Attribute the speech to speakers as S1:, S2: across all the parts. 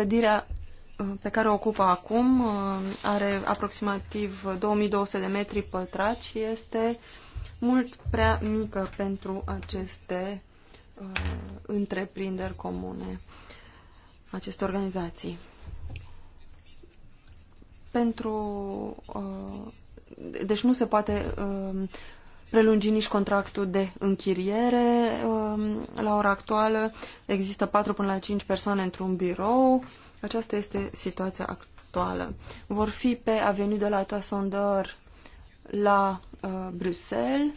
S1: Clădirea uh, pe care o ocupă acum uh, are aproximativ 2200 de metri pătrați și este mult prea mică pentru aceste uh, întreprinderi comune, aceste organizații. Pentru uh, deci nu se poate uh, prelungi nici contractul de închiriere. Um, la ora actuală există 4 până la 5 persoane într-un birou. Aceasta este situația actuală. Vor fi pe avenue de la Tassondor la uh, Bruxelles.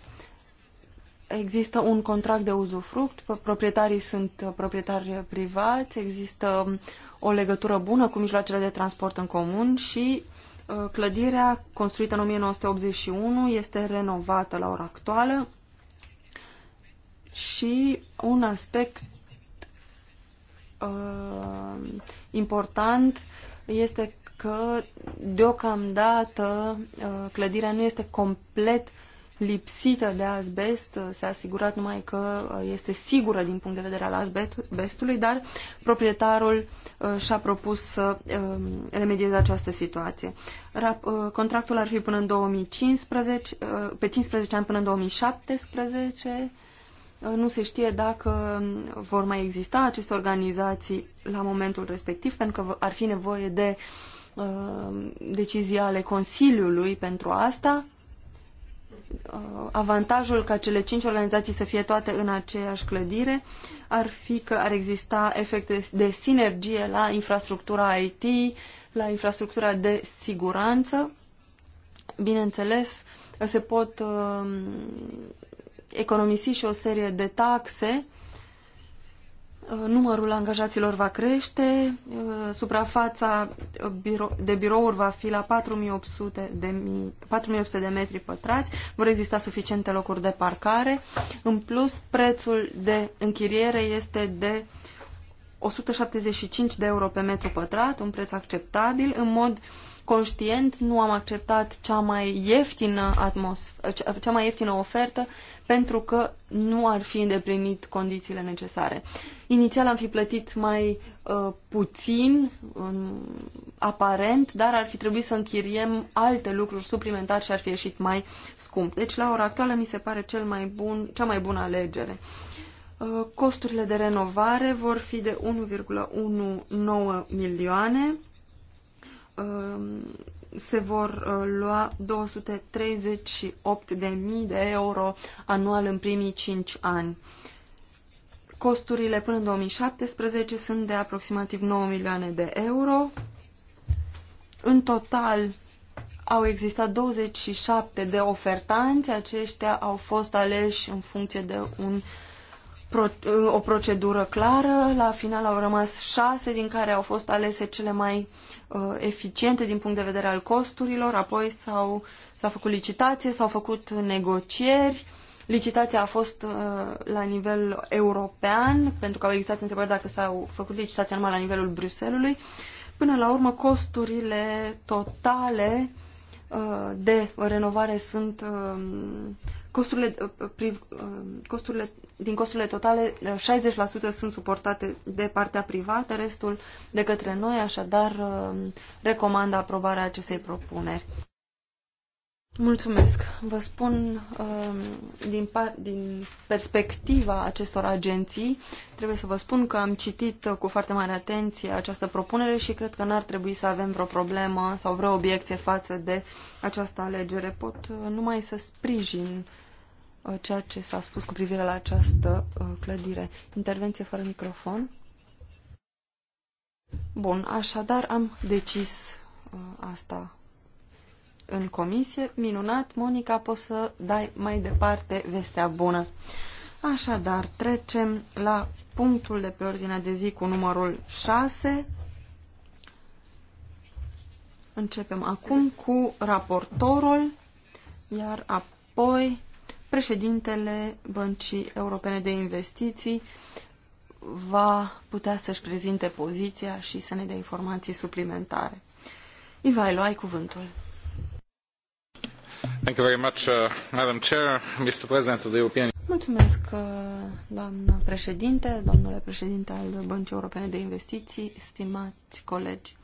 S1: Există un contract de uzufruct, proprietarii sunt uh, proprietari privați, există um, o legătură bună cu mijloacele de transport în comun și Uh, clădirea, construită în 1981, este renovată la ora actuală și un aspect uh, important este că deocamdată uh, clădirea nu este complet lipsită de asbest, uh, s-a asigurat numai că uh, este sigură din punct de vedere al asbestului, dar proprietarul uh, și-a propus să um, remedieze această situație. Contractul ar fi până în 2015, pe 15 ani până în 2017. Nu se știe dacă um, vor mai exista aceste organizații la momentul respectiv, pentru că ar fi nevoie de decizii ale Consiliului pentru asta Uh, avantajul ca cele cinci organizații să fie toate în aceeași clădire ar fi că ar exista efecte de sinergie la infrastructura IT, la infrastructura de siguranță. Bineînțeles, se pot uh, economisi și o serie de taxe Uh, numărul angajaților va crește, uh, suprafața uh, de birouri va fi la 4800 de, 4800 de metri pătrați, vor exista suficiente locuri de parcare. În plus, prețul de închiriere este de 175 de euro pe metru pătrat, un preț acceptabil. În mod conștient, nu am acceptat cea mai ieftină, cea mai ieftină ofertă pentru că nu ar fi îndeplinit condițiile necesare. Inițial am fi plătit mai uh, puțin, um, aparent, dar ar fi trebuit să închiriem alte lucruri suplimentare și ar fi ieșit mai scump. Deci, la ora actuală, mi se pare cel mai bun, cea mai bună alegere. Uh, costurile de renovare vor fi de 1,19 milioane. Uh, se vor uh, lua 238.000 de euro anual în primii 5 ani. Costurile până în 2017 sunt de aproximativ 9 milioane de euro. În total au existat 27 de ofertanți, aceștia au fost aleși în funcție de un, o procedură clară. La final au rămas șase din care au fost alese cele mai uh, eficiente din punct de vedere al costurilor, apoi s-a făcut licitație, s-au făcut negocieri licitația a fost uh, la nivel european, pentru că au existat întrebări dacă s-au făcut licitația numai la nivelul Bruselului. Până la urmă, costurile totale uh, de renovare sunt uh, costurile, uh, priv, uh, costurile, din costurile totale, 60% sunt suportate de partea privată, restul de către noi, așadar uh, recomand aprobarea acestei propuneri. Mulțumesc. Vă spun um, din, din perspectiva acestor agenții, trebuie să vă spun că am citit cu foarte mare atenție această propunere și cred că n-ar trebui să avem vreo problemă sau vreo obiecție față de această alegere. Pot uh, numai să sprijin uh, ceea ce s-a spus cu privire la această uh, clădire. Intervenție fără microfon. Bun, așadar am decis asta în comisie. Minunat, Monica, poți să dai mai departe vestea bună. Așadar, trecem la punctul de pe ordinea de zi cu numărul 6. Începem acum cu raportorul, iar apoi președintele Băncii Europene de Investiții va putea să-și prezinte poziția și să ne dea informații suplimentare. Ivailo, ai cuvântul.
S2: Thank you very much, uh, Madam Chair, Mr. President of the European
S1: Mulțumesc, uh, doamnă președinte, domnule președinte al Băncii Europene de Investiții, stimați colegi.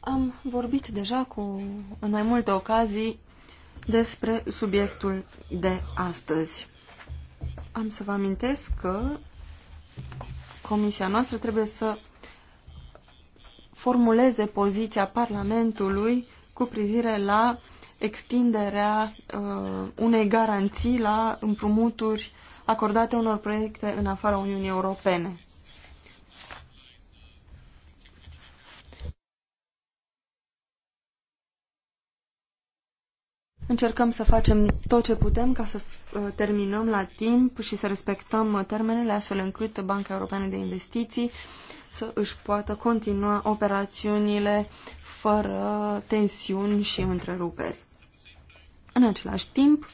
S1: Am vorbit deja cu, în mai multe ocazii despre subiectul de astăzi. Am să vă amintesc că comisia noastră trebuie să formuleze poziția Parlamentului cu privire la extinderea uh, unei garanții la împrumuturi acordate unor proiecte în afara Uniunii Europene. Încercăm să facem tot ce putem ca să uh, terminăm la timp și să respectăm termenele astfel încât Banca Europeană de Investiții să își poată continua operațiunile fără tensiuni și întreruperi. În același timp,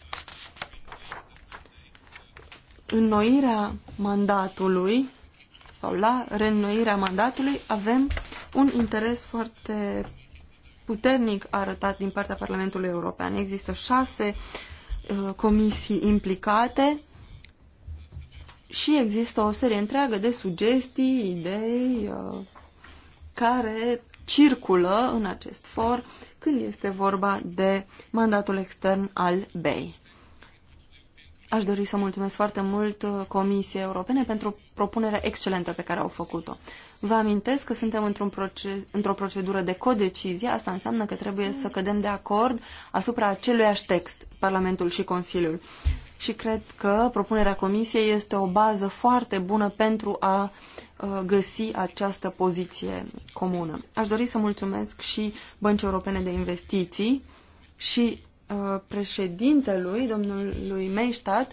S1: înnoirea mandatului sau la reînnoirea mandatului avem un interes foarte puternic arătat din partea Parlamentului European. Există șase uh, comisii implicate și există o serie întreagă de sugestii, idei uh, care circulă în acest for când este vorba de mandatul extern al BEI. Aș dori să mulțumesc foarte mult uh, Comisiei Europene pentru propunerea excelentă pe care au făcut-o. Vă amintesc că suntem într-o proces, într procedură de codecizie, asta înseamnă că trebuie să cădem de acord asupra aceluiași text, Parlamentul și Consiliul. Și cred că propunerea Comisiei este o bază foarte bună pentru a Uh, găsi această poziție comună. Aș dori să mulțumesc și Băncii Europene de Investiții și uh, președintelui, domnului Meistat,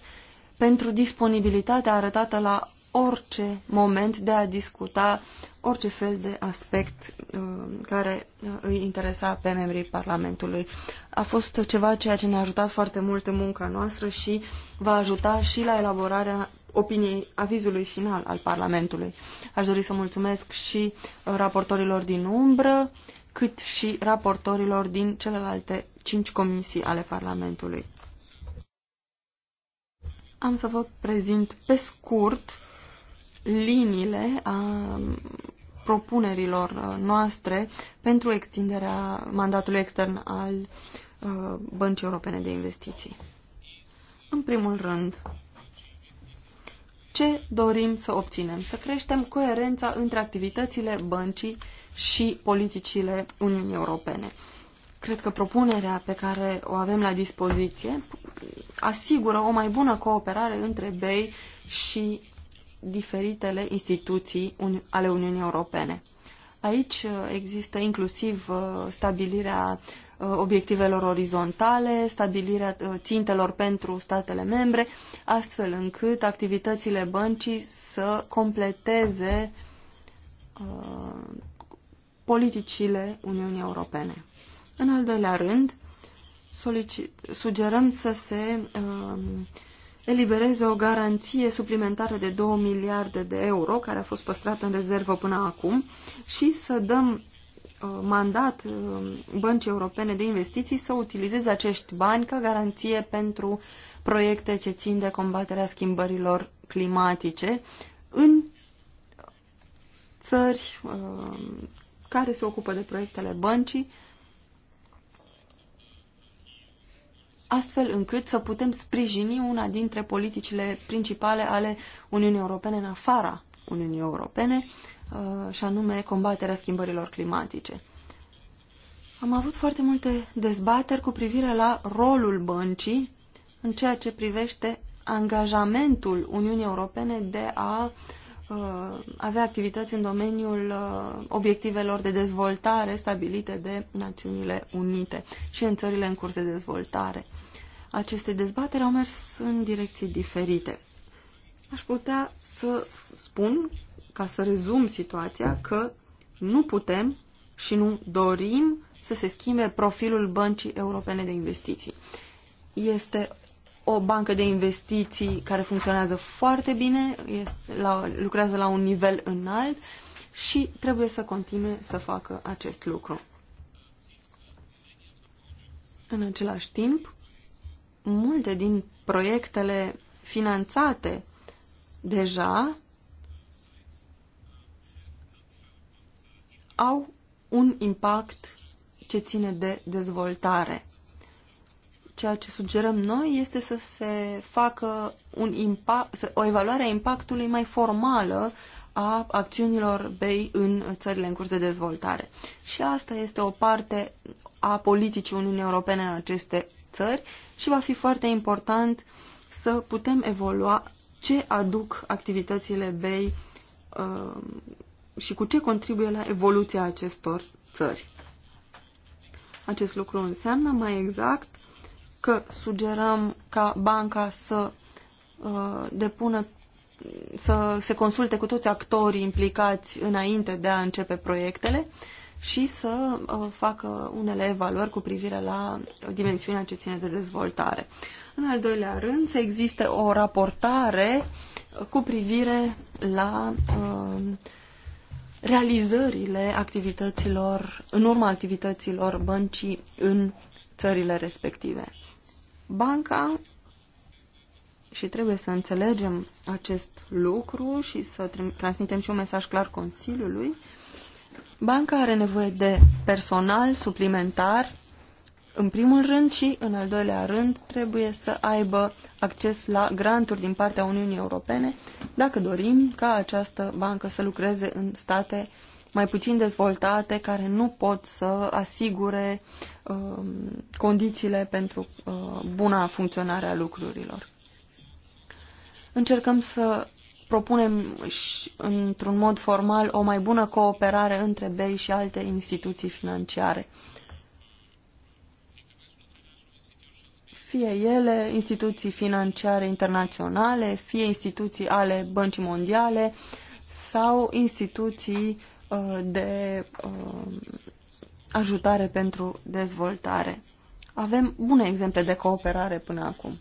S1: pentru disponibilitatea arătată la orice moment de a discuta orice fel de aspect uh, care uh, îi interesa pe membrii Parlamentului. A fost ceva ceea ce ne-a ajutat foarte mult în munca noastră și va ajuta și la elaborarea opiniei avizului final al Parlamentului. Aș dori să mulțumesc și uh, raportorilor din umbră, cât și raportorilor din celelalte cinci comisii ale Parlamentului. Am să vă prezint pe scurt liniile a um, propunerilor uh, noastre pentru extinderea mandatului extern al uh, Băncii Europene de Investiții. În primul rând, ce dorim să obținem? Să creștem coerența între activitățile băncii și politicile Uniunii Europene. Cred că propunerea pe care o avem la dispoziție asigură o mai bună cooperare între BEI și diferitele instituții ale Uniunii Europene. Aici uh, există inclusiv uh, stabilirea obiectivelor orizontale, stabilirea uh, țintelor pentru statele membre, astfel încât activitățile băncii să completeze uh, politicile Uniunii Europene. În al doilea rând, sugerăm să se uh, elibereze o garanție suplimentară de 2 miliarde de euro, care a fost păstrată în rezervă până acum, și să dăm Uh, mandat uh, băncii europene de investiții să utilizeze acești bani ca garanție pentru proiecte ce țin de combaterea schimbărilor climatice în țări uh, care se ocupă de proiectele băncii, astfel încât să putem sprijini una dintre politicile principale ale Uniunii Europene în afara Uniunii Europene, Uh, și anume combaterea schimbărilor climatice. Am avut foarte multe dezbateri cu privire la rolul băncii în ceea ce privește angajamentul Uniunii Europene de a uh, avea activități în domeniul uh, obiectivelor de dezvoltare stabilite de Națiunile Unite și în țările în curs de dezvoltare. Aceste dezbateri au mers în direcții diferite. Aș putea să spun ca să rezum situația, că nu putem și nu dorim să se schimbe profilul băncii europene de investiții. Este o bancă de investiții care funcționează foarte bine, este la, lucrează la un nivel înalt și trebuie să continue să facă acest lucru. În același timp, multe din proiectele finanțate deja au un impact ce ține de dezvoltare. Ceea ce sugerăm noi este să se facă un impact, o evaluare a impactului mai formală a acțiunilor BEI în țările în curs de dezvoltare. Și asta este o parte a politicii Uniunii Europene în aceste țări și va fi foarte important să putem evolua ce aduc activitățile BEI uh, și cu ce contribuie la evoluția acestor țări. Acest lucru înseamnă mai exact că sugerăm ca banca să uh, depună să se consulte cu toți actorii implicați înainte de a începe proiectele și să uh, facă unele evaluări cu privire la dimensiunea ce ține de dezvoltare. În al doilea rând, să existe o raportare cu privire la uh, realizările activităților, în urma activităților băncii în țările respective. Banca, și trebuie să înțelegem acest lucru și să transmitem și un mesaj clar Consiliului, banca are nevoie de personal suplimentar în primul rând și, în al doilea rând, trebuie să aibă acces la granturi din partea Uniunii Europene dacă dorim ca această bancă să lucreze în state mai puțin dezvoltate care nu pot să asigure uh, condițiile pentru uh, buna funcționare a lucrurilor. Încercăm să propunem într-un mod formal o mai bună cooperare între BEI și alte instituții financiare fie ele instituții financiare internaționale, fie instituții ale băncii mondiale sau instituții uh, de uh, ajutare pentru dezvoltare. Avem bune exemple de cooperare până acum.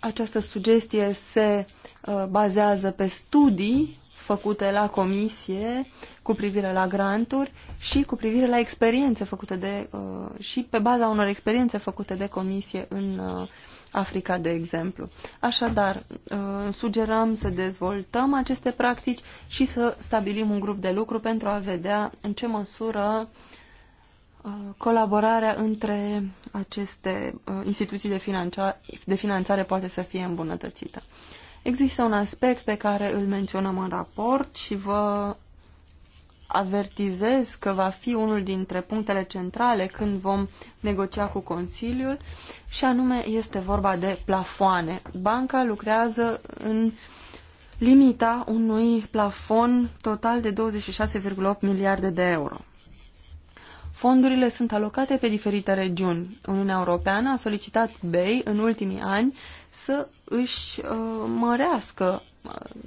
S1: Această sugestie se uh, bazează pe studii făcute la comisie cu privire la granturi și cu privire la experiențe făcute de, uh, și pe baza unor experiențe făcute de comisie în uh, Africa, de exemplu. Așadar, uh, sugerăm să dezvoltăm aceste practici și să stabilim un grup de lucru pentru a vedea în ce măsură uh, colaborarea între aceste uh, instituții de, de finanțare poate să fie îmbunătățită. Există un aspect pe care îl menționăm în raport și vă avertizez că va fi unul dintre punctele centrale când vom negocia cu Consiliul și anume este vorba de plafoane. Banca lucrează în limita unui plafon total de 26,8 miliarde de euro. Fondurile sunt alocate pe diferite regiuni. Uniunea Europeană a solicitat BEI în ultimii ani să își uh, mărească,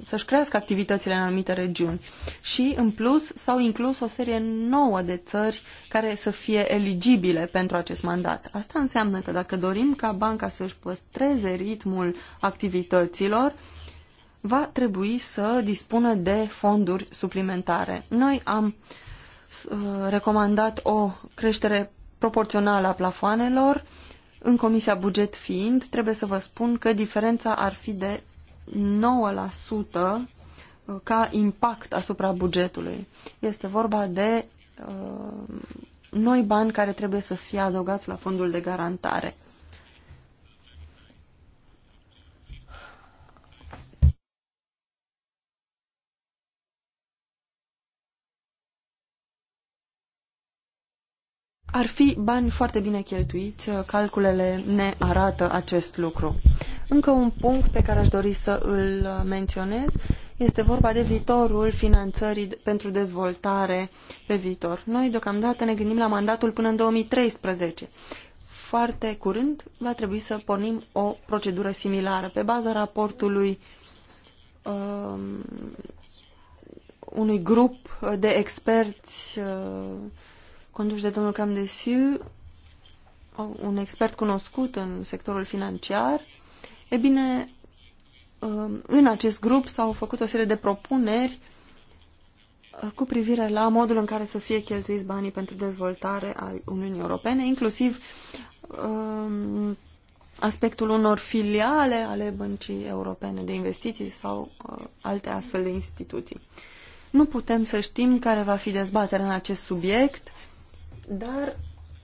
S1: să-și crească activitățile în anumite regiuni. Și, în plus, s-au inclus o serie nouă de țări care să fie eligibile pentru acest mandat. Asta înseamnă că dacă dorim ca banca să-și păstreze ritmul activităților, va trebui să dispună de fonduri suplimentare. Noi am uh, recomandat o creștere proporțională a plafoanelor, în Comisia Buget fiind, trebuie să vă spun că diferența ar fi de 9% uh, ca impact asupra bugetului. Este vorba de uh, noi bani care trebuie să fie adăugați la fondul de garantare. ar fi bani foarte bine cheltuiți, uh, calculele ne arată acest lucru. Încă un punct pe care aș dori să îl uh, menționez este vorba de viitorul finanțării pentru dezvoltare pe viitor. Noi deocamdată ne gândim la mandatul până în 2013. Foarte curând va trebui să pornim o procedură similară pe baza raportului um, unui grup de experți uh, conduși de domnul Siu, un expert cunoscut în sectorul financiar. E bine, um, în acest grup s-au făcut o serie de propuneri uh, cu privire la modul în care să fie cheltuiți banii pentru dezvoltare al Uniunii Europene, inclusiv um, aspectul unor filiale ale Băncii Europene de Investiții sau uh, alte astfel de instituții. Nu putem să știm care va fi dezbaterea în acest subiect dar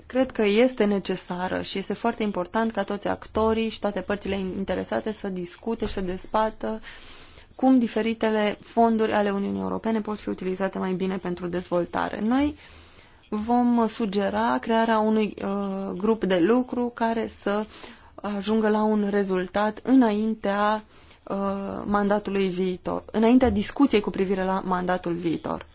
S1: cred că este necesară și este foarte important ca toți actorii și toate părțile interesate să discute și să despată cum diferitele fonduri ale Uniunii Europene pot fi utilizate mai bine pentru dezvoltare. Noi vom sugera crearea unui uh, grup de lucru care să ajungă la un rezultat înaintea uh, mandatului viitor, înaintea discuției cu privire la mandatul viitor.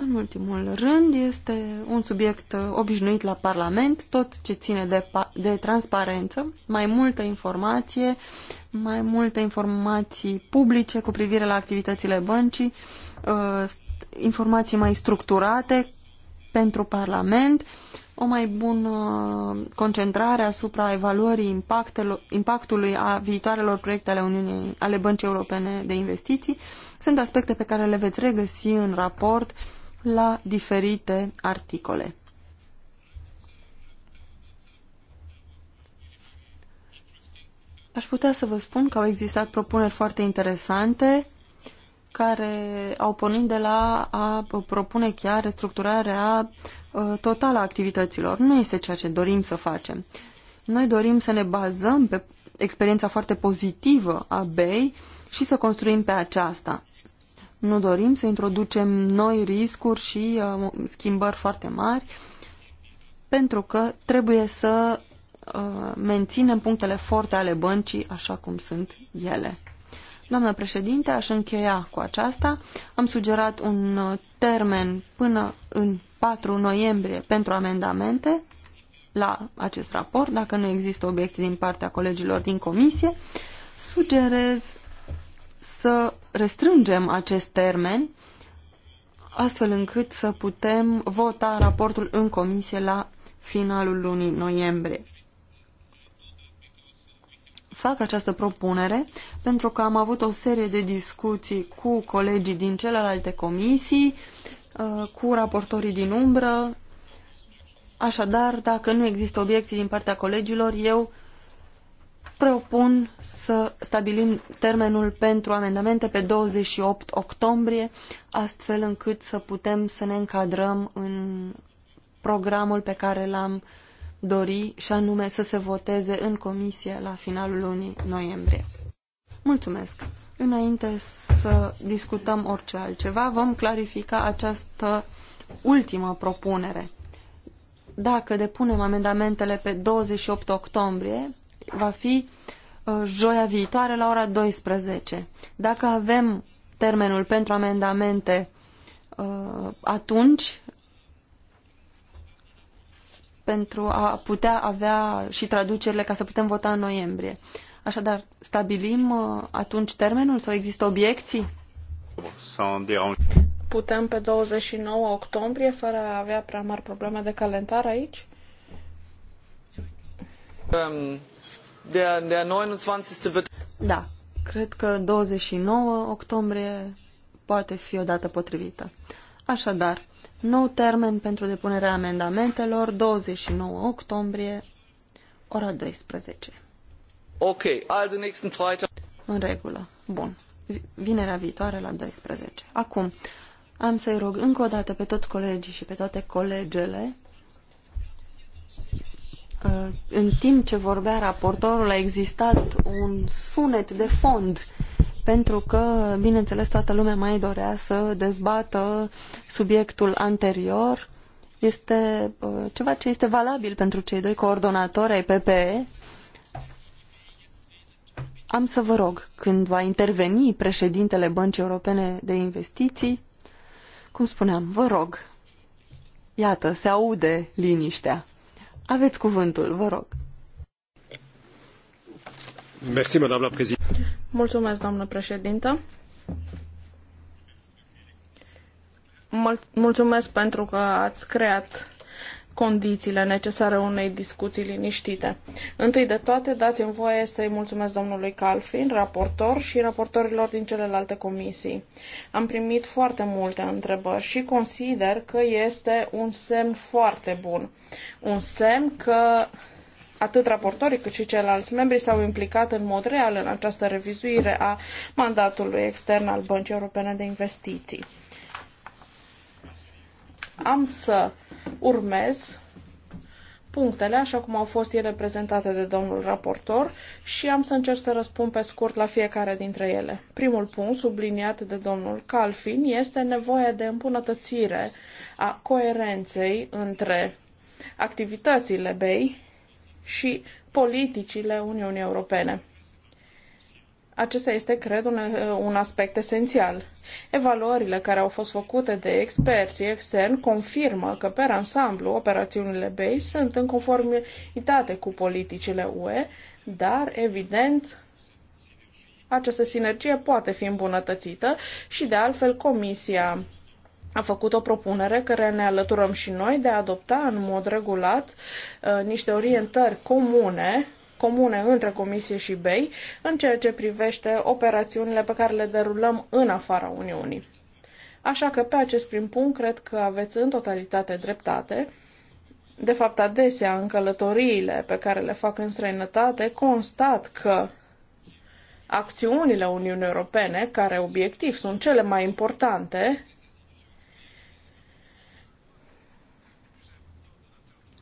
S1: În ultimul rând, este un subiect uh, obișnuit la Parlament, tot ce ține de, de transparență, mai multă informație, mai multe informații publice cu privire la activitățile băncii, uh, informații mai structurate pentru Parlament, o mai bună concentrare asupra evaluării impactului a viitoarelor proiecte ale, Uniunii, ale Băncii Europene de Investiții. Sunt aspecte pe care le veți regăsi în raport la diferite articole. Aș putea să vă spun că au existat propuneri foarte interesante care au pornit de la a propune chiar restructurarea ă, totală a activităților. Nu este ceea ce dorim să facem. Noi dorim să ne bazăm pe experiența foarte pozitivă a BEI și să construim pe aceasta. Nu dorim să introducem noi riscuri și uh, schimbări foarte mari, pentru că trebuie să uh, menținem punctele forte ale băncii așa cum sunt ele. Doamnă președinte, aș încheia cu aceasta. Am sugerat un uh, termen până în 4 noiembrie pentru amendamente la acest raport, dacă nu există obiecții din partea colegilor din comisie, sugerez să restrângem acest termen astfel încât să putem vota raportul în comisie la finalul lunii noiembrie. Fac această propunere pentru că am avut o serie de discuții cu colegii din celelalte comisii, uh, cu raportorii din umbră. Așadar, dacă nu există obiecții din partea colegilor, eu propun să stabilim termenul pentru amendamente pe 28 octombrie, astfel încât să putem să ne încadrăm în programul pe care l-am dori și anume să se voteze în comisie la finalul lunii noiembrie. Mulțumesc! Înainte să discutăm orice altceva, vom clarifica această ultimă propunere. Dacă depunem amendamentele pe 28 octombrie, va fi uh, joia viitoare la ora 12. Dacă avem termenul pentru amendamente uh, atunci, pentru a putea avea și traducerile ca să putem vota în noiembrie. Așadar, stabilim uh, atunci termenul sau există obiecții?
S2: Putem pe 29 octombrie, fără a avea prea mari probleme de calendar aici?
S1: Um, Der, der 29. wird... Da, cred că 29 octombrie poate fi o dată potrivită. Așadar, nou termen pentru depunerea amendamentelor, 29 octombrie, ora 12. Ok, also nächsten Freitag. În regulă. Bun. Vinerea viitoare la 12. Acum, am să-i rog încă o dată pe toți colegii și pe toate colegele în timp ce vorbea raportorul a existat un sunet de fond pentru că, bineînțeles, toată lumea mai dorea să dezbată subiectul anterior. Este uh, ceva ce este valabil pentru cei doi coordonatori ai PPE. Am să vă rog, când va interveni președintele Băncii Europene de Investiții, cum spuneam, vă rog, iată, se aude liniștea.
S2: Aveți cuvântul, vă rog. Mersi, doamna președinte. Mulțumesc, doamnă președintă. Mulțumesc pentru că ați creat condițiile necesare unei discuții liniștite. Întâi de toate, dați-mi voie să-i mulțumesc domnului Calfin, raportor și raportorilor din celelalte comisii. Am primit foarte multe întrebări și consider că este un semn foarte bun. Un semn că atât raportorii cât și ceilalți membri s-au implicat în mod real în această revizuire a mandatului extern al Băncii Europene de Investiții. Am să urmez punctele așa cum au fost ele prezentate de domnul raportor și am să încerc să răspund pe scurt la fiecare dintre ele. Primul punct subliniat de domnul Calfin este nevoia de îmbunătățire a coerenței între activitățile BEI și politicile Uniunii Europene. Acesta este, cred, un, un aspect esențial. Evaluările care au fost făcute de experți externi confirmă că, pe ansamblu, operațiunile BEI sunt în conformitate cu politicile UE, dar, evident, această sinergie poate fi îmbunătățită și, de altfel, Comisia a făcut o propunere care ne alăturăm și noi de a adopta în mod regulat uh, niște orientări comune comune între Comisie și BEI în ceea ce privește operațiunile pe care le derulăm în afara Uniunii. Așa că pe acest prim punct cred că aveți în totalitate dreptate. De fapt, adesea în călătoriile pe care le fac în străinătate constat că acțiunile Uniunii Europene, care obiectiv sunt cele mai importante,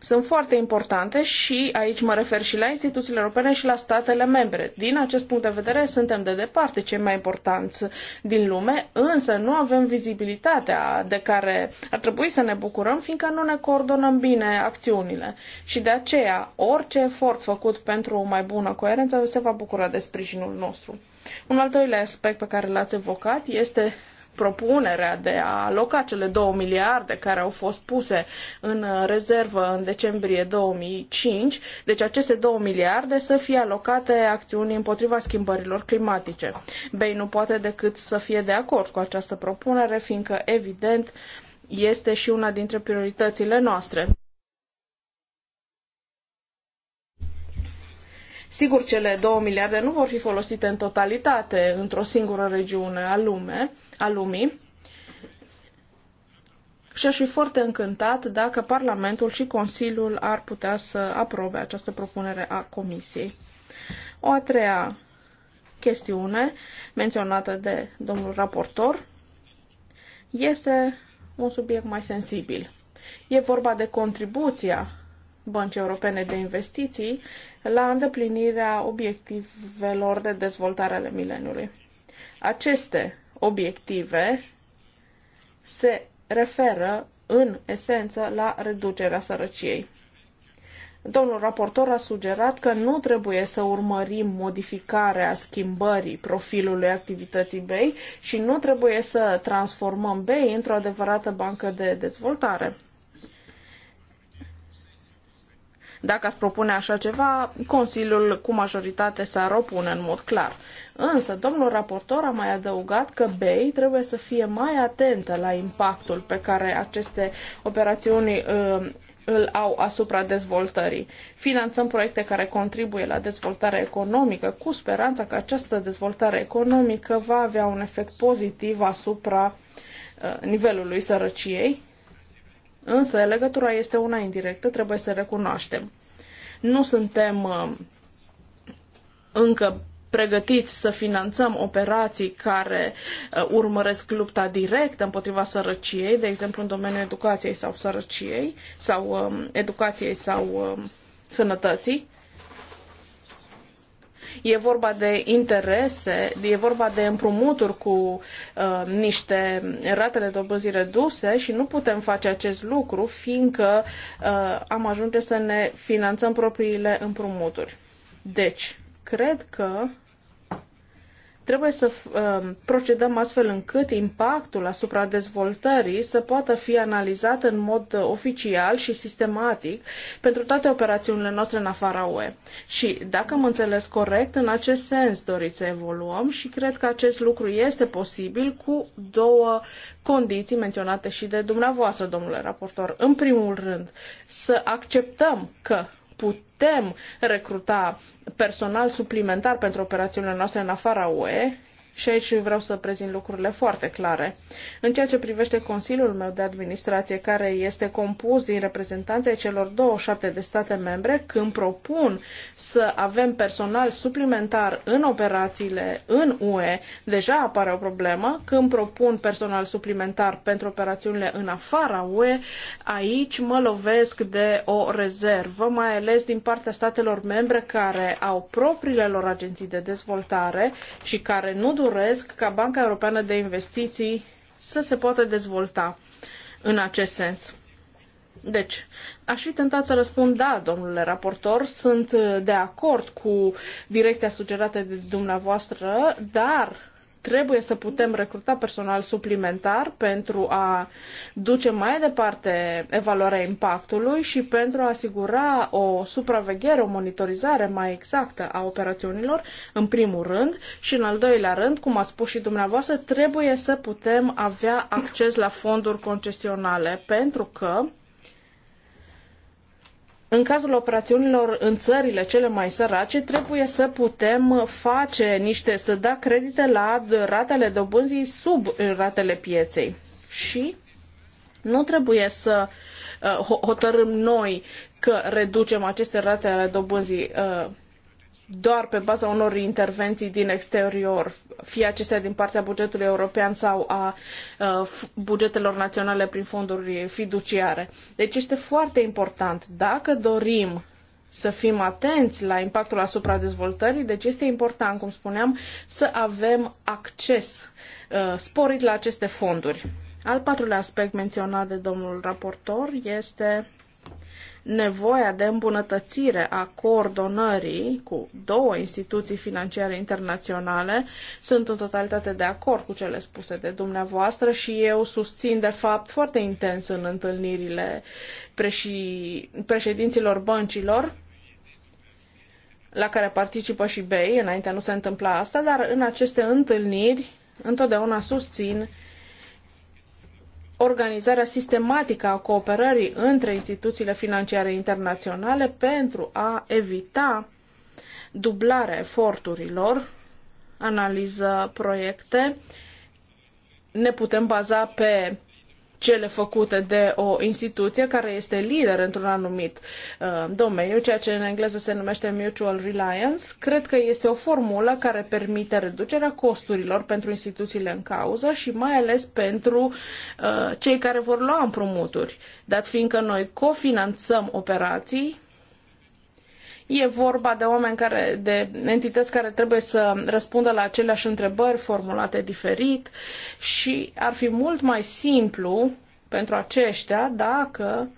S2: sunt foarte importante și aici mă refer și la instituțiile europene și la statele membre. Din acest punct de vedere suntem de departe cei mai importanți din lume, însă nu avem vizibilitatea de care ar trebui să ne bucurăm, fiindcă nu ne coordonăm bine acțiunile. Și de aceea, orice efort făcut pentru o mai bună coerență se va bucura de sprijinul nostru. Un al doilea aspect pe care l-ați evocat este propunerea de a aloca cele 2 miliarde care au fost puse în rezervă în decembrie 2005, deci aceste 2 miliarde să fie alocate acțiuni împotriva schimbărilor climatice. Bei nu poate decât să fie de acord cu această propunere, fiindcă, evident, este și una dintre prioritățile noastre. Sigur, cele 2 miliarde nu vor fi folosite în totalitate într-o singură regiune a lume, a lumii. Și aș fi foarte încântat dacă Parlamentul și Consiliul ar putea să aprobe această propunere a Comisiei. O a treia chestiune menționată de domnul raportor este un subiect mai sensibil. E vorba de contribuția Băncii Europene de Investiții la îndeplinirea obiectivelor de dezvoltare ale mileniului. Aceste obiective se referă în esență la reducerea sărăciei. Domnul raportor a sugerat că nu trebuie să urmărim modificarea schimbării profilului activității BEI și nu trebuie să transformăm BEI într-o adevărată bancă de dezvoltare. Dacă ați propune așa ceva, Consiliul cu majoritate s-ar opune în mod clar. Însă, domnul raportor a mai adăugat că BEI trebuie să fie mai atentă la impactul pe care aceste operațiuni uh, îl au asupra dezvoltării. Finanțăm proiecte care contribuie la dezvoltarea economică cu speranța că această dezvoltare economică va avea un efect pozitiv asupra uh, nivelului sărăciei Însă legătura este una indirectă, trebuie să recunoaștem. Nu suntem uh, încă pregătiți să finanțăm operații care uh, urmăresc lupta directă împotriva sărăciei, de exemplu în domeniul educației sau sărăciei, sau um, educației sau um, sănătății e vorba de interese, e vorba de împrumuturi cu uh, niște rate de dobânzi reduse și nu putem face acest lucru fiindcă uh, am ajunge să ne finanțăm propriile împrumuturi. Deci, cred că Trebuie să um, procedăm astfel încât impactul asupra dezvoltării să poată fi analizat în mod oficial și sistematic pentru toate operațiunile noastre în afara UE. Și, dacă am înțeles corect, în acest sens doriți să evoluăm și cred că acest lucru este posibil cu două condiții menționate și de dumneavoastră, domnule raportor. În primul rând, să acceptăm că put- putem recruta personal suplimentar pentru operațiunile noastre în afara UE și aici vreau să prezint lucrurile foarte clare. În ceea ce privește Consiliul meu de administrație, care este compus din reprezentanții celor 27 de state membre, când propun să avem personal suplimentar în operațiile în UE, deja apare o problemă. Când propun personal suplimentar pentru operațiunile în afara UE, aici mă lovesc de o rezervă, mai ales din partea statelor membre care au propriile lor agenții de dezvoltare și care nu doresc ca Banca Europeană de Investiții să se poată dezvolta în acest sens. Deci, aș fi tentat să răspund da, domnule raportor, sunt de acord cu direcția sugerată de dumneavoastră, dar trebuie să putem recruta personal suplimentar pentru a duce mai departe evaluarea impactului și pentru a asigura o supraveghere, o monitorizare mai exactă a operațiunilor, în primul rând, și în al doilea rând, cum a spus și dumneavoastră, trebuie să putem avea acces la fonduri concesionale, pentru că în cazul operațiunilor în țările cele mai sărace, trebuie să putem face niște, să da credite la ratele dobânzii sub ratele pieței. Și nu trebuie să uh, hotărâm noi că reducem aceste rate ale dobânzii uh, doar pe baza unor intervenții din exterior, fie acestea din partea bugetului european sau a uh, bugetelor naționale prin fonduri fiduciare. Deci este foarte important, dacă dorim să fim atenți la impactul asupra dezvoltării, deci este important, cum spuneam, să avem acces uh, sporit la aceste fonduri. Al patrulea aspect menționat de domnul raportor este nevoia de îmbunătățire a coordonării cu două instituții financiare internaționale. Sunt în totalitate de acord cu cele spuse de dumneavoastră și eu susțin, de fapt, foarte intens în întâlnirile preși... președinților băncilor la care participă și BEI, înainte nu se întâmpla asta, dar în aceste întâlniri întotdeauna susțin organizarea sistematică a cooperării între instituțiile financiare internaționale pentru a evita dublarea eforturilor, analiză proiecte. Ne putem baza pe cele făcute de o instituție care este lider într-un anumit uh, domeniu, ceea ce în engleză se numește mutual reliance, cred că este o formulă care permite reducerea costurilor pentru instituțiile în cauză și mai ales pentru uh, cei care vor lua împrumuturi, dat fiindcă noi cofinanțăm operații E vorba de oameni care, de entități care trebuie să răspundă la aceleași întrebări formulate diferit și ar fi mult mai simplu pentru aceștia dacă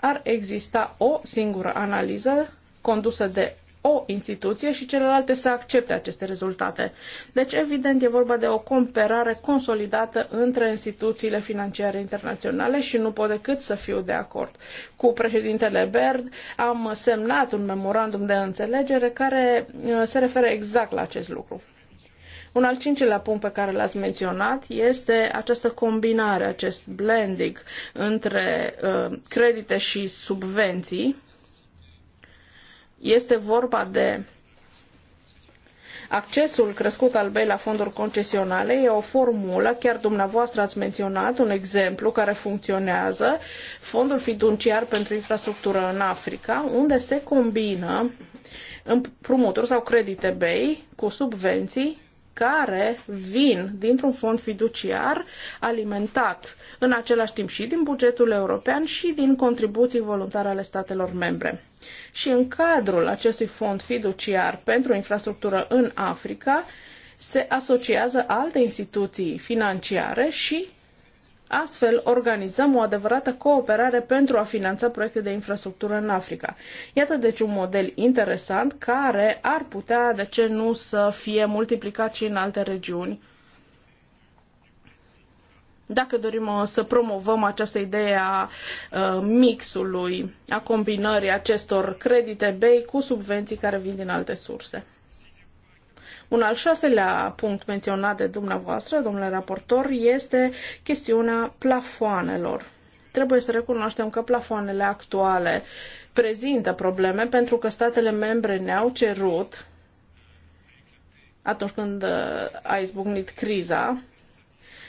S2: ar exista o singură analiză condusă de o instituție și celelalte să accepte aceste rezultate. Deci, evident, e vorba de o comparare consolidată între instituțiile financiare internaționale și nu pot decât să fiu de acord. Cu președintele Baird am semnat un memorandum de înțelegere care uh, se referă exact la acest lucru. Un al cincilea punct pe care l-ați menționat este această combinare, acest blending între uh, credite și subvenții, este vorba de accesul crescut al BEI la fonduri concesionale e o formulă, chiar dumneavoastră ați menționat un exemplu care funcționează, fondul fiduciar pentru infrastructură în Africa, unde se combină împrumuturi sau credite BEI cu subvenții care vin dintr-un fond fiduciar alimentat în același timp și din bugetul european și din contribuții voluntare ale statelor membre. Și în cadrul acestui fond fiduciar pentru infrastructură în Africa se asociază alte instituții financiare și Astfel, organizăm o adevărată cooperare pentru a finanța proiecte de infrastructură în Africa. Iată deci un model interesant care ar putea, de ce nu, să fie multiplicat și în alte regiuni dacă dorim uh, să promovăm această idee a uh, mixului, a combinării acestor credite BEI cu subvenții care vin din alte surse. Un al șaselea punct menționat de dumneavoastră, domnule raportor, este chestiunea plafoanelor. Trebuie să recunoaștem că plafoanele actuale prezintă probleme pentru că statele membre ne-au cerut atunci când uh, a izbucnit criza,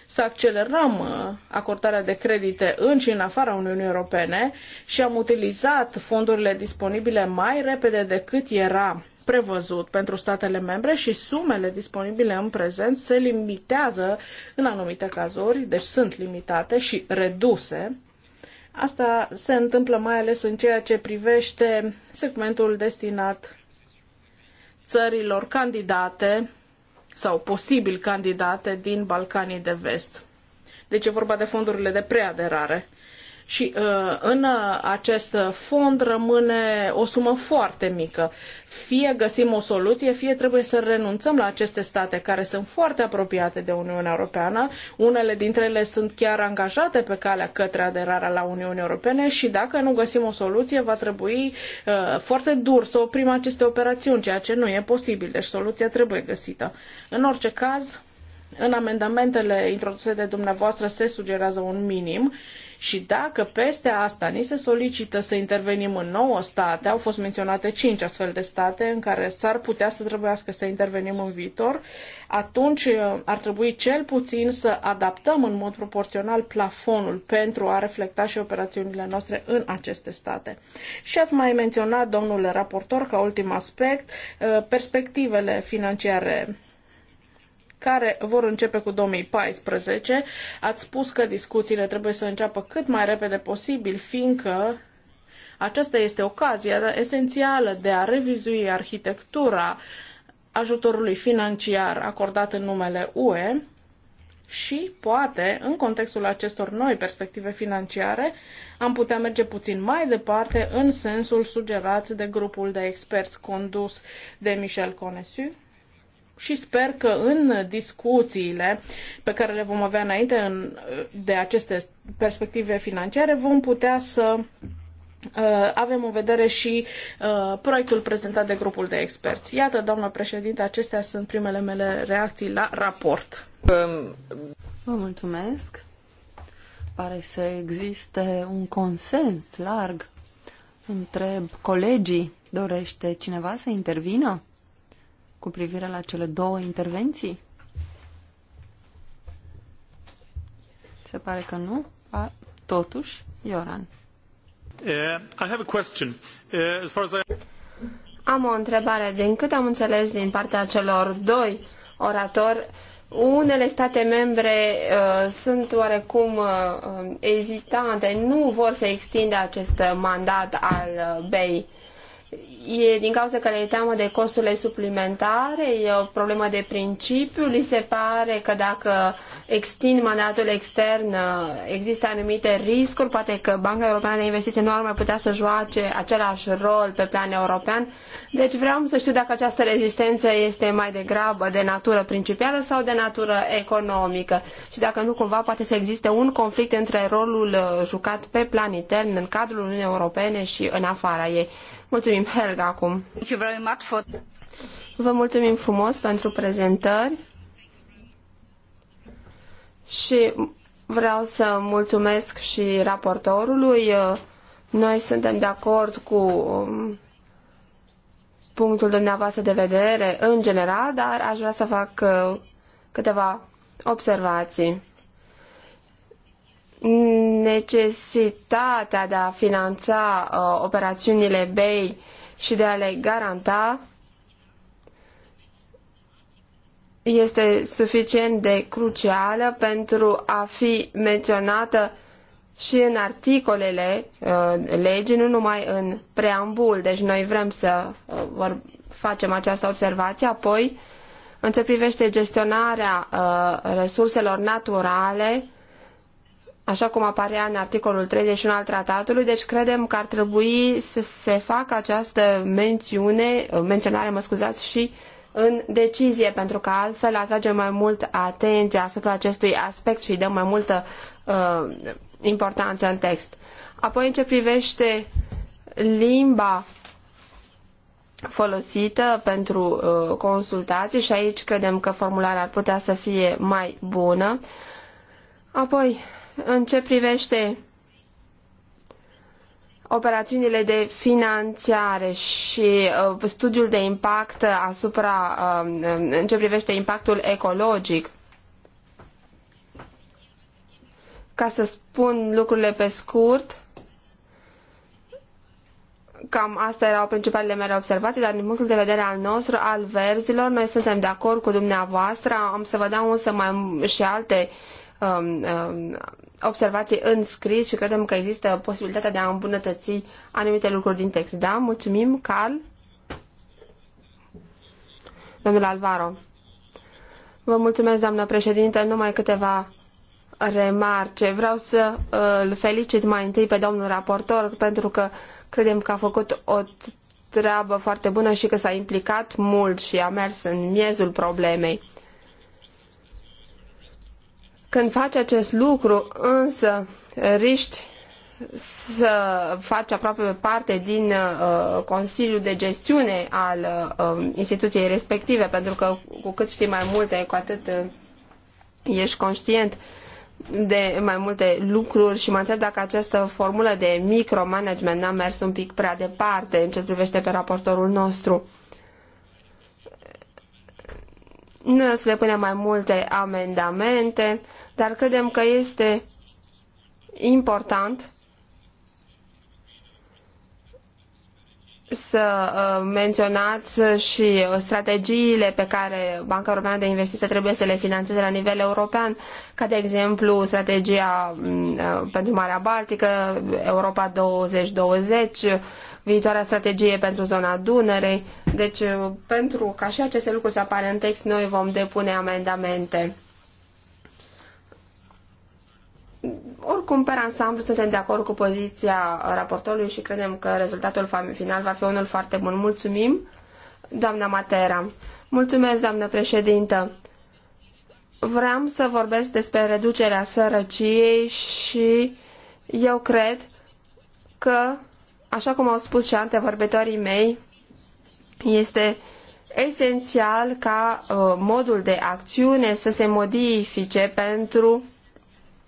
S2: să accelerăm uh, acordarea de credite în și în afara Uniunii Europene și am utilizat fondurile disponibile mai repede decât era prevăzut pentru statele membre și sumele disponibile în prezent se limitează în anumite cazuri, deci sunt limitate și reduse. Asta se întâmplă mai ales în ceea ce privește segmentul destinat țărilor candidate sau posibil candidate din Balcanii de Vest. Deci e vorba de fondurile de preaderare și uh, în uh, acest fond rămâne o sumă foarte mică. Fie găsim o soluție, fie trebuie să renunțăm la aceste state care sunt foarte apropiate de Uniunea Europeană. Unele dintre ele sunt chiar angajate pe calea către aderarea la Uniunea Europeană și dacă nu găsim o soluție, va trebui uh, foarte dur să oprim aceste operațiuni, ceea ce nu e posibil. Deci soluția trebuie găsită. În orice caz, în amendamentele introduse de dumneavoastră se sugerează un minim și dacă peste asta ni se solicită să intervenim în nouă state, au fost menționate cinci astfel de state în care s-ar putea să trebuiască să intervenim în viitor, atunci uh, ar trebui cel puțin să adaptăm în mod proporțional plafonul pentru a reflecta și operațiunile noastre în aceste state. Și ați mai menționat, domnule raportor, ca ultim aspect, uh, perspectivele financiare care vor începe cu 2014. Ați spus că discuțiile trebuie să înceapă cât mai repede posibil, fiindcă aceasta este ocazia esențială de a revizui arhitectura ajutorului financiar acordat în numele UE și, poate, în contextul acestor noi perspective financiare, am putea merge puțin mai departe în sensul sugerat de grupul de experți condus de Michel Conesu, și sper că în discuțiile pe care le vom avea înainte în, de aceste perspective financiare vom putea să uh, avem în vedere și uh, proiectul prezentat de grupul de experți. Iată, doamnă președinte, acestea sunt primele mele reacții la raport. Vă
S1: mulțumesc. Pare să existe un consens larg. Întreb colegii, dorește cineva să intervină? cu privire la cele două intervenții? Se pare că
S3: nu. A, totuși, Ioran.
S1: Uh, I have a question. Uh, as far as I...
S3: Am o întrebare. Din cât am înțeles din partea celor doi oratori, unele state membre uh, sunt oarecum uh, ezitante, nu vor să extindă acest mandat al uh, BEI. Uh, E din cauza că le teamă de costurile suplimentare, e o problemă de principiu, li se pare că dacă extind mandatul extern există anumite riscuri, poate că Banca Europeană de Investiții nu ar mai putea să joace același rol pe plan european. Deci vreau să știu dacă această rezistență este mai degrabă de natură principială sau de natură economică și dacă nu cumva poate să existe un conflict între rolul jucat pe plan intern în cadrul Uniunii Europene și în afara ei. Mulțumim, Helga, acum. Thank you very much for... Vă mulțumim frumos pentru prezentări și vreau să mulțumesc și raportorului. Noi suntem de acord cu um, punctul dumneavoastră de vedere în general, dar aș vrea să fac uh, câteva observații necesitatea de a finanța uh, operațiunile BEI și de a le garanta este suficient de crucială pentru a fi menționată și în articolele uh, legii, nu numai în preambul. Deci noi vrem să uh, facem această observație. Apoi, în ce privește gestionarea uh, resurselor naturale, așa cum aparea în articolul 31 al tratatului, deci credem că ar trebui să se facă această mențiune, menționare, mă scuzați, și în decizie, pentru că altfel atragem mai mult atenția asupra acestui aspect și dăm mai multă uh, importanță în text. Apoi, în ce privește limba folosită pentru uh, consultații și aici credem că formularea ar putea să fie mai bună. Apoi, în ce privește operațiunile de finanțare și uh, studiul de impact asupra, um, um, în ce privește impactul ecologic, ca să spun lucrurile pe scurt, cam astea erau principalele mele observații, dar din punctul de vedere al nostru, al verzilor, noi suntem de acord cu dumneavoastră. Am să vă dau însă mai și alte uh, um, um, observații în scris și credem că există posibilitatea de a îmbunătăți anumite lucruri din text. Da, mulțumim, Carl. Domnul Alvaro. Vă mulțumesc, doamnă președintă. Numai câteva remarce. Vreau să uh, îl felicit mai întâi pe domnul raportor pentru că credem că a făcut o treabă foarte bună și că s-a implicat mult și a mers în miezul problemei. Când faci acest lucru, însă, riști să faci aproape parte din uh, Consiliul de Gestiune al uh, instituției respective, pentru că cu cât știi mai multe, cu atât uh, ești conștient de mai multe lucruri și mă întreb dacă această formulă de micromanagement n-a mers un pic prea departe în ce privește pe raportorul nostru. Nu o să depunem mai multe amendamente, dar credem că este important să uh, menționați și strategiile pe care Banca Europeană de Investiții trebuie să le finanțeze la nivel european, ca de exemplu strategia mm, uh, pentru Marea Baltică, Europa 2020, viitoarea strategie pentru zona Dunărei. Deci, uh, pentru ca și aceste lucruri să apară în text, noi vom depune amendamente. Oricum, pe ansamblu, suntem de acord cu poziția raportorului și credem că rezultatul final va fi unul foarte bun. Mulțumim, doamna Matera. Mulțumesc, doamnă președintă. Vreau să vorbesc despre reducerea sărăciei și eu cred că așa cum au spus și antevorbitorii mei, este esențial ca uh, modul de acțiune să se modifice pentru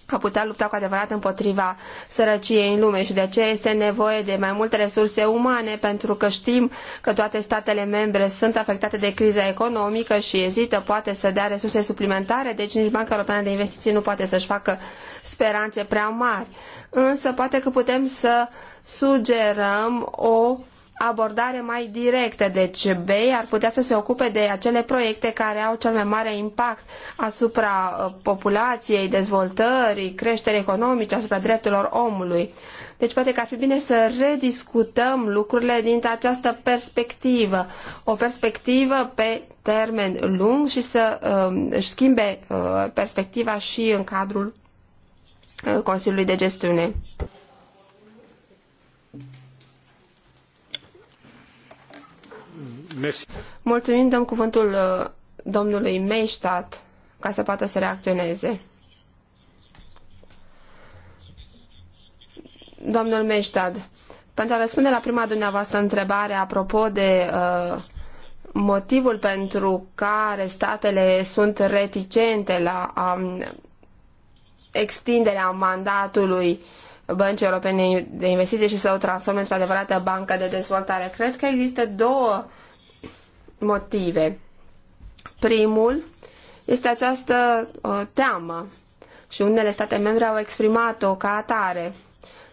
S3: a putea lupta cu adevărat împotriva sărăciei în lume și de aceea este nevoie de mai multe resurse umane pentru că știm că toate statele membre sunt afectate de criza economică și ezită poate să dea resurse suplimentare, deci nici Banca Europeană de Investiții nu poate să-și facă speranțe prea mari. Însă poate că putem să sugerăm o abordare mai directă. Deci BEI ar putea să se ocupe de acele proiecte care au cel mai mare impact asupra uh, populației, dezvoltării, creșterii economice, asupra drepturilor omului. Deci poate că ar fi bine să rediscutăm lucrurile din această perspectivă, o perspectivă pe termen lung și să uh, schimbe uh, perspectiva și în cadrul uh, Consiliului de Gestiune. Mulțumim, dăm cuvântul uh, domnului Meistat ca să poată să reacționeze. Domnul Meistat, pentru a răspunde la prima dumneavoastră întrebare apropo de uh, motivul pentru care statele sunt reticente la um, extinderea mandatului Băncii Europene de Investiții și să o transforme într-o adevărată bancă de dezvoltare. Cred că există două motive. Primul este această uh, teamă și unele state membre au exprimat-o ca atare.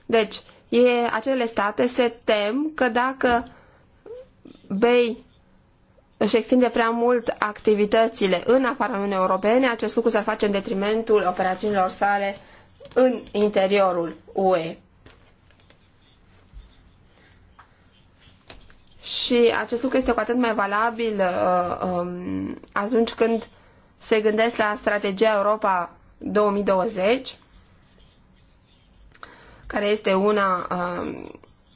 S3: Deci, e, acele state se tem că dacă bei își extinde prea mult activitățile în afara Uniunii Europene, acest lucru s-ar face în detrimentul operațiunilor sale în interiorul UE. Și acest lucru este cu atât mai valabil uh, um, atunci când se gândesc la strategia Europa 2020, care este una uh,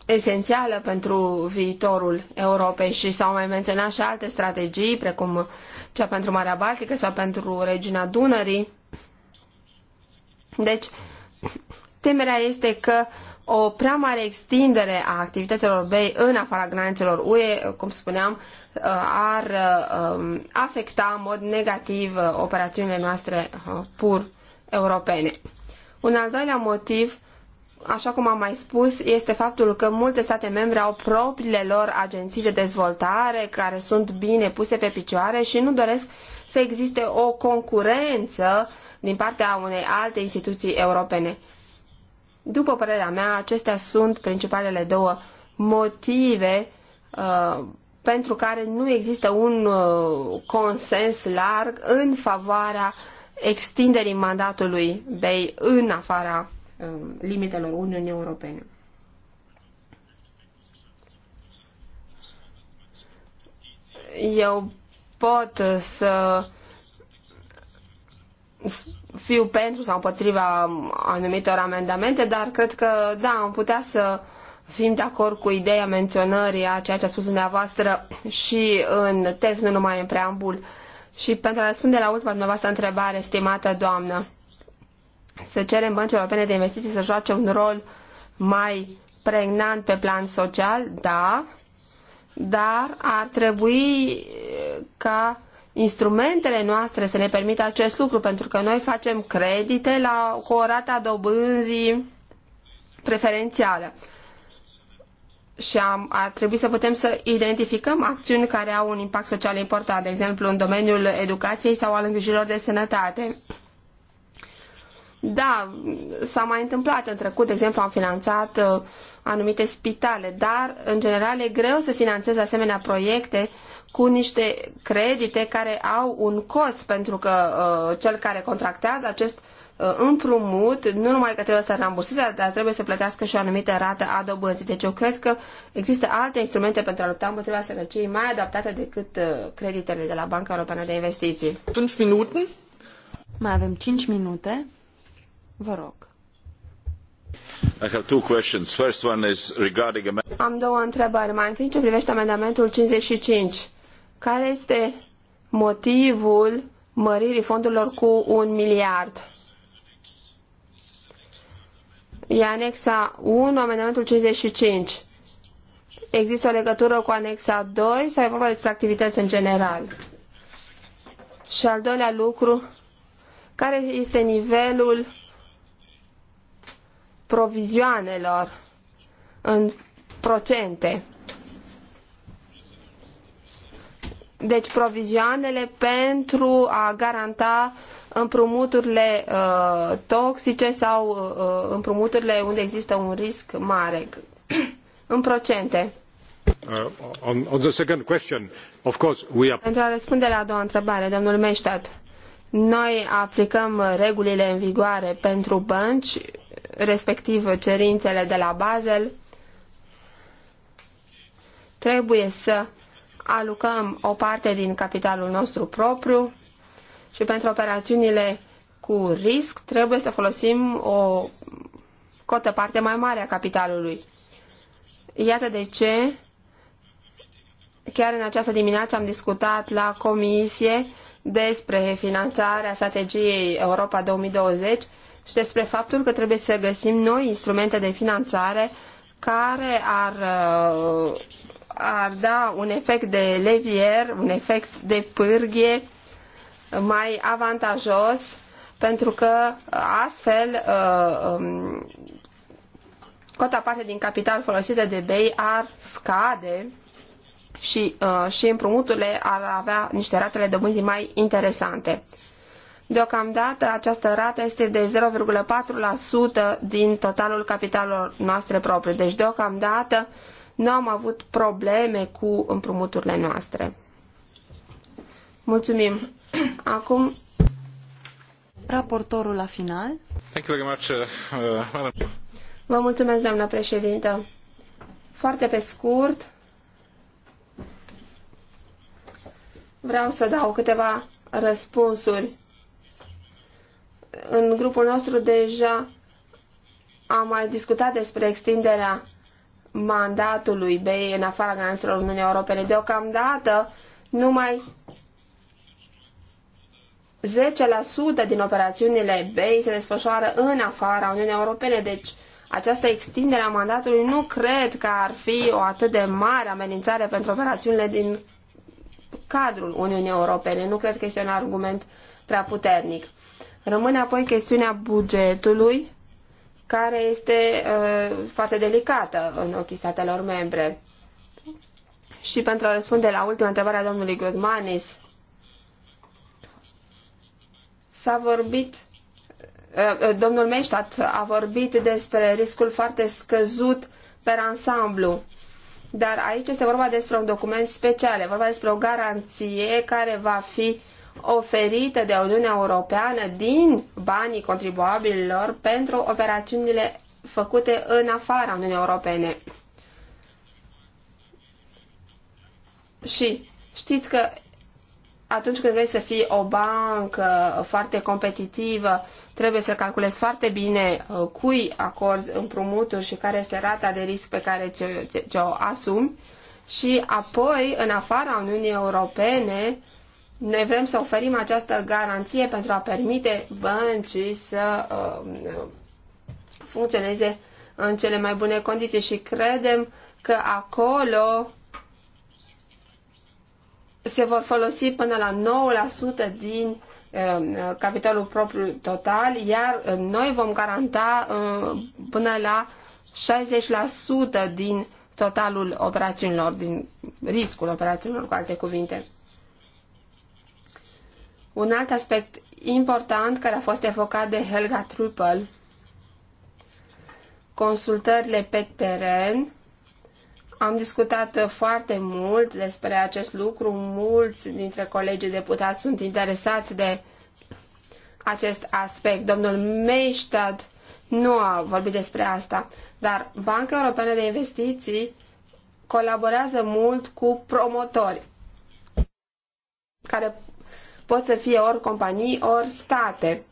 S3: esențială pentru viitorul Europei și s-au mai menționat și alte strategii, precum cea pentru Marea Baltică sau pentru regiunea Dunării. Deci, temerea este că o prea mare extindere a activităților BEI în afara granițelor UE, cum spuneam, uh, ar uh, afecta în mod negativ uh, operațiunile noastre pur europene. Un al doilea motiv, așa cum am mai spus, este faptul că multe state membre au propriile lor agenții de dezvoltare care sunt bine puse pe picioare și nu doresc să existe o concurență din partea unei alte instituții europene. După părerea mea, acestea sunt principalele două motive uh, pentru care nu există un uh, consens larg în favoarea extinderii mandatului BEI în afara uh, limitelor Uniunii Europene. Eu pot să fiu pentru sau împotriva anumitor amendamente, dar cred că, da, am putea să fim de acord cu ideea menționării a ceea ce a spus dumneavoastră și în text, nu numai în preambul. Și pentru a răspunde la ultima dumneavoastră întrebare, stimată doamnă, să cerem băncii europene de investiții să joace un rol mai pregnant pe plan social, da, dar ar trebui ca instrumentele noastre să ne permită acest lucru, pentru că noi facem credite la, cu o rată a dobânzii preferențială. Și am, ar trebui să putem să identificăm acțiuni care au un impact social important, de exemplu în domeniul educației sau al îngrijirilor de sănătate. Da, s-a mai întâmplat în trecut, de exemplu, am finanțat uh, anumite spitale, dar, în general, e greu să finanțezi asemenea proiecte cu niște credite care au un cost, pentru că uh, cel care contractează acest uh, împrumut, nu numai că trebuie să ramburseze, dar trebuie să plătească și o anumită rată a dobânzii. Deci eu cred că există alte instrumente pentru a lupta împotriva sărăciei mai adaptate decât uh, creditele de la Banca Europeană de Investiții. 5 minute. Mai avem 5 minute. Vă rog.
S2: I have two questions. First one is regarding...
S3: Am două întrebări. Mai întâi ce privește amendamentul 55. Care este motivul măririi fondurilor cu un miliard? E anexa 1, amendamentul 55. Există o legătură cu anexa 2 sau e vorba despre activități în general? Și al doilea lucru, care este nivelul provizioanelor în procente? deci provizioanele pentru a garanta împrumuturile uh, toxice sau uh, uh împrumuturile unde există un risc mare în procente.
S1: Uh, on, on the second question, of course we are...
S3: Pentru a răspunde la a doua întrebare, domnul Meștat, noi aplicăm regulile în vigoare pentru bănci, respectiv cerințele de la Basel. Trebuie să alucăm o parte din capitalul nostru propriu și pentru operațiunile cu risc trebuie să folosim o cotă parte mai mare a capitalului. Iată de ce chiar în această dimineață am discutat la comisie despre finanțarea strategiei Europa 2020 și despre faptul că trebuie să găsim noi instrumente de finanțare care ar uh, ar da un efect de levier, un efect de pârghie mai avantajos, pentru că astfel uh, um, cota parte din capital folosită de BEI ar scade și, uh, și împrumuturile ar avea niște ratele de bunzi mai interesante. Deocamdată această rată este de 0,4% din totalul capitalului noastre proprii. Deci deocamdată nu am avut probleme cu împrumuturile noastre. Mulțumim. Acum raportorul la final.
S2: Thank you very much, uh,
S3: Vă mulțumesc, doamna președintă. Foarte pe scurt, vreau să dau câteva răspunsuri. În grupul nostru deja am mai discutat despre extinderea mandatului be în afara granițelor Uniunii Europene. Deocamdată, numai 10% din operațiunile BEI se desfășoară în afara Uniunii Europene, deci această extindere a mandatului nu cred că ar fi o atât de mare amenințare pentru operațiunile din cadrul Uniunii Europene. Nu cred că este un argument prea puternic. Rămâne apoi chestiunea bugetului care este uh, foarte delicată în ochii statelor membre. Și pentru a răspunde la ultima întrebare a domnului Godmanis, s-a vorbit, uh, uh domnul Meștat a vorbit despre riscul foarte scăzut per ansamblu dar aici este vorba despre un document special, vorba despre o garanție care va fi oferite de Uniunea Europeană din banii contribuabililor pentru operațiunile făcute în afara Uniunii Europene. Și știți că atunci când vrei să fii o bancă foarte competitivă, trebuie să calculezi foarte bine uh, cui acorzi împrumuturi și care este rata de risc pe care ce, ce, ce o asumi și apoi, în afara Uniunii Europene, noi vrem să oferim această garanție pentru a permite băncii să uh, funcționeze în cele mai bune condiții și credem că acolo se vor folosi până la 9% din uh, capitalul propriu total, iar uh, noi vom garanta până la 60% din totalul operațiunilor, din riscul operațiunilor, cu alte cuvinte. Un alt aspect important care a fost evocat de Helga Truppel, consultările pe teren. Am discutat foarte mult despre acest lucru. Mulți dintre colegii deputați sunt interesați de acest aspect. Domnul Meistad nu a vorbit despre asta, dar Banca Europeană de Investiții colaborează mult cu promotori care pot să fie ori companii, ori state.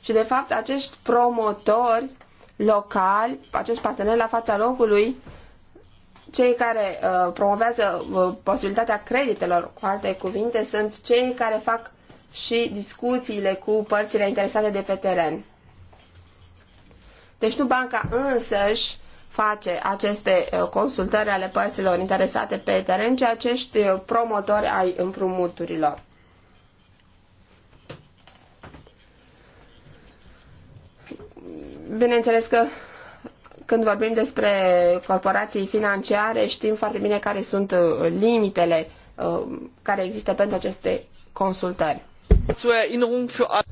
S3: Și de fapt acești promotori locali, acești parteneri la fața locului, cei care uh, promovează uh, posibilitatea creditelor, cu alte cuvinte, sunt cei care fac și discuțiile cu părțile interesate de pe teren. Deci nu banca însăși face aceste uh, consultări ale părților interesate pe teren, ci acești uh, promotori ai împrumuturilor. Bineînțeles că când vorbim despre corporații financiare, știm foarte bine care sunt uh, limitele uh, care există pentru aceste consultări.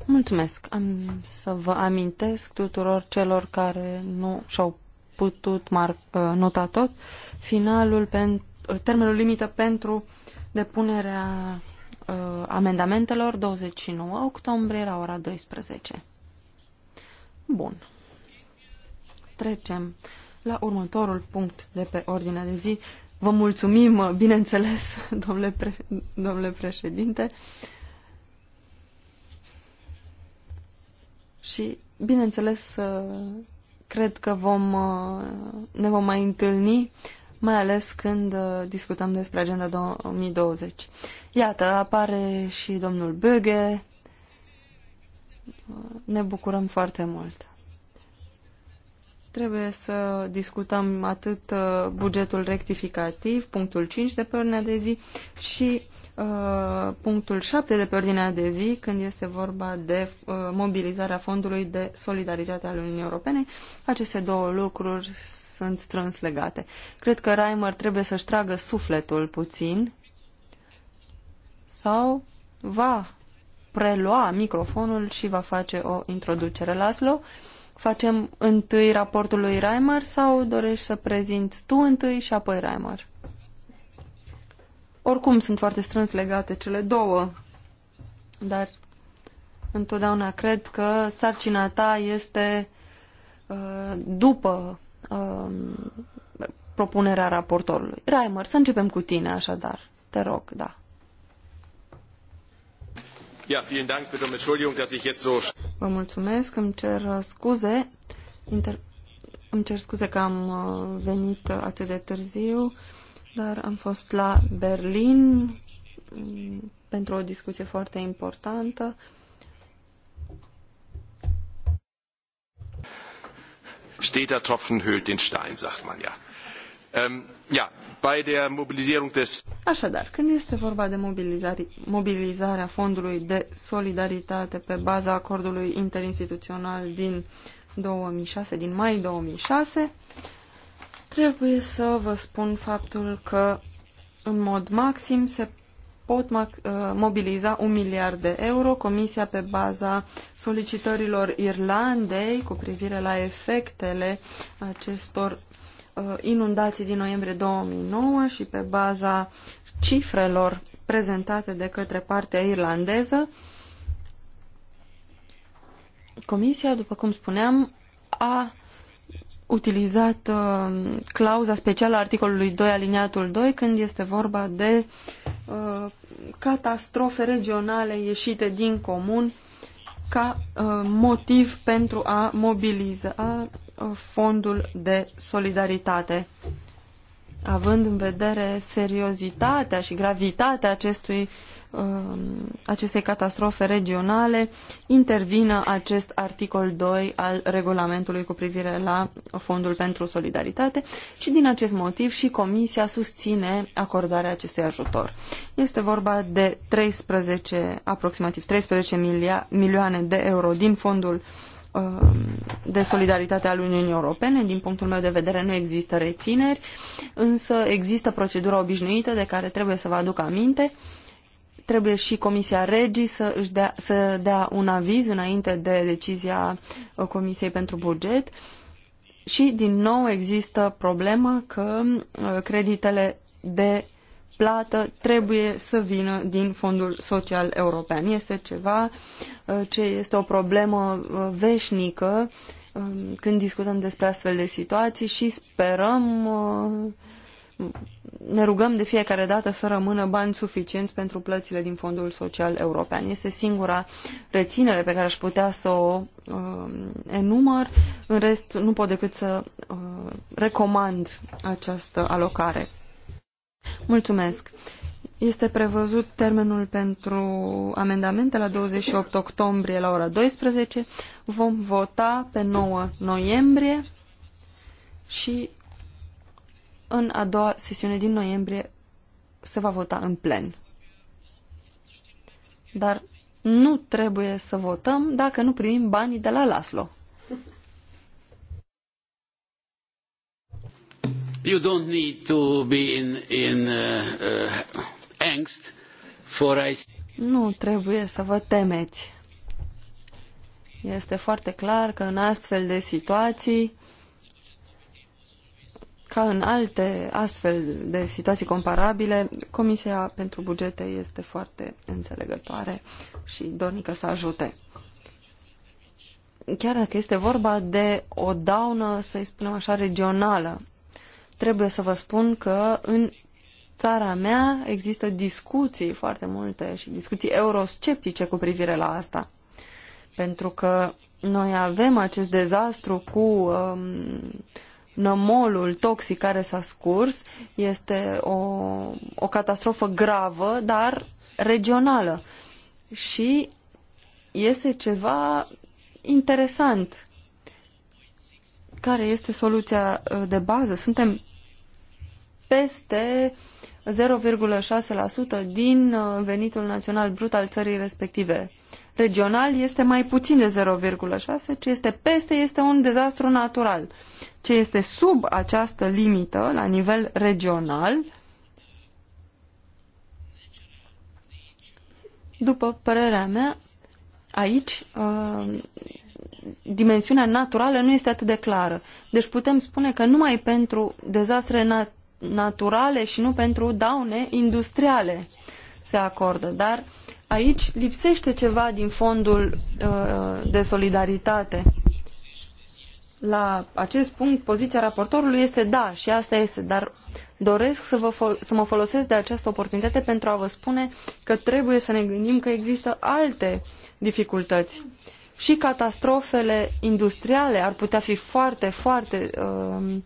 S1: Mulțumesc. Am să vă amintesc tuturor celor care nu și-au putut mar- uh, nota tot finalul pen, termenul limită pentru depunerea uh, amendamentelor 29 octombrie la ora 12. Bun trecem la următorul punct de pe ordinea de zi. Vă mulțumim, bineînțeles, domnule, pre domnule președinte. Și, bineînțeles, cred că vom, uh, ne vom mai întâlni, mai ales când uh, discutăm despre Agenda 2020. Iată, apare și domnul Böge. Ne bucurăm foarte mult. Trebuie să discutăm atât uh, bugetul rectificativ, punctul 5 de pe ordinea de zi și uh, punctul 7 de pe ordinea de zi, când este vorba de uh, mobilizarea Fondului de Solidaritate al Uniunii Europene. Aceste două lucruri sunt strâns legate. Cred că Reimer trebuie să-și tragă sufletul puțin sau va prelua microfonul și va face o introducere. Laslo, uh, Facem întâi raportul lui Reimer sau dorești să prezint tu întâi și apoi Reimer? Oricum sunt foarte strâns legate cele două, dar întotdeauna cred că sarcina ta este uh, după uh, propunerea raportorului. Reimer, să începem cu tine așadar. Te rog, da. Vă mulțumesc, îmi cer uh, scuze. Inter... Îmi cer scuze că am uh, venit atât de târziu, dar am fost la Berlin mm, pentru o discuție foarte importantă.
S3: Steter Tropfen höhlt den Stein, sagt man ja. Ähm, ja, bei der Mobilisierung des
S1: Așadar, când este vorba de mobilizarea fondului de solidaritate pe baza acordului interinstituțional din 2006, din mai 2006, trebuie să vă spun faptul că în mod maxim se pot uh, mobiliza un miliard de euro. Comisia pe baza solicitărilor Irlandei cu privire la efectele acestor Uh, inundații din noiembrie 2009 și pe baza cifrelor prezentate de către partea irlandeză, Comisia, după cum spuneam, a utilizat uh, clauza specială a articolului 2 aliniatul 2 când este vorba de uh, catastrofe regionale ieșite din comun ca uh, motiv pentru a mobiliza uh, fondul de solidaritate având în vedere seriozitatea și gravitatea acestui, um, acestei catastrofe regionale, intervină acest articol 2 al regulamentului cu privire la Fondul pentru Solidaritate și din acest motiv și Comisia susține acordarea acestui ajutor. Este vorba de 13, aproximativ 13 milioane de euro din Fondul Um, de solidaritate al Uniunii Europene. Din punctul meu de vedere nu există rețineri, însă există procedura obișnuită de care trebuie să vă aduc aminte. Trebuie și Comisia Regii să, își dea, să dea un aviz înainte de decizia uh, Comisiei pentru Buget. Și din nou există problema că uh, creditele de plată trebuie să vină din Fondul Social European. Este ceva uh, ce este o problemă uh, veșnică um, când discutăm despre astfel de situații și sperăm, uh, ne rugăm de fiecare dată să rămână bani suficienți pentru plățile din Fondul Social European. Este singura reținere pe care aș putea să o um, enumăr. În rest, nu pot decât să recomand această alocare. Mulțumesc. Este prevăzut termenul pentru amendamente la 28 octombrie la ora 12. Vom vota pe 9 noiembrie și în a doua sesiune din noiembrie se va vota în plen. Dar nu trebuie să votăm dacă nu primim banii de la Laslo.
S3: you don't need to be in, in uh, uh angst for I...
S1: Nu trebuie să vă temeți. Este foarte clar că în astfel de situații, ca în alte astfel de situații comparabile, Comisia pentru Bugete este foarte înțelegătoare și dornică să ajute. Chiar dacă este vorba de o daună, să-i spunem așa, regională, trebuie să vă spun că în țara mea există discuții foarte multe și discuții eurosceptice cu privire la asta. Pentru că noi avem acest dezastru cu um, nămolul toxic care s-a scurs. Este o, o catastrofă gravă, dar regională. Și este ceva interesant care este soluția uh, de bază. Suntem peste 0,6% din uh, venitul național brut al țării respective. Regional este mai puțin de 0,6%, ce este peste este un dezastru natural. Ce este sub această limită la nivel regional, după părerea mea, aici uh, dimensiunea naturală nu este atât de clară. Deci putem spune că numai pentru dezastre na naturale și nu pentru daune industriale se acordă. Dar aici lipsește ceva din fondul uh, de solidaritate. La acest punct, poziția raportorului este da și asta este, dar doresc să, vă fol să mă folosesc de această oportunitate pentru a vă spune că trebuie să ne gândim că există alte dificultăți și catastrofele industriale ar putea fi foarte, foarte, um,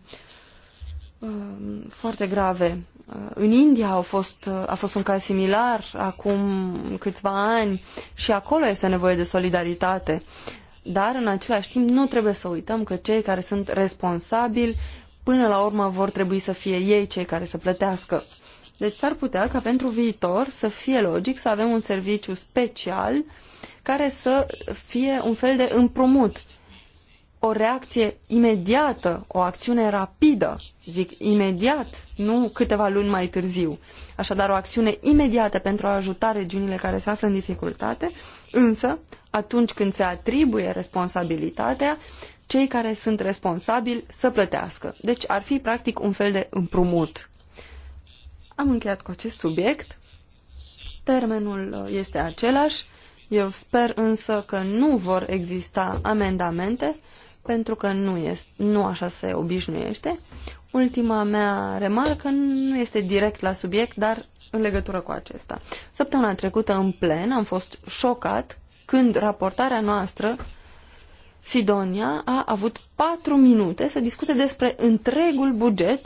S1: um, foarte grave. Uh, în India a fost, uh, a fost un caz similar acum câțiva ani și acolo este nevoie de solidaritate. Dar, în același timp, nu trebuie să uităm că cei care sunt responsabili, până la urmă, vor trebui să fie ei cei care să plătească. Deci s-ar putea ca pentru viitor să fie logic să avem un serviciu special uh, care să fie un fel de împrumut, o reacție imediată, o acțiune rapidă, zic imediat, nu câteva luni mai târziu. Așadar, o acțiune imediată pentru a ajuta regiunile care se află în dificultate, însă, atunci când se atribuie responsabilitatea, cei care sunt responsabili să plătească. Deci ar fi practic un fel de împrumut. Am încheiat cu acest subiect. Termenul este același, eu sper însă că nu vor exista amendamente, pentru că nu, este, nu așa se obișnuiește. Ultima mea remarcă nu este direct la subiect, dar în legătură cu acesta. Săptămâna trecută, în plen, am fost șocat când raportarea noastră, Sidonia, a avut patru minute să discute despre întregul buget,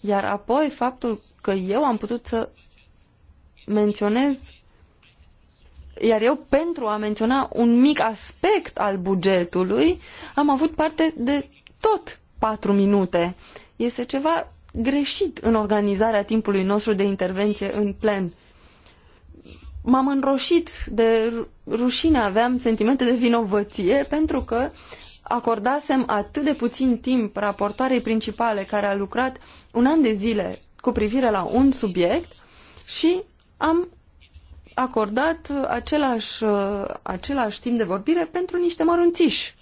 S1: iar apoi faptul că eu am putut să menționez iar eu, pentru a menționa un mic aspect al bugetului, am avut parte de tot patru minute. Este ceva greșit în organizarea timpului nostru de intervenție în plen. M-am înroșit de rușine, aveam sentimente de vinovăție pentru că acordasem atât de puțin timp raportoarei principale care a lucrat un an de zile cu privire la un subiect și am acordat același, același timp de vorbire pentru niște mărunțiși.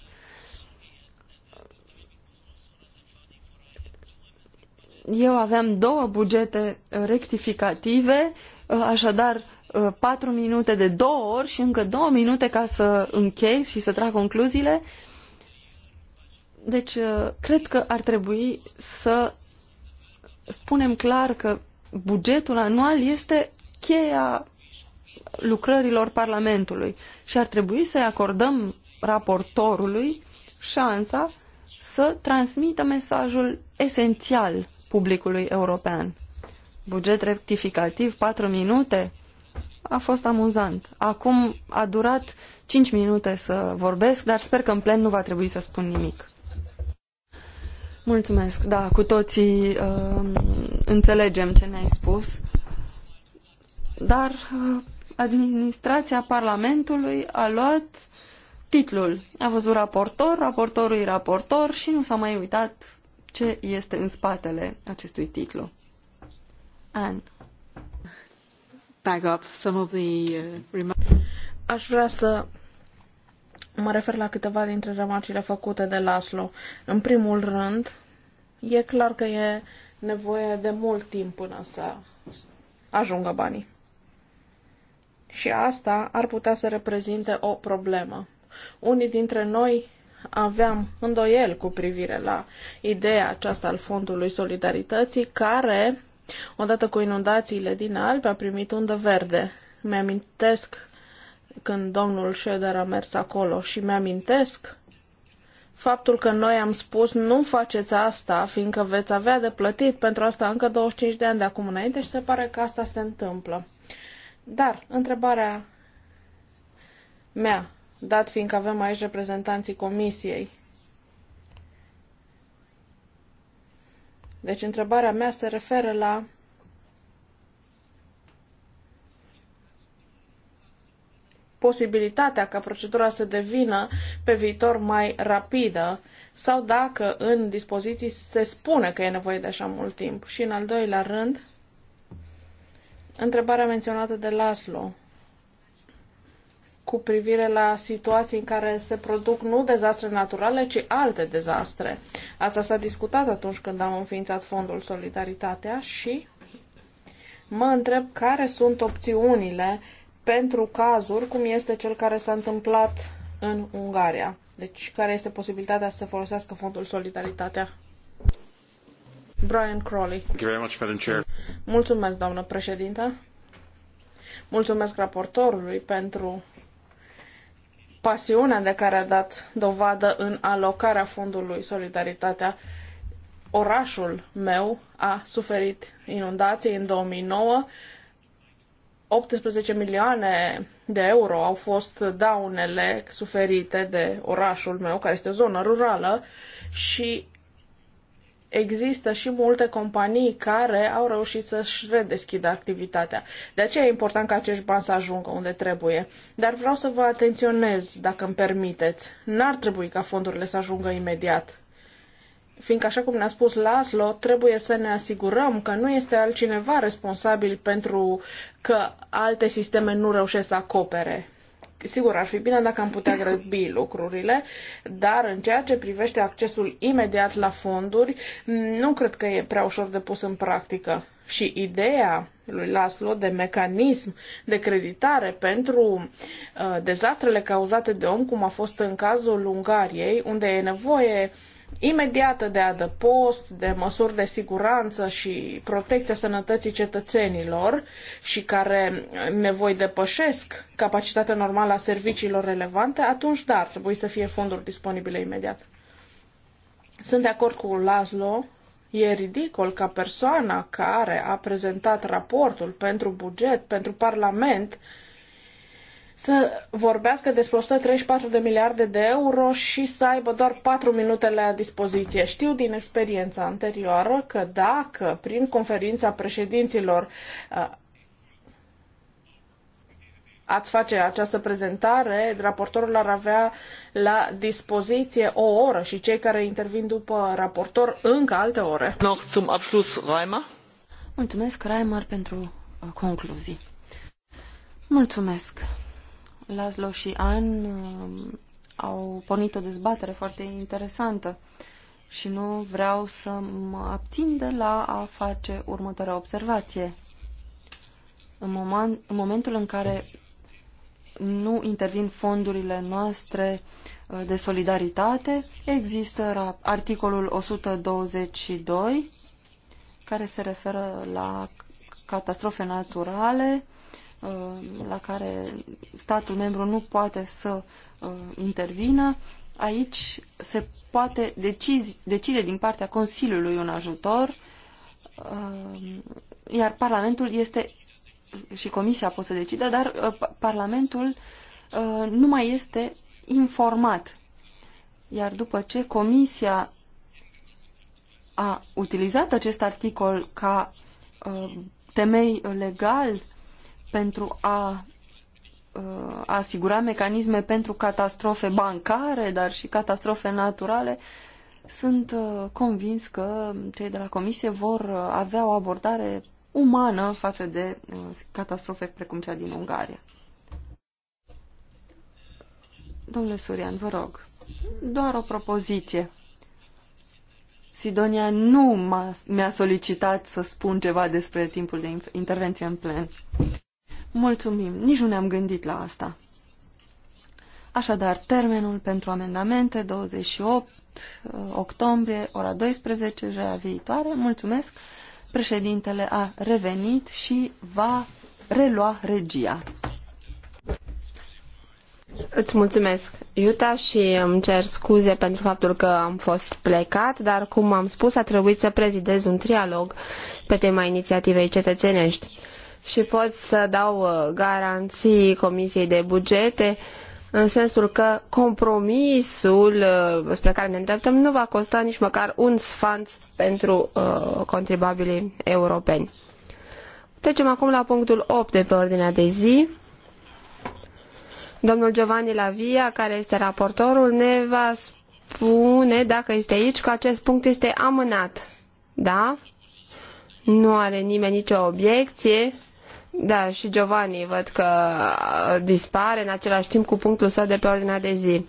S1: Eu aveam două bugete rectificative, așadar patru minute de două ori și încă două minute ca să închei și să trag concluziile. Deci, cred că ar trebui să spunem clar că bugetul anual este cheia lucrărilor Parlamentului și ar trebui să-i acordăm raportorului șansa să transmită mesajul esențial publicului european. Buget rectificativ, 4 minute, a fost amuzant. Acum a durat 5 minute să vorbesc, dar sper că în plen nu va trebui să spun nimic. Mulțumesc. Da, cu toții uh, înțelegem ce ne-ai spus. Dar uh, administrația Parlamentului a luat titlul. A văzut raportor, raportorul raportor și nu s-a mai uitat ce este în spatele acestui titlu.
S2: An. Bag up some of the uh, Aș vrea să mă refer la câteva dintre remarcile făcute de Laslo. În primul rând, e clar că e nevoie de mult timp până să ajungă banii. Și asta ar putea să reprezinte o problemă. Unii dintre noi aveam îndoiel cu privire la ideea aceasta al Fondului Solidarității, care, odată cu inundațiile din Alpi, a primit undă verde. Mi-amintesc când domnul Schroeder a mers acolo și mi-amintesc faptul că noi am spus nu faceți asta, fiindcă veți avea de plătit pentru asta încă 25 de ani de acum înainte și se pare că asta se întâmplă. Dar întrebarea mea, dat fiindcă avem aici reprezentanții comisiei, deci întrebarea mea se referă la posibilitatea ca procedura să devină pe viitor mai rapidă sau dacă în dispoziții se spune că e nevoie de așa mult timp. Și în al doilea rând, întrebarea menționată de Laslo cu privire la situații în care se produc nu dezastre naturale, ci alte dezastre. Asta s-a discutat atunci când am înființat Fondul Solidaritatea și mă întreb care sunt opțiunile pentru cazuri cum este cel care s-a întâmplat în Ungaria. Deci, care este posibilitatea să se folosească Fondul Solidaritatea? Brian Crowley. Thank you very much, Madam Chair. Mulțumesc, doamnă președintă. Mulțumesc raportorului pentru pasiunea de care a dat dovadă în alocarea fondului Solidaritatea. Orașul meu a suferit inundații în 2009. 18 milioane de euro au fost daunele suferite de orașul meu, care este o zonă rurală, și există și multe companii care au reușit să-și redeschidă activitatea. De aceea e important ca acești bani să ajungă unde trebuie. Dar vreau să vă atenționez, dacă îmi permiteți. N-ar trebui ca fondurile să ajungă imediat. Fiindcă, așa cum ne-a spus Laslo, trebuie să ne asigurăm că nu este altcineva responsabil pentru că alte sisteme nu reușesc să acopere Sigur, ar fi bine dacă am putea grăbi lucrurile, dar în ceea ce privește accesul imediat la fonduri, nu cred că e prea ușor de pus în practică. Și ideea lui Laslo de mecanism de creditare pentru uh, dezastrele cauzate de om, cum a fost în cazul Ungariei, unde e nevoie uh, imediată de adăpost, de măsuri de siguranță și protecția sănătății cetățenilor și care nevoi depășesc capacitatea normală a serviciilor relevante, atunci da, ar trebui să fie fonduri disponibile imediat. Sunt de acord cu Laszlo, e ridicol ca persoana care a prezentat raportul pentru buget, pentru Parlament, să vorbească despre 134 de miliarde de euro și să aibă doar 4 minute la dispoziție. Știu din experiența anterioară că dacă prin conferința președinților uh, ați face această prezentare, raportorul ar avea la dispoziție o oră și cei care intervin după raportor încă alte ore. Noch zum Abschluss, Reimer. Mulțumesc, Reimer, pentru uh, concluzii. Mulțumesc.
S1: Laszlo și An um, au pornit o dezbatere foarte interesantă și nu vreau să mă abțin de la a face următoarea observație. În, moment, în momentul în care nu intervin fondurile noastre uh, de solidaritate, există articolul 122 care se referă la catastrofe naturale, Uh, la care statul membru nu poate să uh, intervină, aici se poate decizi, decide din partea Consiliului un ajutor, uh, iar Parlamentul este și Comisia poate să decide, dar Parlamentul nu mai este informat. Iar după ce Comisia a utilizat acest articol ca temei legal pentru a uh, asigura mecanisme pentru catastrofe bancare, dar și catastrofe naturale, sunt uh, convins că cei de la Comisie vor uh, avea o abordare umană față de catastrofe precum cea din Ungaria. Domnule Surian, vă rog, doar o propoziție. Sidonia nu mi-a solicitat să spun ceva despre timpul de intervenție în plen. Mulțumim, nici nu ne-am gândit la asta. Așadar, termenul pentru amendamente 28 uh, octombrie, ora 12, joia viitoare. Mulțumesc, președintele a
S3: revenit și va relua regia. Îți mulțumesc, Iuta, și îmi cer scuze pentru faptul că am fost plecat, dar, cum am spus, a trebuit să prezidez un trialog pe tema inițiativei cetățenești și pot să dau uh, garanții Comisiei de Bugete în sensul că compromisul uh, spre care ne îndreptăm nu va costa nici măcar un sfanț pentru uh, contribuabilii europeni. Trecem acum la punctul 8 de pe ordinea de zi. Domnul Giovanni Lavia, care este raportorul, ne va spune, dacă este aici, că acest punct este amânat. Da? Nu are nimeni nicio obiecție. Da, și Giovanni văd că uh, dispare în același timp cu punctul său de pe ordinea de zi.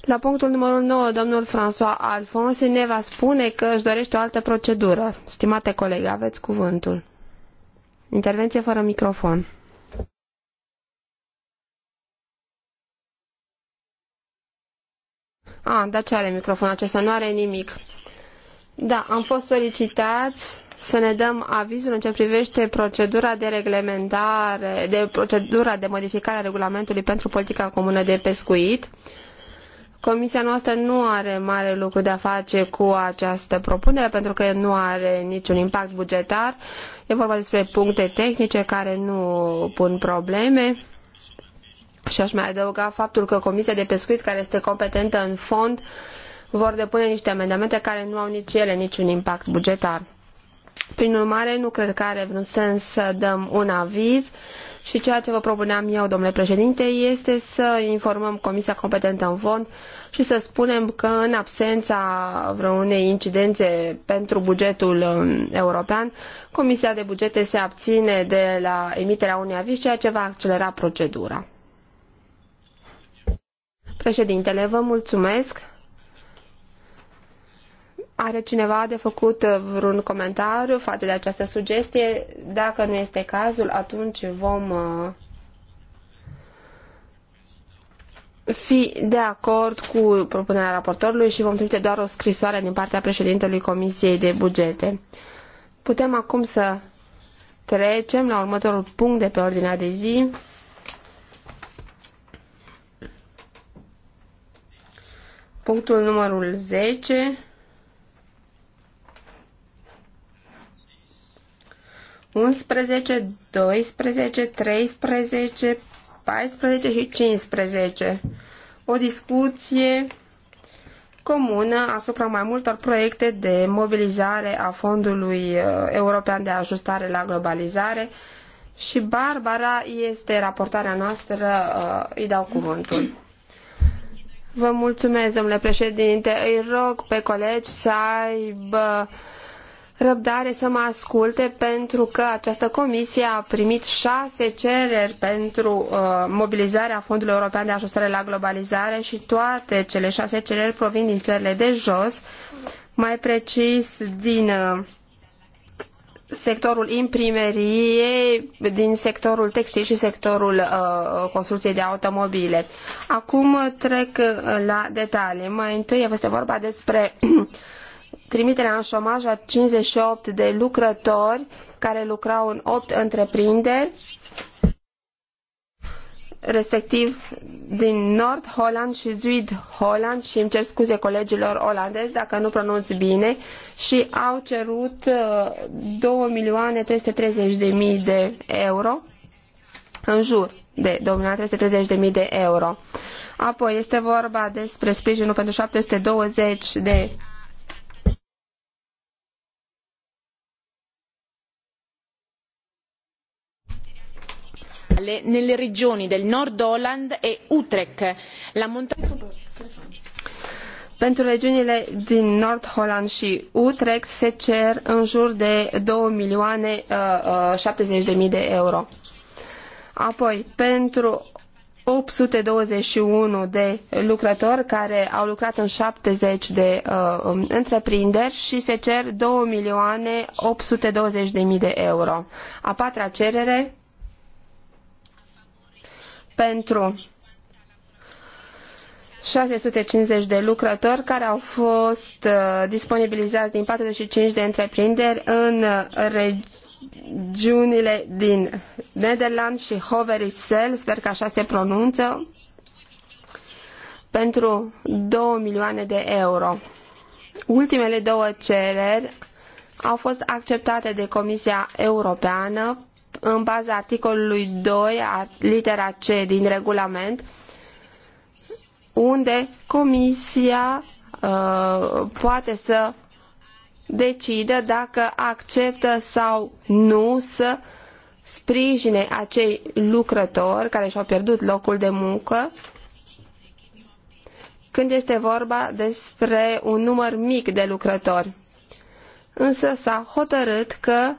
S3: La punctul numărul 9, domnul François Alfonsi ne va spune că își dorește o altă procedură. Stimate colegi aveți cuvântul. Intervenție fără microfon. A, ah, dar ce are microfonul acesta? Nu are nimic. Da, am fost solicitați să ne dăm avizul în ce privește procedura de reglementare, de procedura de modificare a regulamentului pentru politica comună de pescuit. Comisia noastră nu are mare lucru de a face cu această propunere pentru că nu are niciun impact bugetar. E vorba despre puncte tehnice care nu pun probleme. Și aș mai adăuga faptul că Comisia de Pescuit, care este competentă în fond, uh, vor depune niște amendamente care nu au nici ele niciun impact bugetar. Prin urmare, nu cred că are vreun sens să dăm un aviz și ceea ce vă propuneam eu, domnule președinte, este să informăm Comisia competentă în fond și să spunem că în absența vreunei incidențe pentru bugetul um, european, Comisia de Bugete se abține de la emiterea unui aviz, ceea ce va accelera procedura. Președintele, vă mulțumesc. Are cineva de făcut uh, vreun comentariu față de această sugestie? Dacă nu este cazul, atunci vom uh, fi de acord cu propunerea raportorului și vom trimite doar o scrisoare din partea președintelui Comisiei de Bugete. Putem acum să trecem la următorul punct de pe ordinea de zi. Punctul numărul 10. 11, 12, 13, 14 și 15. O discuție comună asupra mai multor proiecte de mobilizare a Fondului uh, European de Ajustare la Globalizare și Barbara este raportarea noastră, uh, îi dau cuvântul. Vă mulțumesc, domnule președinte. Îi rog pe colegi să aibă răbdare să mă asculte pentru că această comisie a primit șase cereri pentru uh, mobilizarea Fondului European de Ajustare la Globalizare și toate cele șase cereri provin din țările de jos, mai precis din uh, sectorul imprimeriei, din sectorul textil și sectorul uh, construcției de automobile. Acum trec la detalii. Mai întâi este vorba despre trimiterea în șomaj a 58 de lucrători care lucrau în 8 întreprinderi, respectiv din Nord Holland și Zuid Holland și îmi cer scuze colegilor olandezi dacă nu pronunț bine și au cerut 2.330.000 uh, de euro în jur de 2.330.000 de euro. Apoi este vorba despre sprijinul pentru 720
S2: de rurale nelle regioni del Nord Holland e Utrecht. La montagna pentru regiunile
S3: din Nord Holland și Utrecht se cer în jur de 2 milioane 70 uh, uh, de mii de euro. Apoi, pentru 821 de lucrători care au lucrat în 70 de uh, um, întreprinderi și se cer 2 milioane 820 de mii de euro. A patra cerere pentru 650 de lucrători care au fost uh, disponibilizați din 45 de întreprinderi în uh, regiunile din Nederland și Hoverichsel, sper că așa se pronunță, pentru 2 milioane de euro. Ultimele două cereri au fost acceptate de Comisia Europeană în baza articolului 2, litera C din regulament, unde comisia uh, poate să decidă dacă acceptă sau nu să sprijine acei lucrători care și-au pierdut locul de muncă când este vorba despre un număr mic de lucrători. Însă s-a hotărât că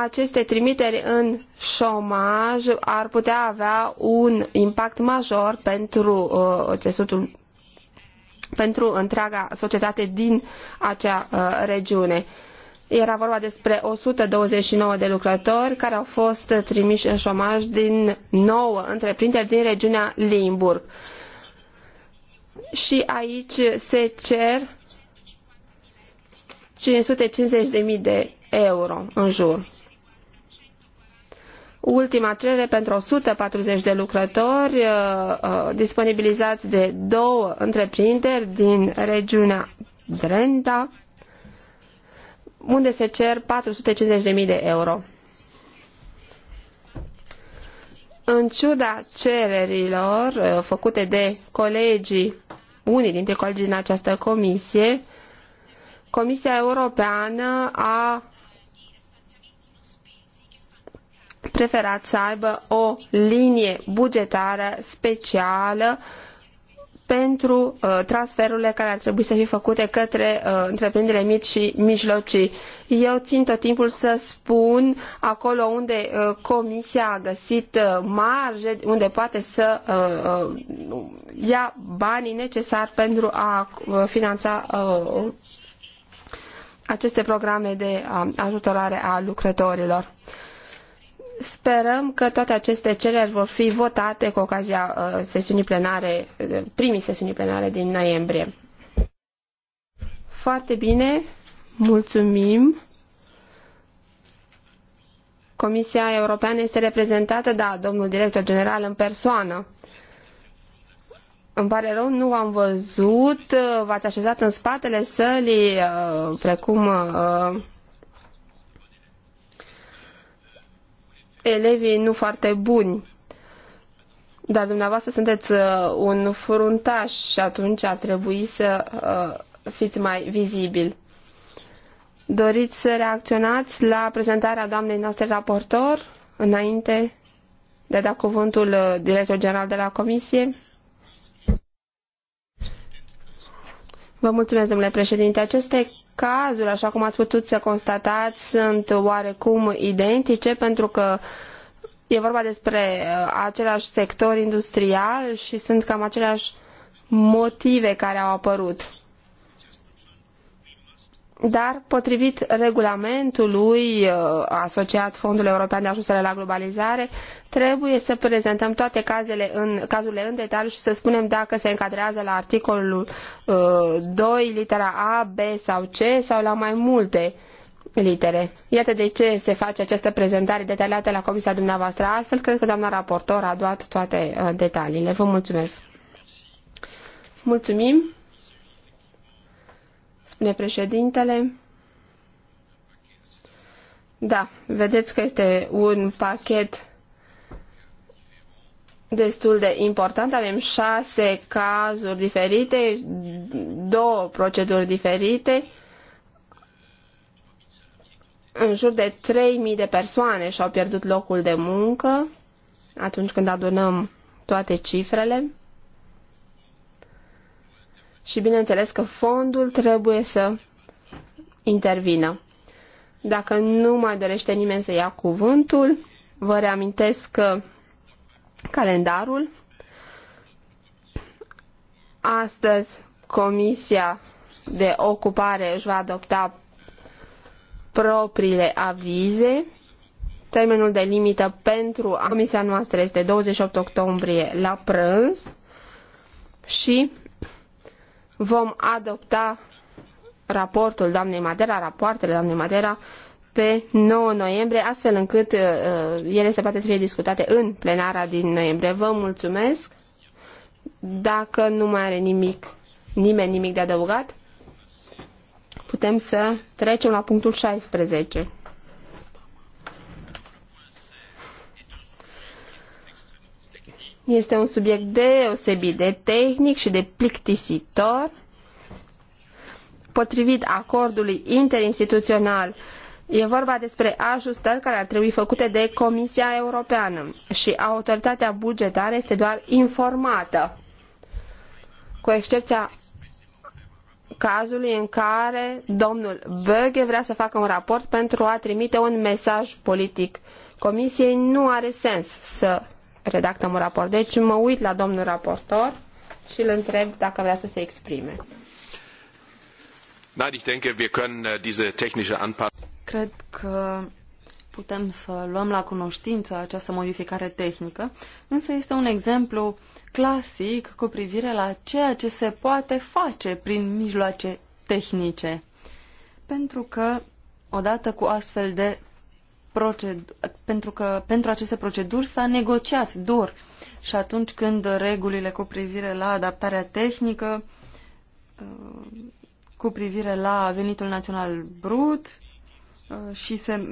S3: aceste trimiteri în șomaj ar putea avea un impact major pentru uh, țesutul pentru întreaga societate din acea uh, regiune. Era vorba despre 129 de lucrători care au fost trimiși în șomaj din 9 întreprinderi din regiunea Limburg. Și aici se cer 550.000 de euro în jur. Ultima cerere pentru 140 de lucrători uh, uh, disponibilizați de două întreprinderi din regiunea Drenta, unde se cer 450.000 de euro. În ciuda cererilor uh, făcute de colegii, unii dintre colegii din această comisie, Comisia Europeană a preferat să aibă o linie bugetară specială pentru uh, transferurile care ar trebui să fie făcute către uh, întreprinderile mici și mijlocii. Eu țin tot timpul să spun acolo unde uh, comisia a găsit uh, marge, unde poate să uh, uh, ia banii necesari pentru a finanța aceste programe de ajutorare a lucrătorilor. Sperăm că toate aceste cereri vor fi votate cu ocazia uh, sesiunii plenare, uh, primii sesiunii plenare din noiembrie. Foarte bine, mulțumim. Comisia Europeană este reprezentată, da, domnul director general în persoană. Îmi pare rău, nu am văzut, uh, v-ați așezat în spatele sălii, precum elevii nu foarte buni. Dar dumneavoastră sunteți uh, un fruntaș și atunci ar trebui să uh, fiți mai vizibil. Doriți să reacționați la prezentarea doamnei noastre raportor înainte de a da cuvântul uh, director general de la comisie? Vă mulțumesc, domnule președinte. Aceste cazuri, așa cum ați putut să constatați, sunt oarecum identice pentru că e vorba despre uh, același sector industrial și sunt cam aceleași motive care au apărut dar potrivit regulamentului uh, asociat Fondului European de Ajustare la Globalizare, trebuie să prezentăm toate cazele în, cazurile în detaliu și să spunem dacă se încadrează la articolul uh, 2, litera A, B sau C sau la mai multe litere. Iată de ce se face această prezentare detaliată la comisia dumneavoastră. Altfel, cred că doamna raportor a luat toate uh, detaliile. Vă mulțumesc! Mulțumim! spune președintele. Da, vedeți că este un pachet destul de important. Avem șase cazuri diferite, două proceduri diferite, în jur de 3.000 de persoane și-au pierdut locul de muncă atunci când adunăm toate cifrele și bineînțeles că fondul trebuie să intervină. Dacă nu mai dorește nimeni să ia cuvântul, vă reamintesc calendarul. Astăzi Comisia de Ocupare își va adopta propriile avize. Termenul de limită pentru comisia noastră este 28 octombrie la prânz și vom adopta raportul doamnei Madera, rapoartele doamnei Madera, pe 9 noiembrie, astfel încât uh, uh, ele se poate să fie discutate în plenara din noiembrie. Vă mulțumesc. Dacă nu mai are nimic, nimeni nimic de adăugat, putem să trecem la punctul 16. Este un subiect deosebit de tehnic și de plictisitor. Potrivit acordului interinstituțional, e vorba despre ajustări care ar trebui făcute de Comisia Europeană și autoritatea bugetară este doar informată, cu excepția cazului în care domnul Böge vrea să facă un raport pentru a trimite un mesaj politic. Comisiei nu are sens să redactăm un raport. Deci mă uit la domnul raportor și îl întreb dacă vrea să se exprime.
S1: Nein, ich denke, wir können äh, diese technische Anpassung.
S3: Cred că
S1: putem să luăm la cunoștință această modificare tehnică, însă este un exemplu clasic cu privire la ceea ce se poate face prin mijloace tehnice. Pentru că, odată cu astfel de pentru că pentru aceste proceduri s-a negociat dur și atunci când regulile cu privire la adaptarea tehnică, uh, cu privire la venitul național brut uh, și se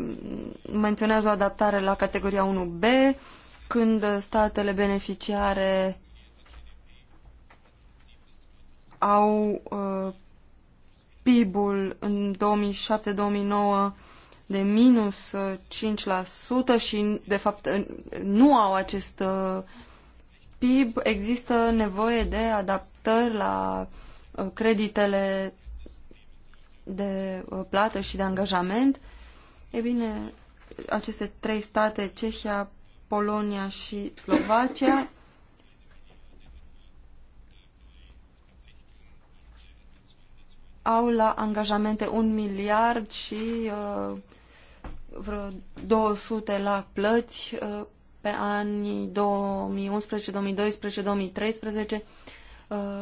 S1: menționează o adaptare la categoria 1B, când statele beneficiare au uh, PIB-ul în 2007-2009 de minus 5% uh, și, de fapt, nu au acest uh, PIB, există nevoie de adaptări la uh, creditele de plată și de angajament. E bine, aceste trei state, Cehia, Polonia și Slovacia, au la angajamente un miliard și uh, vreo 200 la plăți uh, pe anii 2011, 2012, 2013,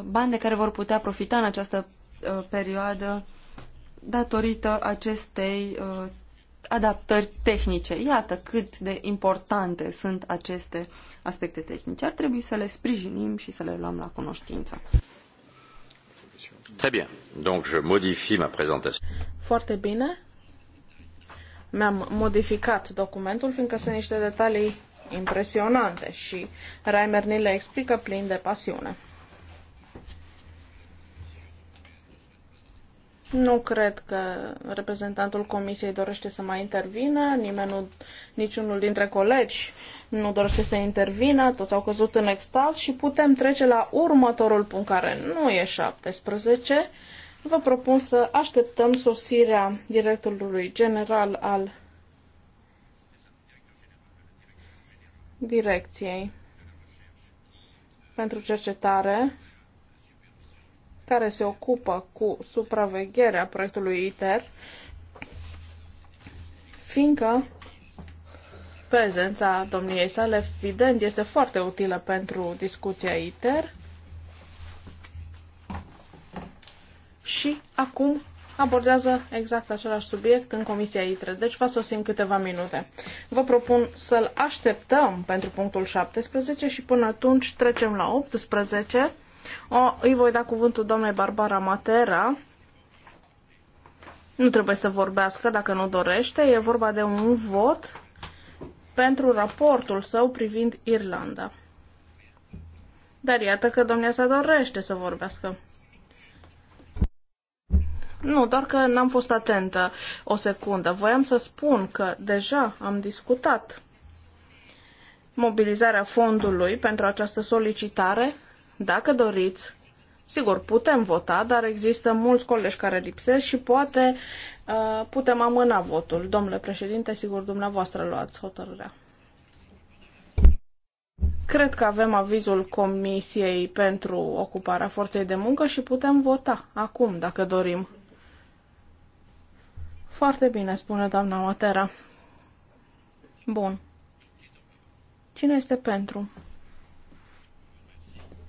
S1: bani de care vor putea profita în această uh, perioadă datorită acestei uh, adaptări tehnice. Iată cât de importante sunt aceste aspecte tehnice. Ar trebui să le
S2: sprijinim și să le luăm la cunoștință.
S1: Très bien. Donc je modifie ma présentation.
S2: Foarte bine mi-am modificat documentul, fiindcă sunt niște detalii impresionante și Reimer ni le explică plin de pasiune. Nu cred că reprezentantul comisiei dorește să mai intervină, nimeni nu, niciunul dintre colegi nu dorește să intervină, toți au căzut în extaz și putem trece la următorul punct care nu e 17, vă propun să așteptăm sosirea directorului general al direcției pentru cercetare care se ocupă cu supravegherea proiectului ITER, fiindcă prezența domniei sale, evident, este foarte utilă pentru discuția ITER și acum abordează exact același subiect în Comisia ITRE, deci vă sosim câteva minute. Vă propun să-l așteptăm pentru punctul 17 și până atunci trecem la 18. O, îi voi da cuvântul doamnei Barbara Matera. Nu trebuie să vorbească dacă nu dorește, e vorba de un vot pentru raportul său privind Irlanda. Dar iată că domnia sa dorește să vorbească. Nu, doar că n-am fost atentă o secundă. Voiam să spun că deja am discutat mobilizarea fondului pentru această solicitare. Dacă doriți, sigur, putem vota, dar există mulți colegi care lipsesc și poate uh, putem amâna votul. Domnule președinte, sigur, dumneavoastră luați hotărârea. Cred că avem avizul Comisiei pentru ocuparea forței de muncă și putem vota acum, dacă dorim. Foarte bine, spune doamna Matera. Bun. Cine este pentru?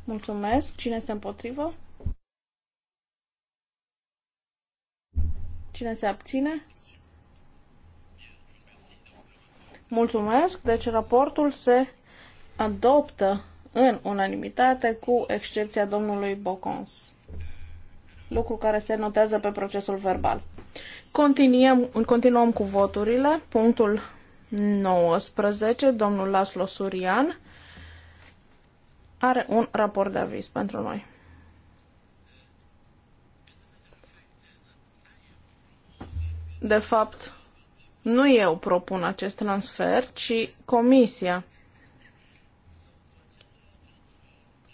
S2: Mulțumesc. Cine este împotrivă? Cine se abține? Mulțumesc. Deci raportul se adoptă în unanimitate, cu excepția domnului Bocons lucru care se notează pe procesul verbal. Continuăm, continuăm cu voturile. Punctul 19, domnul Laslo Surian are un raport de aviz pentru noi. De fapt, nu eu propun acest transfer, ci Comisia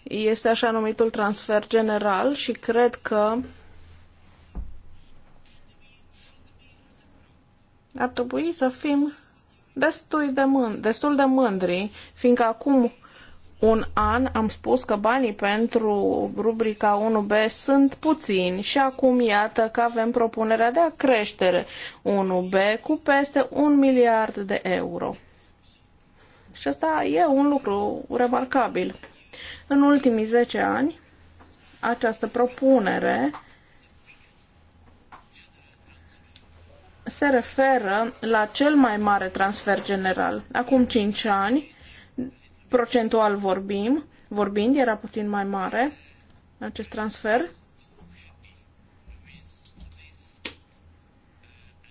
S2: este așa numitul transfer general și cred că ar trebui să fim destul de, mândri, destul de mândri, fiindcă acum un an am spus că banii pentru rubrica 1B sunt puțini și acum iată că avem propunerea de a creștere 1B cu peste un miliard de euro. Și asta e un lucru remarcabil. În ultimii 10 ani, această propunere se referă la cel mai mare transfer general. Acum 5 ani, procentual vorbim, vorbind, era puțin mai mare acest transfer.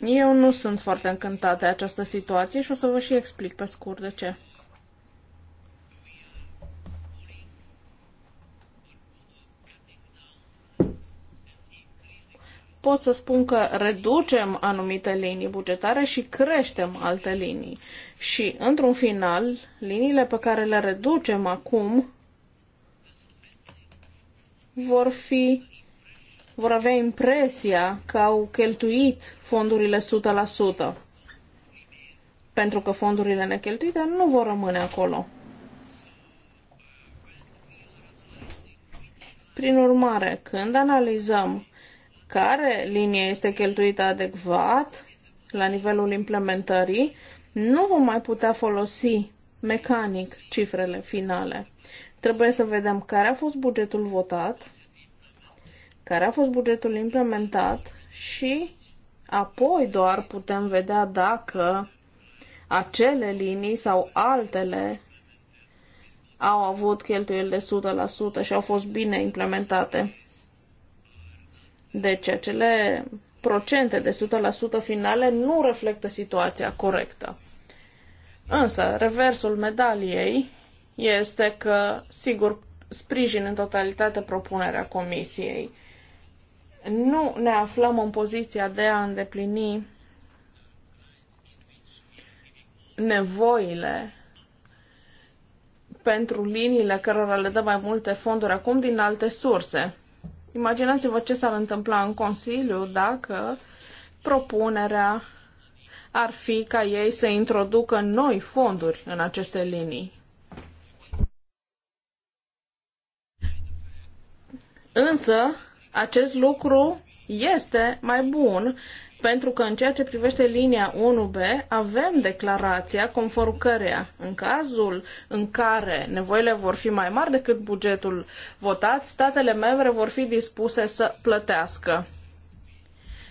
S2: Eu nu sunt foarte încântată de această situație și o să vă și explic pe scurt de ce. pot să spun că reducem anumite linii bugetare și creștem alte linii. Și, într-un final, liniile pe care le reducem acum vor fi vor avea impresia că au cheltuit fondurile 100%. Pentru că fondurile necheltuite nu vor rămâne acolo. Prin urmare, când analizăm care linie este cheltuită adecvat la nivelul implementării, nu vom mai putea folosi mecanic cifrele finale. Trebuie să vedem care a fost bugetul votat, care a fost bugetul implementat și apoi doar putem vedea dacă acele linii sau altele au avut cheltuieli de 100% și au fost bine implementate. Deci acele procente de 100% finale nu reflectă situația corectă. Însă, reversul medaliei este că, sigur, sprijin în totalitate propunerea comisiei. Nu ne aflăm în poziția de a îndeplini nevoile pentru liniile cărora le dă mai multe fonduri acum din alte surse. Imaginați-vă ce s-ar întâmpla în Consiliu dacă propunerea ar fi ca ei să introducă noi fonduri în aceste linii. Însă, acest lucru este mai bun pentru că în ceea ce privește linia 1B avem declarația conform căreia în cazul în care nevoile vor fi mai mari decât bugetul votat, statele membre vor fi dispuse să plătească.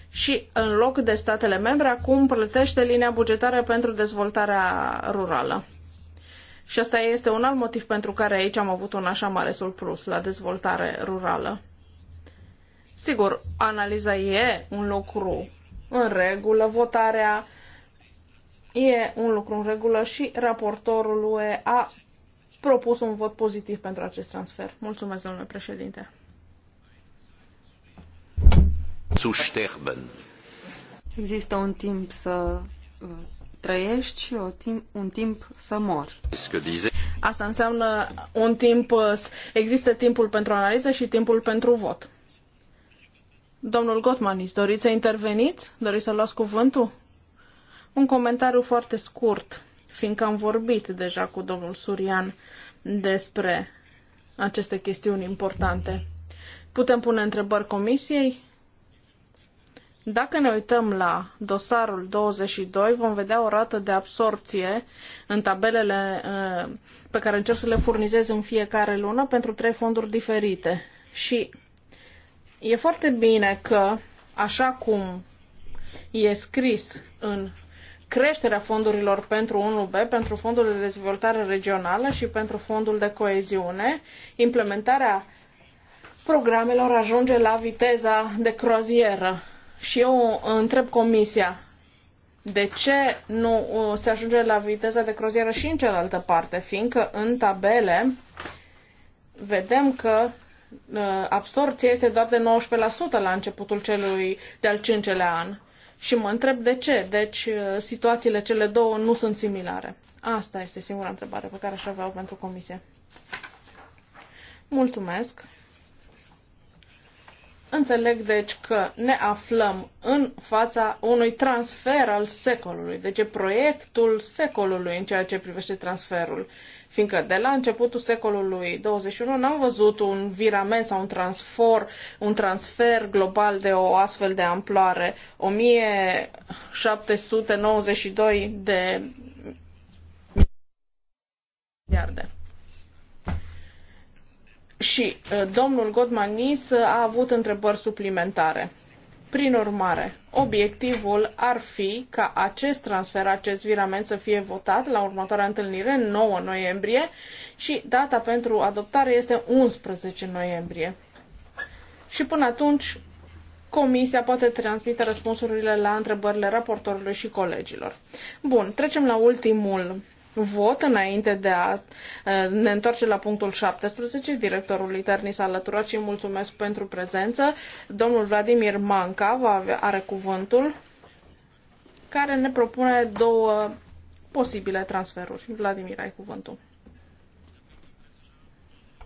S2: Și în loc de statele membre, acum plătește linia bugetară pentru dezvoltarea rurală. Și asta este un alt motiv pentru care aici am avut un așa mare surplus la dezvoltare rurală. Sigur, analiza e un lucru în regulă, votarea e un lucru în regulă și raportorul UE a propus un vot pozitiv pentru acest transfer. Mulțumesc, domnule președinte. Zu sterben.
S1: Există un timp să uh, trăiești și
S2: o timp, un timp să mori. Asta înseamnă un timp, uh, există timpul pentru analiză și timpul pentru vot. Domnul Gotmanis, doriți să interveniți? Doriți să luați cuvântul? Un comentariu foarte scurt, fiindcă am vorbit deja cu domnul Surian despre aceste chestiuni importante. Putem pune întrebări comisiei? Dacă ne uităm la dosarul 22, vom vedea o rată de absorpție în tabelele eh, pe care încerc să le furnizez în fiecare lună pentru trei fonduri diferite. Și E foarte bine că, așa cum e scris în creșterea fondurilor pentru 1B, pentru fondul de dezvoltare regională și pentru fondul de coeziune, implementarea programelor ajunge la viteza de croazieră. Și eu uh, întreb comisia, de ce nu uh, se ajunge la viteza de croazieră și în cealaltă parte? Fiindcă în tabele vedem că Uh, absorție este doar de 19% la începutul celui de-al cincelea an. Și mă întreb de ce. Deci uh, situațiile cele două nu sunt similare. Asta este singura întrebare pe care aș avea-o pentru comisie. Mulțumesc. Înțeleg, deci, că ne aflăm în fața unui transfer al secolului, deci e proiectul secolului în ceea ce privește transferul, fiindcă de la începutul secolului 21 n-am văzut un virament sau un transfer, un transfer global de o astfel de amploare. 1792 de miliarde. Și uh, domnul Godmanis uh, a avut întrebări suplimentare. Prin urmare, obiectivul ar fi ca acest transfer, acest virament să fie votat la următoarea întâlnire, 9 noiembrie, și data pentru adoptare este 11 noiembrie. Și până atunci, Comisia poate transmite răspunsurile la întrebările raportorului și colegilor. Bun, trecem la ultimul vot înainte de a ne întoarce la punctul 17. Directorul ITER ni s-a alăturat și mulțumesc pentru prezență. Domnul Vladimir Manca va avea, are cuvântul care ne propune două posibile transferuri. Vladimir, ai cuvântul.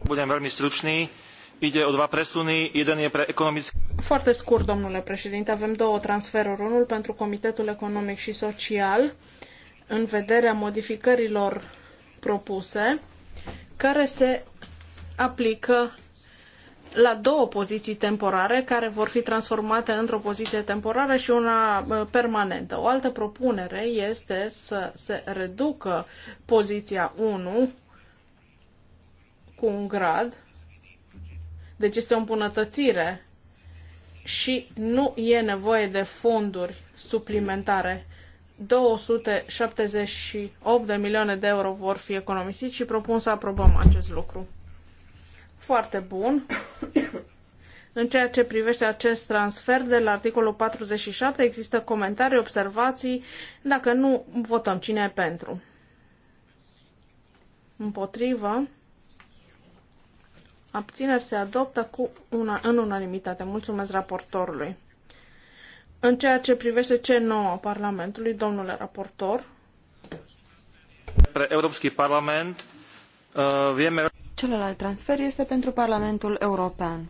S1: Budem foarte stručný. Ide o dva presuny. Jeden je pre economic.
S2: Foarte scurt, domnule președinte, avem două transferuri. Unul pentru Comitetul Economic și Social, uh, în vederea modificărilor propuse, care se aplică la două poziții temporare care vor fi transformate într-o poziție temporară și una permanentă. O altă propunere este să se reducă poziția 1 cu un grad, deci este o îmbunătățire și nu e nevoie de fonduri suplimentare 278 de milioane de euro vor fi economisiți și propun să aprobăm acest lucru. Foarte bun. În ceea ce privește acest transfer de la articolul 47 există comentarii, observații. Dacă nu, votăm cine e pentru. Împotrivă. Abțineri se adoptă cu una, în unanimitate. Mulțumesc raportorului. În ceea ce privește ce nouă Parlamentului, domnule raportor.
S1: Parlament. Uh,
S2: Celălalt transfer
S1: este pentru Parlamentul European.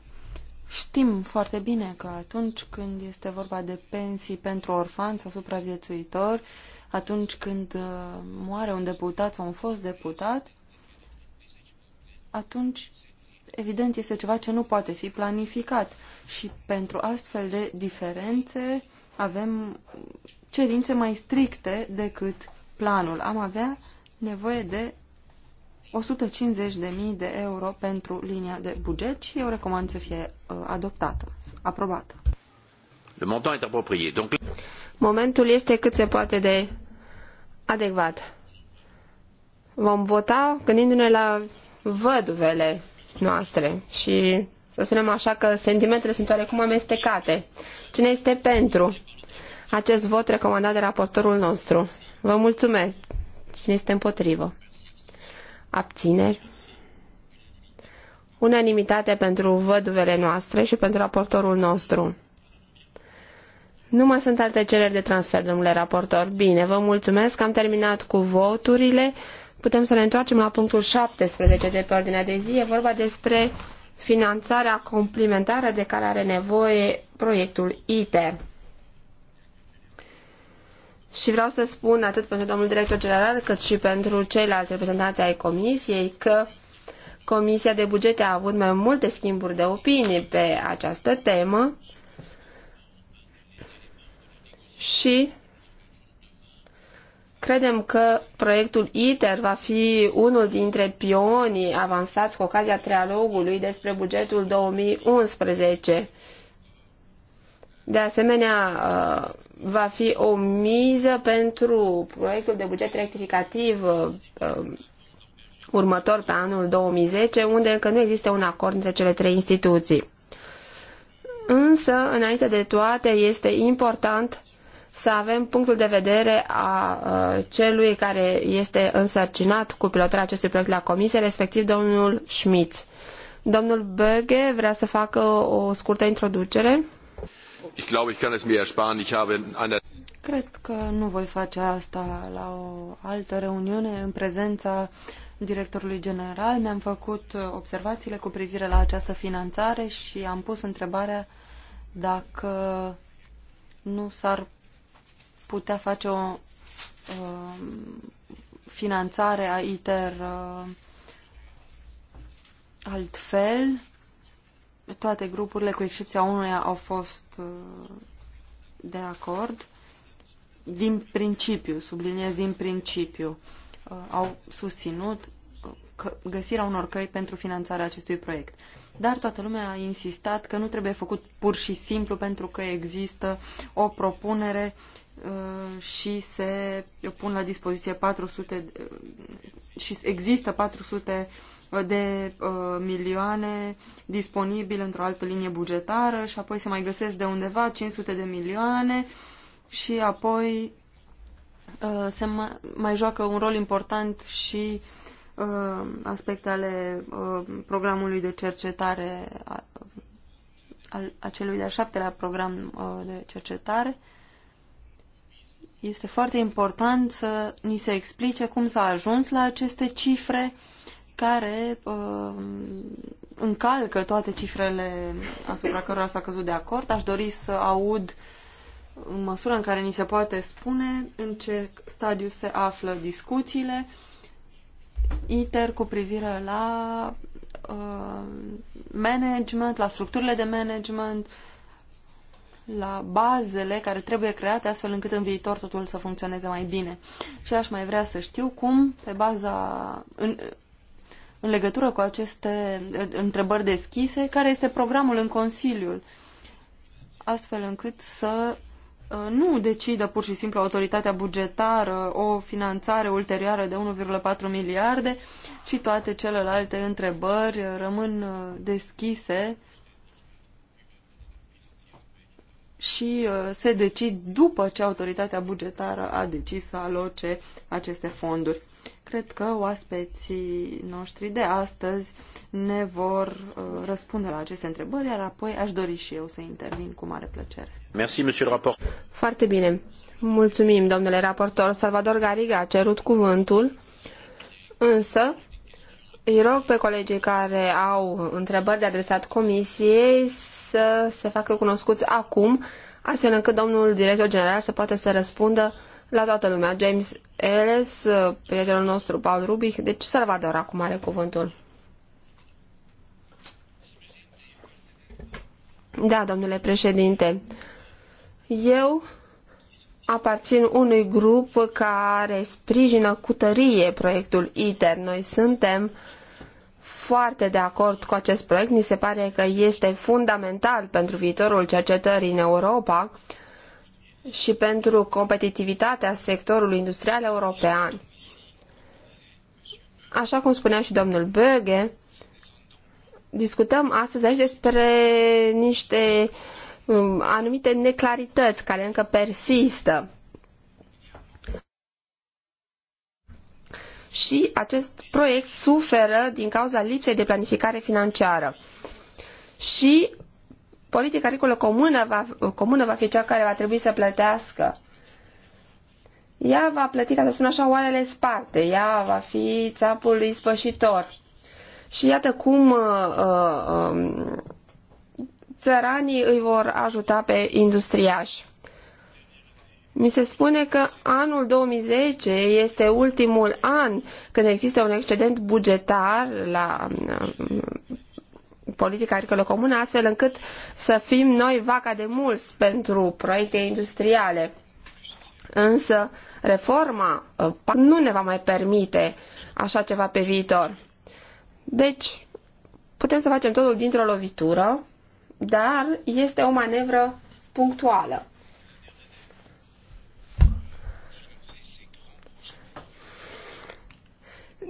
S1: Știm foarte bine că atunci când este vorba de pensii pentru orfani sau supraviețuitori, atunci când uh, moare un deputat sau un fost deputat, atunci evident, este ceva ce nu poate fi planificat și pentru astfel de diferențe avem cerințe mai stricte decât planul. Am avea nevoie de 150.000 de euro pentru linia de buget și eu recomand să fie uh, adoptată, aprobată. Le montant est approprié. Donc...
S3: Momentul este cât se poate de adecvat. Vom vota gândindu-ne la văduvele noastre și să spunem așa că sentimentele sunt oarecum amestecate. Cine este pentru acest vot recomandat de raportorul nostru? Vă mulțumesc. Cine este împotrivă? Abțineri? Unanimitate pentru văduvele noastre și pentru raportorul nostru. Nu mai sunt alte cereri de transfer, domnule raportor. Bine, vă mulțumesc. Am terminat cu voturile. Putem să ne întoarcem la punctul 17 de pe ordinea de zi. E vorba despre finanțarea complementară de care are nevoie proiectul ITER. Și vreau să spun atât pentru domnul director general cât și pentru ceilalți reprezentanți ai comisiei că Comisia de Bugete a avut mai multe schimburi de opinii pe această temă și Credem că proiectul ITER va fi unul dintre pionii avansați cu ocazia trialogului despre bugetul 2011. De asemenea, uh, va fi o miză pentru proiectul de buget rectificativ uh, uh, următor pe anul 2010, unde încă nu există un acord între cele trei instituții. Însă, înainte de toate, este important să avem punctul de vedere a celui care este însărcinat cu pilotarea acestui proiect la comisie, respectiv domnul Schmitz. Domnul Böge vrea să facă o scurtă introducere. Ich glaube, ich kann es mir ersparen. Ich habe eine... Cred că nu voi face asta la o
S1: altă reuniune în prezența directorului general. Mi-am făcut observațiile cu privire la această finanțare și am pus întrebarea dacă nu s-ar putea face o uh, finanțare a ITER uh, altfel. Toate grupurile, cu excepția unuia, au fost uh, de acord. Din principiu, subliniez din principiu, uh, au susținut uh, că, găsirea unor căi pentru finanțarea acestui proiect. Dar toată lumea a insistat că nu trebuie făcut pur și simplu pentru că există o propunere Uh, și se pun la dispoziție 400 uh, și există 400 de uh, milioane disponibile într-o altă linie bugetară și apoi se mai găsesc de undeva 500 de milioane și apoi se mai, mai joacă un rol important și aspecte ale programului de cercetare al acelui de al șaptelea program de cercetare este foarte important să ni se explice cum s-a ajuns la aceste cifre care uh, încalcă toate cifrele asupra cărora s-a căzut de acord. Aș dori să aud în măsura în care ni se poate spune în ce stadiu se află discuțiile ITER cu privire la uh, management, la structurile de management, uh, la bazele care trebuie create astfel încât în viitor totul să funcționeze mai bine. Și aș mai vrea să știu cum, pe baza, în, în legătură cu aceste întrebări deschise, care este programul în Consiliul, astfel încât să uh, nu decidă pur și simplu autoritatea bugetară o finanțare ulterioară de 1,4 miliarde, ci toate celelalte întrebări rămân uh, deschise și uh, se decid după ce autoritatea bugetară a decis să aloce aceste fonduri. Cred că oaspeții noștri de astăzi ne vor
S3: uh, răspunde la aceste întrebări, iar apoi aș dori și eu să intervin cu mare plăcere.
S1: Merci,
S2: monsieur le rapport.
S3: Foarte bine. Mulțumim, domnule raportor. Salvador Gariga a cerut cuvântul, însă îi rog pe colegii care au întrebări de adresat comisiei să se facă cunoscuți acum astfel încât domnul director general să poată să răspundă la toată lumea. James Ellis, uh, prietenul nostru Paul Rubic, deci Salvador acum are cuvântul. Da, domnule președinte, eu aparțin unui grup care sprijină cu tărie proiectul ITER. Noi suntem uh, foarte de acord cu acest proiect, ni se pare că este fundamental pentru viitorul cercetării în Europa și pentru competitivitatea sectorului industrial european. Așa cum spunea și domnul Böge, discutăm astăzi aici despre niște um, anumite neclarități care încă persistă și acest proiect suferă din cauza lipsei de planificare financiară. Și politica agricolă comună va, comună va fi cea care va trebui să plătească. Ea va plăti, ca să spun așa, oalele sparte, ea va fi țapul ispășitor. Și iată cum uh, uh, um, țăranii îi vor ajuta pe industriași. Mi se spune că anul 2010 este ultimul an când există un excedent bugetar la um, politica agricolă comună, astfel încât să fim noi vaca de mulți pentru proiecte industriale. Însă reforma uh, nu ne va mai permite așa ceva pe viitor. Deci, putem să facem totul dintr-o lovitură, dar este o manevră punctuală.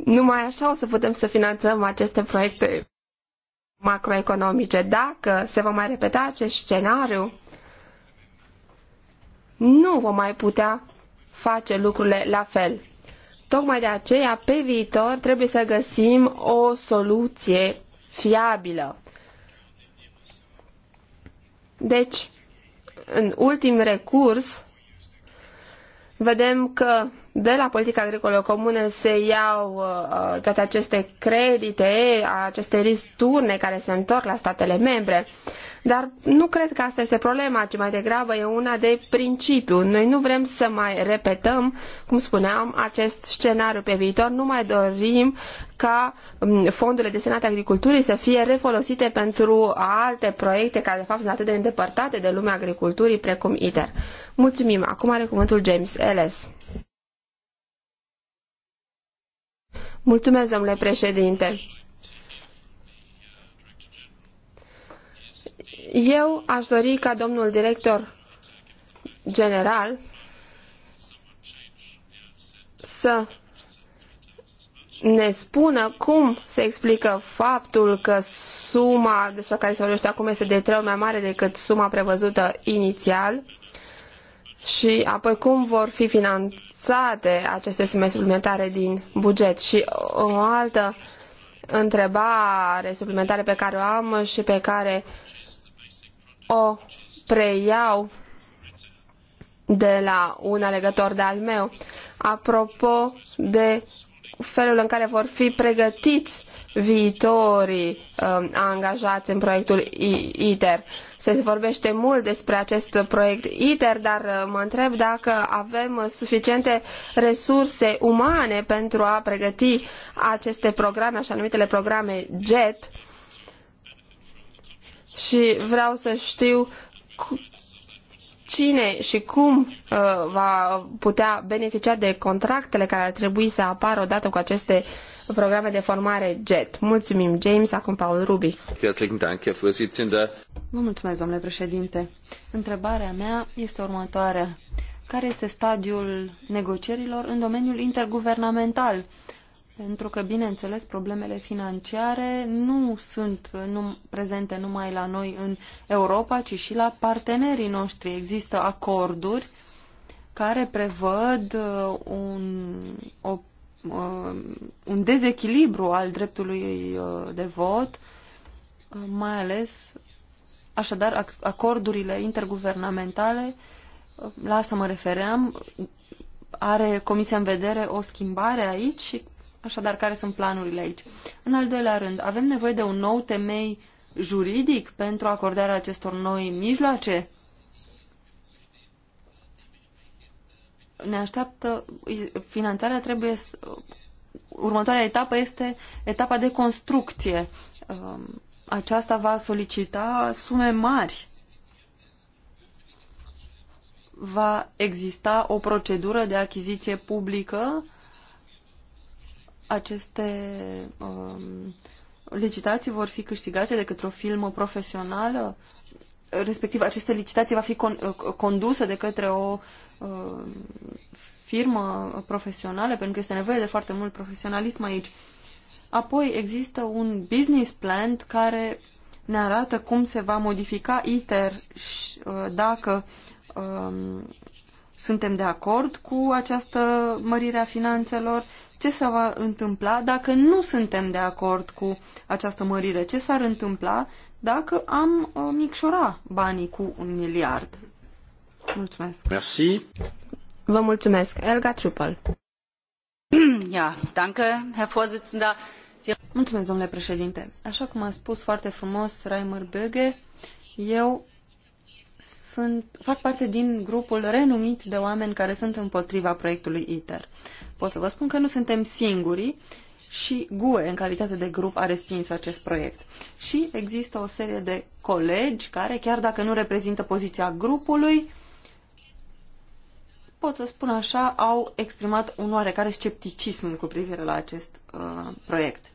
S3: Numai așa o să putem să finanțăm aceste proiecte macroeconomice. Dacă se va mai repeta acest scenariu, nu vom mai putea face lucrurile la fel. Tocmai de aceea, pe viitor, trebuie să găsim o soluție fiabilă. Deci, în ultim recurs, vedem că de la politica agricolă comună se iau uh, uh, toate aceste credite, aceste risturne care se întorc la statele membre. Dar nu cred că asta este problema, ci mai degrabă e una de principiu. Noi nu vrem să mai repetăm, cum spuneam, acest scenariu pe viitor. Nu mai dorim ca um, fondurile destinate agriculturii să fie refolosite pentru alte proiecte care, de fapt, sunt atât de îndepărtate de lumea agriculturii, precum ITER. Mulțumim. Acum are cuvântul James Ellis. Mulțumesc, domnule președinte. Eu aș dori ca domnul director general să ne spună cum se explică faptul că suma despre care se vorbește acum este de trei ori mai mare decât suma prevăzută inițial și apoi cum vor fi finanțate finanțate aceste sume suplimentare din buget? Și o altă întrebare suplimentară pe care o am și pe care o preiau de la un alegător de al meu. Apropo de felul în care vor fi pregătiți viitorii uh, angajați în proiectul ITER. Se vorbește mult despre acest proiect ITER, dar uh, mă întreb dacă avem suficiente resurse umane pentru a pregăti aceste programe, așa numitele programe JET. Și vreau să știu cine și cum uh, va putea beneficia de contractele care ar trebui să apară odată cu aceste programe de formare JET. Mulțumim, James, acum Paul Rubic. Vă mulțumesc, domnule președinte. Întrebarea mea
S1: este următoarea. Care este stadiul negocierilor în domeniul interguvernamental? pentru că, bineînțeles, problemele financiare nu sunt nu, prezente numai la noi în Europa, ci și la partenerii noștri. Există acorduri care prevăd uh, un, o, uh, un dezechilibru al dreptului uh, de vot, mai ales, așadar, acordurile interguvernamentale, la asta mă refeream, are Comisia în vedere o schimbare aici și Așadar, care sunt planurile aici? În al doilea rând, avem nevoie de un nou temei juridic pentru acordarea acestor noi mijloace? Ne așteaptă, finanțarea trebuie, următoarea etapă este etapa de construcție. Um, aceasta va solicita sume mari. Va exista o procedură de achiziție publică aceste um, licitații vor fi câștigate de către o filmă profesională? Respectiv, aceste licitații va fi con uh, condusă de către o um, firmă profesională, pentru că este nevoie de foarte mult profesionalism aici. Apoi există un business plan care ne arată cum se va modifica ITER și, uh, dacă um, suntem de acord cu această mărire a finanțelor? Ce se va întâmpla dacă nu suntem de acord cu această mărire? Ce s-ar întâmpla dacă am uh, micșora banii cu un miliard? Mulțumesc.
S3: Merci. Vă mulțumesc. Elga Trupel.
S1: Ja, danke, Herr Vorsitzender. Mulțumesc, domnule președinte. Așa cum a spus foarte frumos Reimer Böge, eu sunt, fac parte din grupul renumit de oameni care sunt împotriva proiectului ITER. Pot să vă spun că nu suntem singurii și GUE, în calitate de grup, a respins acest proiect. Și există o serie de colegi care, chiar dacă nu reprezintă poziția grupului, pot să spun așa, au exprimat un oarecare scepticism cu privire la acest uh, proiect.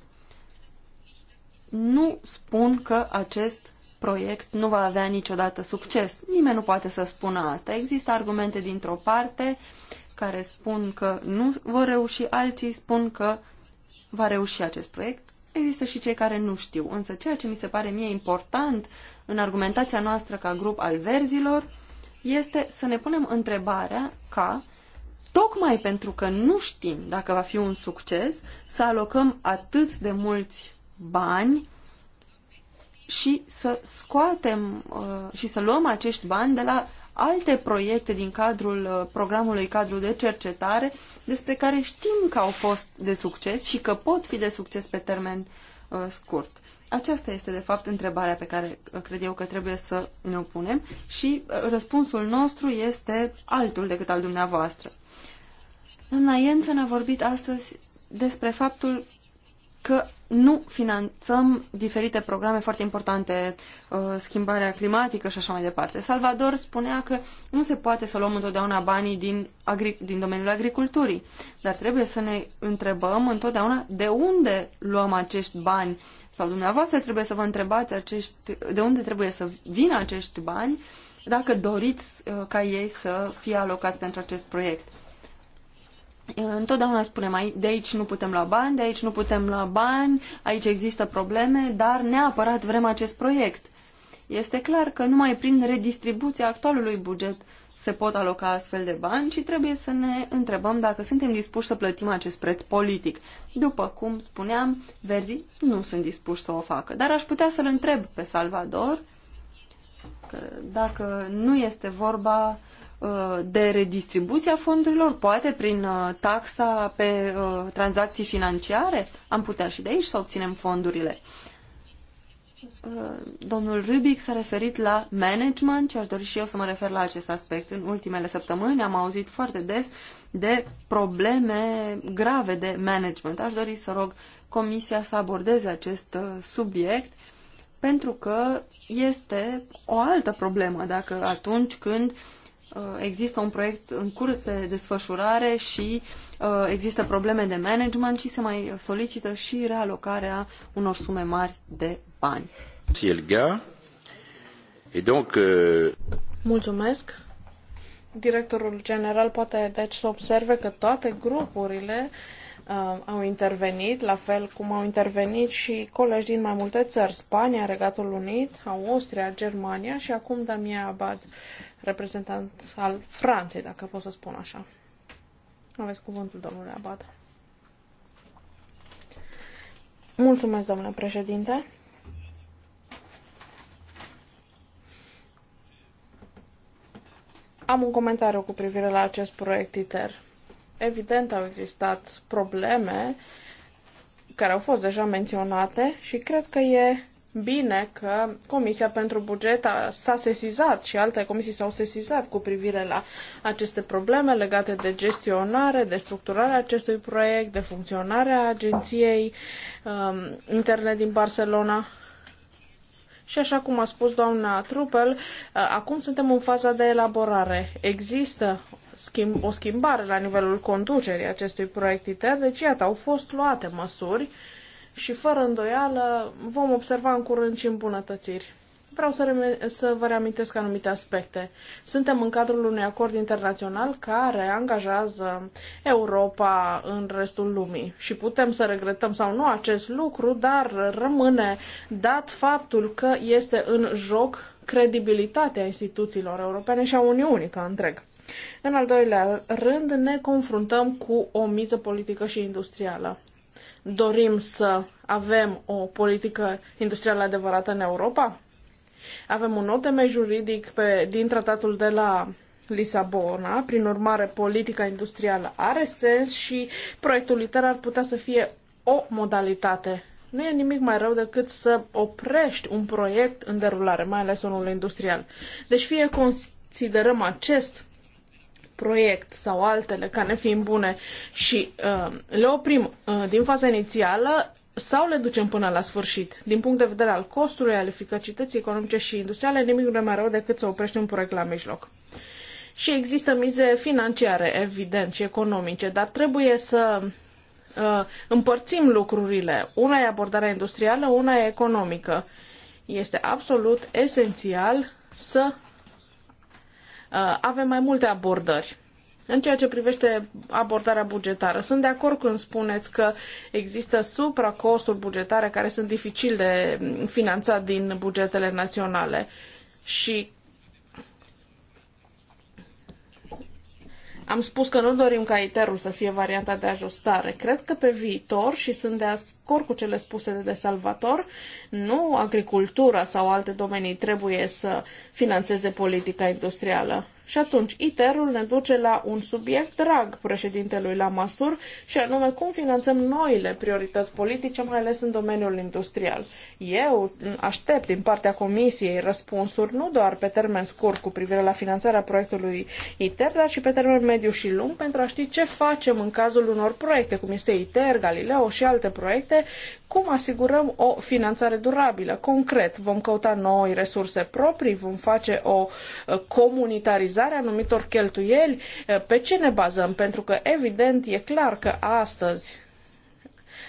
S1: Nu spun că acest proiect nu va avea niciodată succes. Nimeni nu poate să spună asta. Există argumente dintr-o parte care spun că nu vor reuși, alții spun că va reuși acest proiect. Există și cei care nu știu, însă ceea ce mi se pare mie important în argumentația noastră ca grup al verzilor este să ne punem întrebarea ca, tocmai pentru că nu știm dacă va fi un succes, să alocăm atât de mulți bani și să scoatem uh, și să luăm acești bani de la alte proiecte din cadrul uh, programului cadru de cercetare despre care știm că au fost de succes și că pot fi de succes pe termen uh, scurt. Aceasta este, de fapt, întrebarea pe care uh, cred eu că trebuie să ne o punem și uh, răspunsul nostru este altul decât al dumneavoastră. Doamna ne a vorbit astăzi despre faptul că nu finanțăm diferite programe foarte importante, uh, schimbarea climatică și așa mai departe. Salvador spunea că nu se poate să luăm întotdeauna banii din, agri- din domeniul agriculturii, dar trebuie să ne întrebăm întotdeauna de unde luăm acești bani sau dumneavoastră trebuie să vă întrebați acești, de unde trebuie să vină acești bani dacă doriți uh, ca ei să fie alocați pentru acest proiect. Întotdeauna spunem, de aici nu putem lua bani, de aici nu putem lua bani, aici există probleme, dar neapărat vrem acest proiect. Este clar că numai prin redistribuția actualului buget se pot aloca astfel de bani și trebuie să ne întrebăm dacă suntem dispuși să plătim acest preț politic. După cum spuneam, verzii nu sunt dispuși să o facă, dar aș putea să-l întreb pe Salvador că dacă nu este vorba Uh, de redistribuție a fondurilor, poate prin uh, taxa pe uh, tranzacții financiare, am putea și de aici să obținem fondurile. Domnul Rubic s-a referit la management și aș dori și eu să mă refer la acest aspect. În ultimele săptămâni am auzit foarte des de probleme grave de management. Aș dori să rog Comisia să abordeze acest subiect pentru că este o altă problemă dacă atunci când uh, Uh, există un proiect în curs de desfășurare și uh, există probleme de management și se mai solicită și realocarea unor sume mari de bani.
S2: Euh, Mulțumesc. Directorul general poate deci să observe că toate grupurile uh, au intervenit, la fel cum au intervenit și colegi din mai multe țări, Spania, Regatul Unit, Austria, Germania și acum Damia Abad reprezentant al Franței, dacă pot să spun așa. Aveți cuvântul, domnule Abad. Mulțumesc, domnule președinte. Am un comentariu cu privire la acest proiect ITER. Evident, au existat probleme care au fost deja menționate și cred că e bine că Comisia pentru Buget s-a sesizat și alte comisii s-au sesizat cu privire la aceste probleme legate de gestionare, de structurarea acestui proiect, de funcționarea agenției um, internet din Barcelona. Și așa cum a spus doamna Trupel, uh, acum suntem în faza de elaborare. Există schimb, o schimbare la nivelul conducerii acestui proiect ITER, deci iată, au fost luate măsuri uh, și fără îndoială vom observa în curând și îmbunătățiri. Vreau să, să vă reamintesc anumite aspecte. Suntem în cadrul unui acord internațional care angajează Europa în restul lumii și putem să regretăm sau nu acest lucru, dar rămâne dat faptul că este în joc credibilitatea instituțiilor europene și a Uniunii ca întreg. În al doilea rând, ne confruntăm cu o miză politică și industrială dorim să avem o politică industrială adevărată în Europa? Avem un note temei juridic pe, din tratatul de la Lisabona, prin urmare politica industrială are sens și proiectul literar ar putea să fie o modalitate. Nu e nimic mai rău decât să oprești un proiect în derulare, mai ales unul industrial. Deci fie considerăm acest proiect sau altele ca ne fiind bune și uh, le oprim uh, din faza inițială sau le ducem până la sfârșit. Din punct de vedere al costului, al eficacității economice și industriale, nimic nu e mai rău decât să oprești un proiect la mijloc. Și există mize financiare, evident, și economice, dar trebuie să uh, împărțim lucrurile. Una e abordarea industrială, una e economică. Este absolut esențial să Uh, avem mai multe abordări. În ceea ce privește abordarea bugetară, sunt de acord când spuneți că există supracosturi bugetare care sunt dificil de finanțat din bugetele naționale și Am spus că nu dorim ca ITER-ul să fie varianta de ajustare. Cred că pe viitor, și sunt de acord cu cele spuse de, de Salvator. Nu agricultura sau alte domenii trebuie să financeze politica industrială. Și atunci, ITER-ul ne duce la un subiect drag președintelui la masur și anume cum finanțăm noile priorități politice, mai ales în domeniul industrial. Eu aștept din partea Comisiei răspunsuri nu doar pe termen scurt cu privire la finanțarea proiectului ITER, dar și pe termen mediu și lung pentru a ști ce facem în cazul unor proiecte, cum este ITER, Galileo și alte proiecte, este cum asigurăm o finanțare durabilă? Concret, vom căuta noi resurse proprii, vom face o uh, comunitarizare a anumitor cheltuieli? Uh, pe ce ne bazăm? Pentru că, evident, e clar că astăzi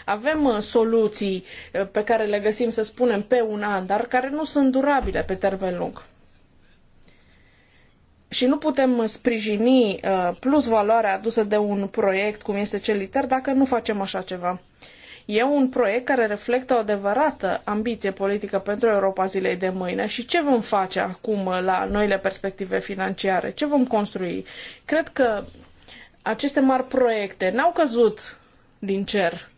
S2: avem uh, soluții pe care le găsim, să spunem, pe un an, dar care nu sunt durabile pe termen lung și nu putem sprijini plus valoarea adusă de un proiect cum este cel ITER dacă nu facem așa ceva. E un proiect care reflectă o adevărată ambiție politică pentru Europa zilei de mâine și ce vom face acum la noile perspective financiare? Ce vom construi? Cred că aceste mari proiecte n-au căzut din cer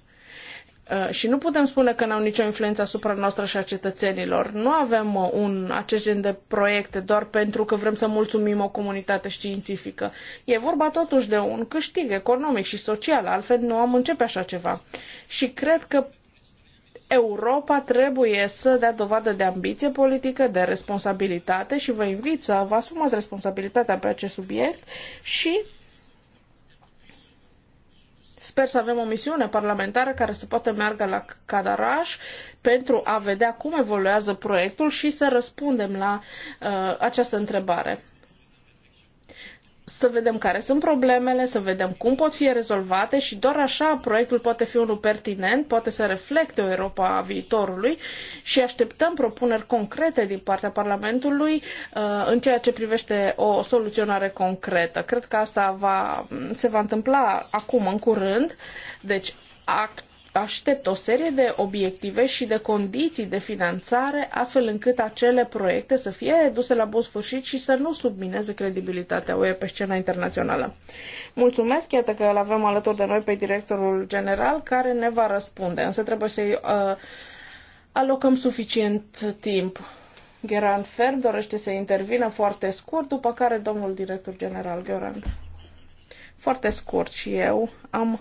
S2: Uh, și nu putem spune că n-au nicio influență asupra noastră și a cetățenilor. Nu avem uh, un, acest gen de proiecte doar pentru că vrem să mulțumim o comunitate științifică. E vorba totuși de un câștig economic și social, altfel nu am începe așa ceva. Și cred că Europa trebuie să dea dovadă de ambiție politică, de responsabilitate și vă invit să vă asumați responsabilitatea pe acest subiect și Sper să avem o misiune parlamentară care să poată meargă la Cadaraș pentru a vedea cum evoluează proiectul și să răspundem la uh, această întrebare să vedem care sunt problemele, să vedem cum pot fi rezolvate și doar așa proiectul poate fi unul pertinent, poate să reflecte o Europa a viitorului și așteptăm propuneri concrete din partea Parlamentului uh, în ceea ce privește o soluționare concretă. Cred că asta va, se va întâmpla acum, în curând. Deci, act aștept o serie de obiective și de condiții de finanțare, astfel încât acele proiecte să fie duse la bun sfârșit și să nu submineze credibilitatea UE pe scena internațională. Mulțumesc, iată că îl avem alături de noi pe directorul general care ne va răspunde, însă trebuie să-i uh, alocăm suficient timp. Geran Fer dorește să intervină foarte scurt, după care domnul director general Geran. Foarte scurt și eu am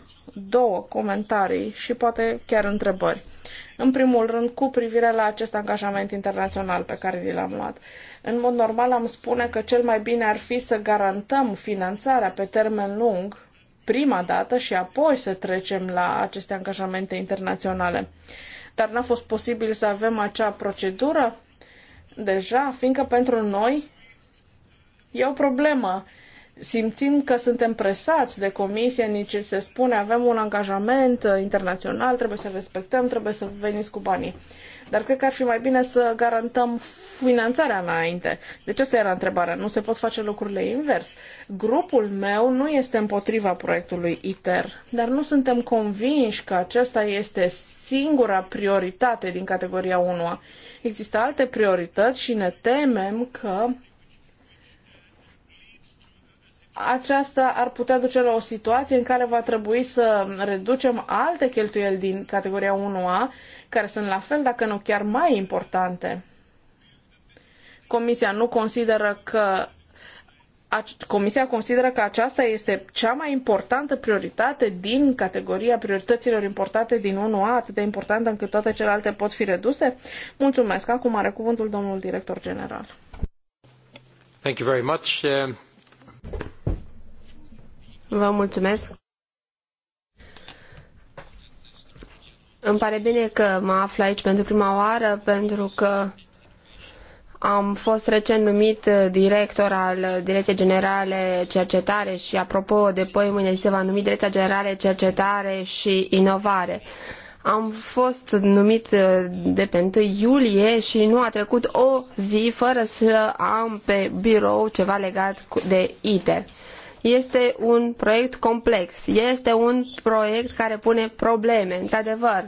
S2: două comentarii și poate chiar întrebări. În primul rând, cu privire la acest angajament internațional pe care l-am luat. În mod normal am spune că cel mai bine ar fi să garantăm finanțarea pe termen lung prima dată și apoi să trecem la aceste angajamente internaționale. Dar n-a fost posibil să avem acea procedură deja, fiindcă pentru noi e o problemă simțim că suntem presați de comisie, nici se spune avem un angajament internațional, trebuie să respectăm, trebuie să veniți cu banii. Dar cred că ar fi mai bine să garantăm finanțarea înainte. Deci asta era întrebarea. Nu se pot face lucrurile invers. Grupul meu nu este împotriva proiectului ITER, dar nu suntem convinși că acesta este singura prioritate din categoria 1 -a. Există alte priorități și ne temem că aceasta ar putea duce la o situație în care va trebui să reducem alte cheltuieli din categoria 1A, care sunt la fel, dacă nu chiar mai importante. Comisia nu consideră că Comisia consideră că aceasta este cea mai importantă prioritate din categoria priorităților importante din 1A, atât de importantă încât toate celelalte pot fi reduse? Mulțumesc. Acum are cuvântul domnul director general. Thank you very much. Uh, Vă mulțumesc.
S3: Îmi pare bine că mă aflu aici pentru prima oară, pentru că am fost recent numit director al Direcției Generale Cercetare și, apropo, de poi mâine se va numi Direcția Generale Cercetare și Inovare. Am fost numit de pe 1 iulie și nu a trecut o zi fără să am pe birou ceva legat de ITER. Este un proiect complex, este un proiect care pune probleme, într-adevăr.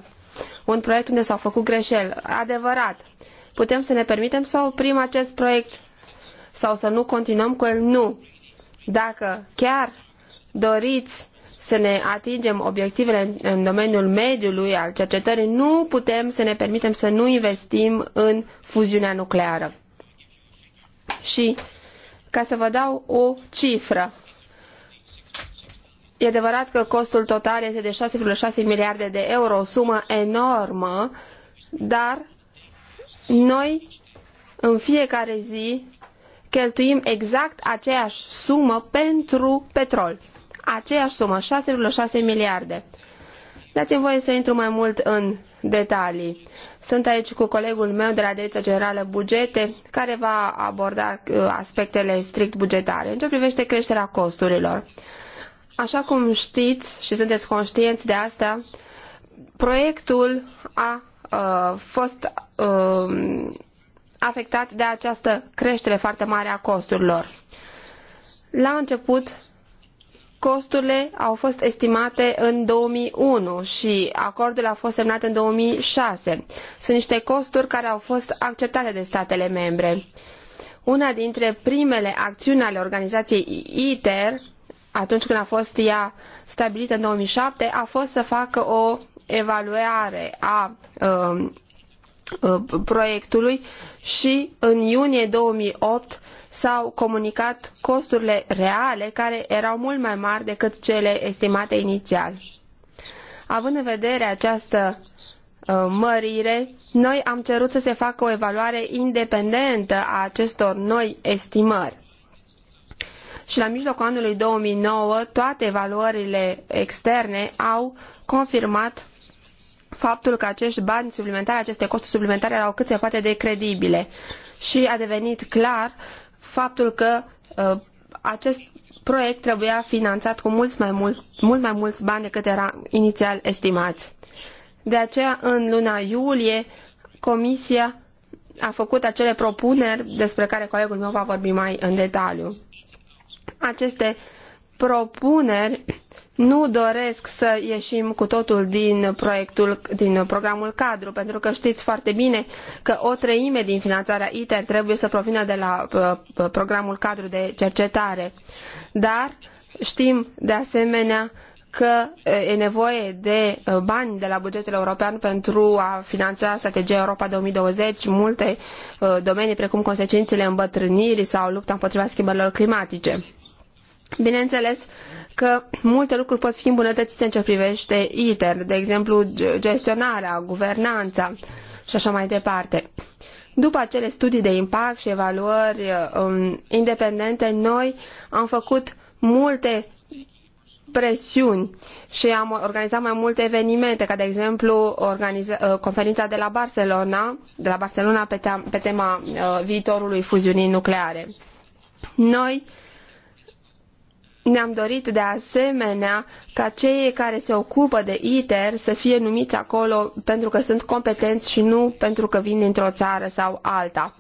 S3: Un proiect unde s-au făcut greșeli, adevărat. Putem să ne permitem să oprim acest proiect sau să nu continuăm cu el? Nu. Dacă chiar doriți să ne atingem obiectivele în, domeniul mediului, al cercetării, nu putem să ne permitem să nu investim în fuziunea nucleară. Și ca să vă dau o cifră, E adevărat că costul total este de 6,6 miliarde de euro, o sumă enormă, dar noi în fiecare zi cheltuim exact aceeași sumă pentru petrol. Aceeași sumă, 6,6 miliarde. Dați-mi voie să intru mai mult în detalii. Sunt aici cu colegul meu de la Direcția Generală Bugete, care va aborda uh, aspectele strict bugetare. În ce privește creșterea costurilor, Așa cum știți și sunteți conștienți de asta, proiectul a uh, fost uh, afectat de această creștere foarte mare a costurilor. La început, costurile au fost estimate în 2001 și acordul a fost semnat în 2006. Sunt niște costuri care au fost acceptate de statele membre. Una dintre primele acțiuni ale organizației ITER atunci când a fost ea stabilită în 2007, a fost să facă o evaluare a um, uh, proiectului și în iunie 2008 s-au comunicat costurile reale care erau mult mai mari decât cele estimate inițial. Având în vedere această uh, mărire, noi am cerut să se facă o evaluare independentă a acestor noi estimări și la mijlocul anului 2009 toate evaluările externe au confirmat faptul că acești bani suplimentari, aceste costuri suplimentare erau cât se poate de credibile și a devenit clar faptul că uh, acest proiect trebuia finanțat cu mulți mai mult, mult mai mulți bani decât era inițial estimat. De aceea, în luna iulie, Comisia a făcut acele propuneri despre care colegul meu va vorbi mai în detaliu. Aceste propuneri nu doresc să ieșim cu totul din proiectul, din programul cadru, pentru că știți foarte bine că o treime din finanțarea ITER trebuie să provină de la uh, uh, programul cadru de cercetare. Dar știm de asemenea că uh, e nevoie de bani de la bugetul european pentru a finanța strategia Europa 2020, multe domenii precum consecințele îmbătrânirii sau lupta împotriva schimbărilor climatice. Bineînțeles că multe lucruri pot fi îmbunătățite în ce privește ITER, de exemplu gestionarea, guvernanța și așa mai departe. După acele studii de impact și evaluări um, independente, noi am făcut multe presiuni și am organizat mai multe evenimente, ca de exemplu organiza, uh, conferința de la Barcelona, de la Barcelona pe, tema, pe tema uh, viitorului fuziunii nucleare. Noi ne-am dorit de asemenea ca cei care se ocupă de ITER să fie numiți acolo pentru că sunt competenți și nu pentru că vin dintr-o țară sau alta.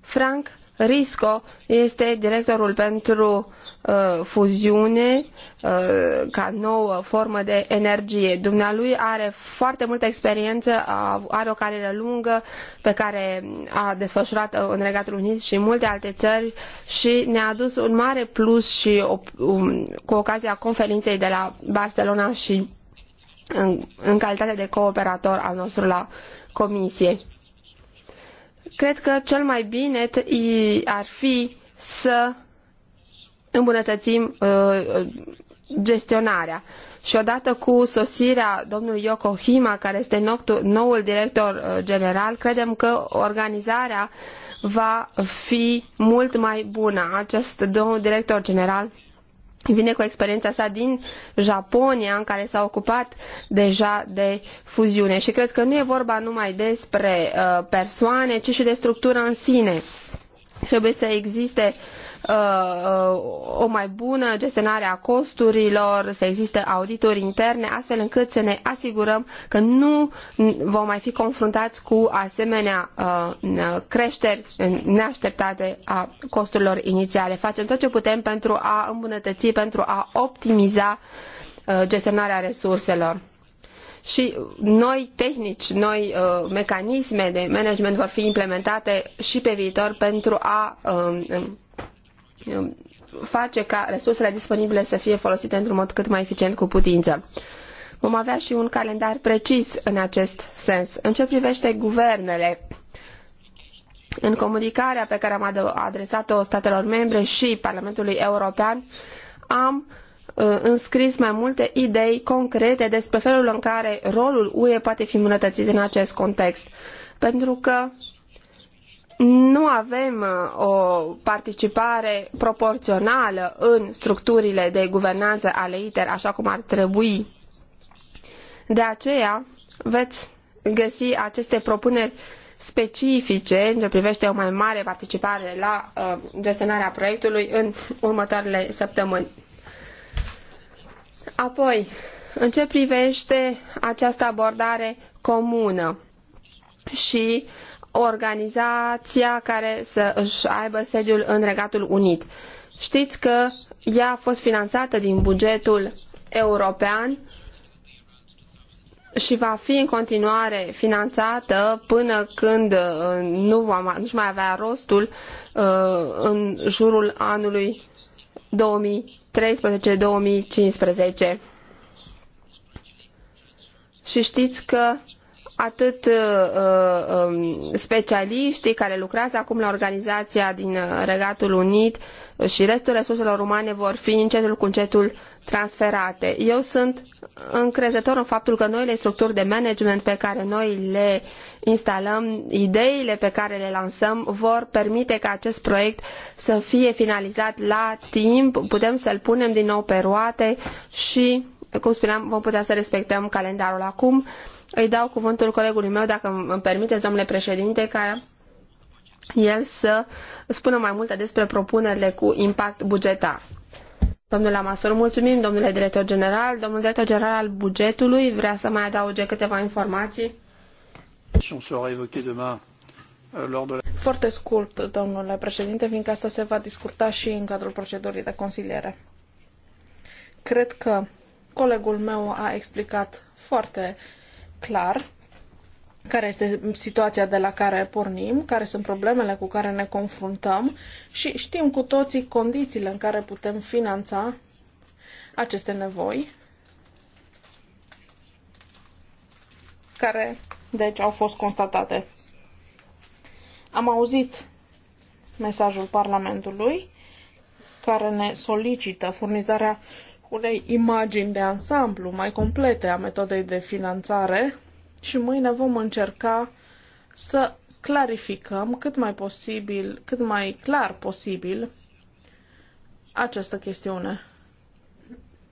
S3: Frank Risco este directorul pentru Uh, fuziune uh, ca nouă formă de energie. Dumnealui are foarte multă experiență, are o carieră lungă pe care a desfășurat în Regatul Unit și în multe alte țări și ne-a adus un mare plus și um, cu ocazia conferinței de la Barcelona și în, în calitate de cooperator al nostru la comisie. Cred că cel mai bine ar fi să îmbunătățim uh, gestionarea. Și odată cu sosirea domnului Yoko Hima, care este noctu- noul director uh, general, credem că organizarea va fi mult mai bună. Acest domnul director general vine cu experiența sa din Japonia, în care s-a ocupat deja de fuziune. Și cred că nu e vorba numai despre uh, persoane, ci și de structură în sine. Trebuie să existe Uh, uh, o mai bună gestionare a costurilor, să existe auditori interne, astfel încât să ne asigurăm că nu vom mai fi confruntați cu asemenea uh, creșteri neașteptate a costurilor inițiale. Facem tot ce putem pentru a îmbunătăți, pentru a optimiza gestionarea resurselor și noi tehnici, noi uh, mecanisme de management vor fi implementate și pe viitor pentru a uh, face ca resursele disponibile să fie folosite într-un mod cât mai eficient cu putință. Vom avea și un calendar precis în acest sens. În ce privește guvernele, în comunicarea pe care am adresat-o statelor membre și Parlamentului European, am uh, înscris mai multe idei concrete despre felul în care rolul UE poate fi îmbunătățit în acest context. Pentru că nu avem uh, o participare proporțională în structurile de guvernanță ale ITER așa cum ar trebui. De aceea veți găsi aceste propuneri specifice în ce privește o mai mare participare la uh, gestionarea proiectului în următoarele săptămâni. Apoi, în ce privește această abordare comună și uh, organizația care să își aibă sediul în Regatul Unit. Știți că ea a fost finanțată din bugetul european și va fi în continuare finanțată până când uh, nu va nu mai avea rostul uh, în jurul anului 2013-2015. Și știți că atât uh, uh, um, specialiștii care lucrează acum la organizația din uh, Regatul Unit și restul resurselor umane vor fi încetul cu încetul transferate. Eu sunt încrezător în faptul că noile structuri de management pe care noi le instalăm, ideile pe care le lansăm, vor permite ca acest proiect să fie finalizat la timp, putem să-l punem din nou pe roate și, cum spuneam, vom putea să respectăm calendarul acum. Îi dau cuvântul colegului meu, dacă îmi permite domnule președinte, ca el să spună mai multe despre propunerile cu impact bugetar. Domnule Amasor, mulțumim, domnule director general. Domnul director general al bugetului vrea să
S2: mai adauge câteva informații. Foarte scurt, domnule președinte, fiindcă asta se va discuta și în cadrul procedurii de consiliere. Cred că colegul meu a explicat foarte uh, clar care este situația de la care pornim, care sunt problemele cu care ne confruntăm și știm cu toții condițiile în care putem finanța aceste nevoi, care deci au fost constatate. Am auzit mesajul Parlamentului care ne solicită furnizarea unei imagini de ansamblu mai complete a metodei de finanțare și mâine vom încerca să clarificăm cât mai posibil, cât mai clar posibil această chestiune.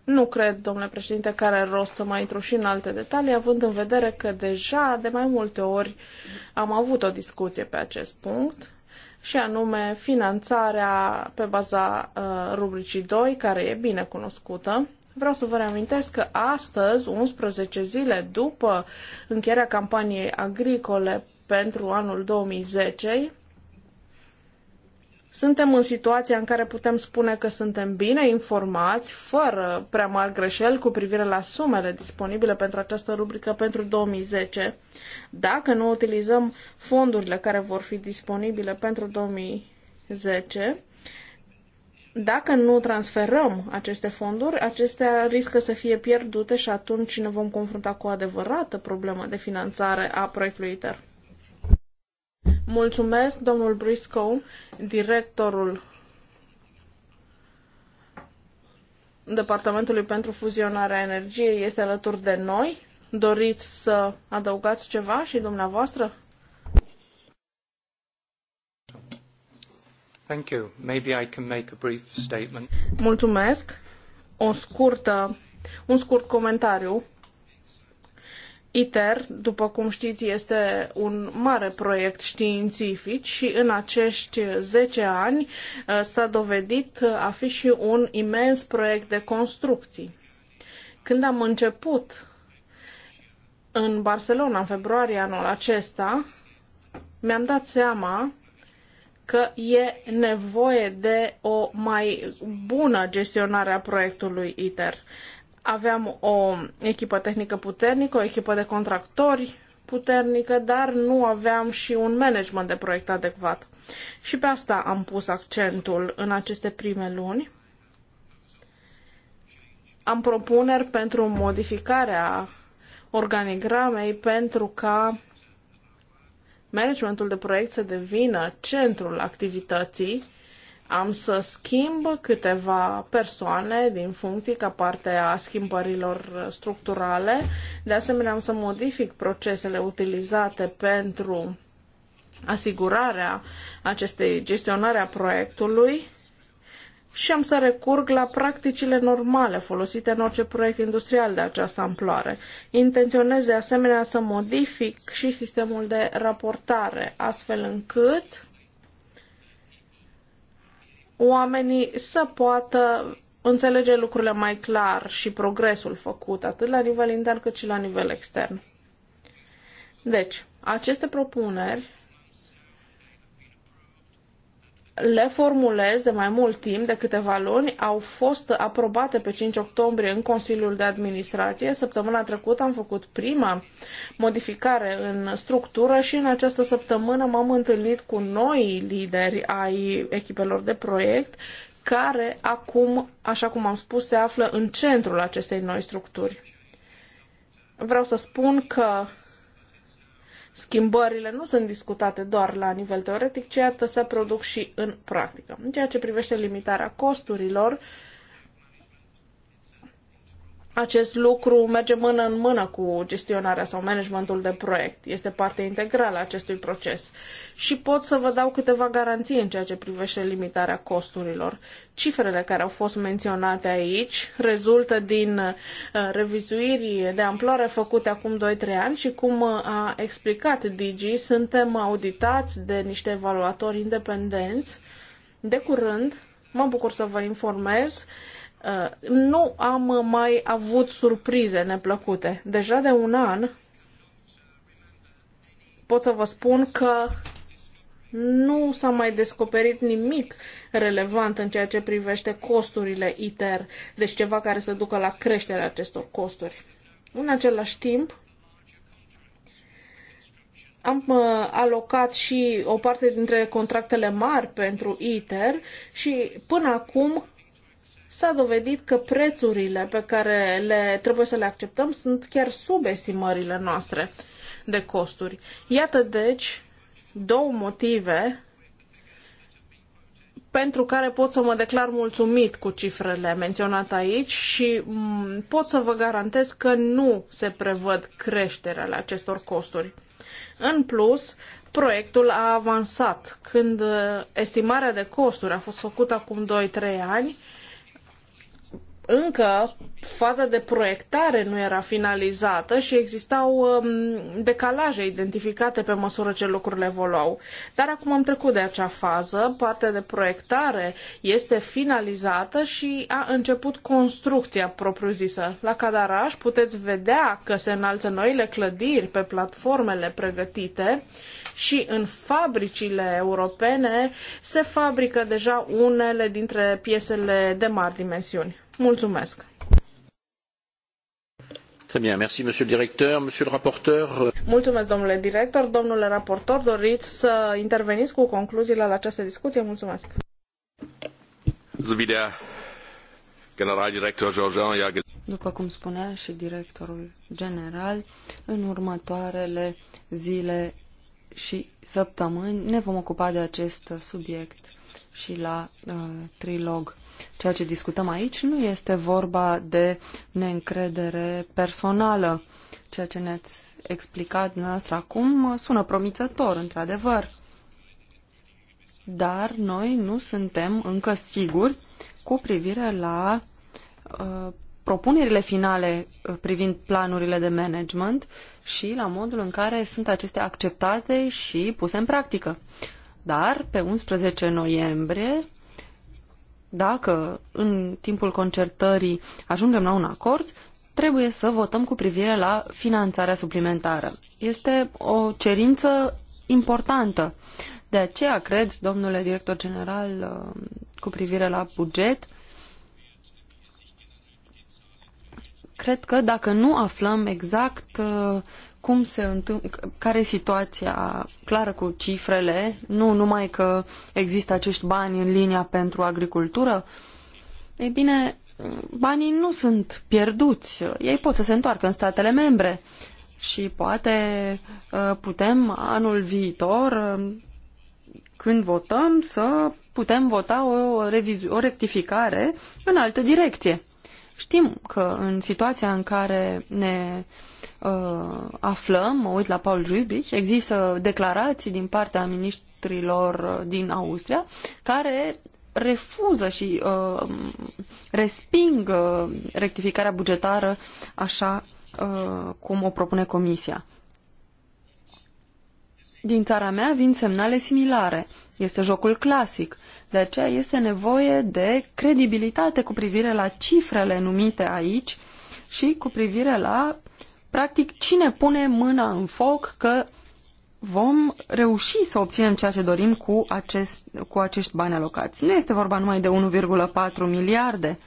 S2: Nu cred, domnule președinte, că are rost să mai intru și în alte detalii, având în vedere că deja de mai multe ori am avut o discuție pe acest punct și anume finanțarea pe baza uh, rubricii 2, care e bine cunoscută. Vreau să vă reamintesc că astăzi, 11 zile după încheierea campaniei agricole pentru anul 2010, suntem în situația în care putem spune că suntem bine informați, fără prea mari greșeli cu privire la sumele disponibile pentru această rubrică pentru 2010. Dacă nu utilizăm fondurile care vor fi disponibile pentru 2010, dacă nu transferăm aceste fonduri, acestea riscă să fie pierdute și atunci ne vom confrunta cu o adevărată problemă de finanțare a proiectului ITER. Mulțumesc, domnul Briscoe, directorul Departamentului pentru Fuzionarea Energiei este alături de noi. Doriți să adăugați ceva și dumneavoastră? Thank you. Maybe I can make a brief statement. Mulțumesc. O scurtă, un scurt comentariu ITER, după cum știți, este un mare proiect științific și în acești 10 ani uh, s-a dovedit a fi și un imens proiect de construcții. Când am început în Barcelona, în februarie anul acesta, mi-am dat seama că e nevoie de o mai bună gestionare a proiectului ITER. Aveam o echipă tehnică puternică, o echipă de contractori puternică, dar nu aveam și un management de proiect adecvat. Și pe asta am pus accentul în aceste prime luni. Am propuneri pentru modificarea organigramei pentru ca managementul de proiect să devină centrul activității am să schimb câteva persoane din funcții ca parte a schimbărilor structurale. De asemenea, am să modific procesele utilizate pentru asigurarea acestei gestionare a proiectului și am să recurg la practicile normale folosite în orice proiect industrial de această amploare. Intenționez de asemenea să modific și sistemul de raportare, astfel încât oamenii să poată înțelege lucrurile mai clar și progresul făcut atât la nivel intern cât și la nivel extern. Deci, aceste propuneri le formulez de mai mult timp, de câteva luni, au fost aprobate pe 5 octombrie în Consiliul de Administrație. Săptămâna trecută am făcut prima modificare în structură și în această săptămână m-am întâlnit cu noi lideri ai echipelor de proiect care acum, așa cum am spus, se află în centrul acestei noi structuri. Vreau să spun că schimbările nu sunt discutate doar la nivel teoretic, ci iată se produc și în practică. În ceea ce privește limitarea costurilor, uh, acest lucru merge mână în mână cu gestionarea sau managementul de proiect. Este parte integrală a acestui proces. Și pot să vă dau câteva garanții în ceea ce privește limitarea costurilor. Cifrele care au fost menționate aici rezultă din uh, revizuiri de amploare făcute acum 2-3 ani și cum uh, a explicat Digi, suntem auditați de niște evaluatori independenți. De curând, mă bucur să vă informez, Uh, nu am mai avut surprize neplăcute. Deja de un an pot să vă spun că nu s-a mai descoperit nimic relevant în ceea ce privește costurile ITER, deci ceva care să ducă la creșterea acestor costuri. În același timp, am uh, alocat și o parte dintre contractele mari pentru ITER și până acum s-a dovedit că prețurile pe care le trebuie să le acceptăm sunt chiar sub estimările noastre de costuri. Iată deci două motive pentru care pot să mă declar mulțumit cu cifrele menționate aici și mm, pot să vă garantez că nu se prevăd creșterea la acestor costuri. În plus, proiectul a avansat. Când uh, estimarea de costuri a fost făcută acum 2-3 ani, încă faza de proiectare nu era finalizată și existau um, decalaje identificate pe măsură ce lucrurile evoluau. Dar acum am trecut de acea fază, partea de proiectare este finalizată și a început construcția propriu-zisă. La Cadaraș puteți vedea că se înalță noile clădiri pe platformele pregătite și în fabricile europene se fabrică deja unele dintre piesele de mari dimensiuni. Mulțumesc! Très bien, merci monsieur le directeur, monsieur le rapporteur. Euh, Mulțumesc domnule director, domnule raportor, doriți să interveniți cu concluziile la această discuție? Mulțumesc. După cum spunea și directorul general,
S1: în următoarele zile și săptămâni ne vom ocupa de acest subiect și la uh, trilog. Ceea ce discutăm aici nu este vorba de neîncredere personală. Ceea ce ne-ați explicat dumneavoastră acum sună promițător, într-adevăr. Dar noi nu suntem încă siguri cu privire la uh, propunerile finale uh, privind planurile de management și la modul în care sunt acestea acceptate și puse în practică. Dar pe 11 noiembrie dacă în timpul concertării ajungem la un acord, trebuie să votăm cu privire la finanțarea suplimentară. Este o cerință importantă. De aceea cred, domnule director general, uh, cu privire la buget, cred că dacă nu aflăm exact uh, cum se întâmplă, care e situația clară cu cifrele, nu numai că există acești bani în linia pentru agricultură. Ei bine, banii nu sunt pierduți, ei pot să se întoarcă în statele membre și poate uh, putem anul viitor, um, când votăm, să putem vota o, o rectificare în altă direcție. Știm că în situația în care ne uh, aflăm, mă uit la Paul Rübich, există declarații din partea ministrilor din Austria care refuză și uh, resping uh, rectificarea bugetară așa uh, cum o propune Comisia. Din țara mea vin semnale similare. Este jocul clasic. De aceea este nevoie de credibilitate cu privire la cifrele numite aici și cu privire la, practic, cine pune mâna în foc că vom reuși să obținem ceea ce dorim cu, acest, cu acești bani alocați. Nu este vorba numai de 1,4 miliarde.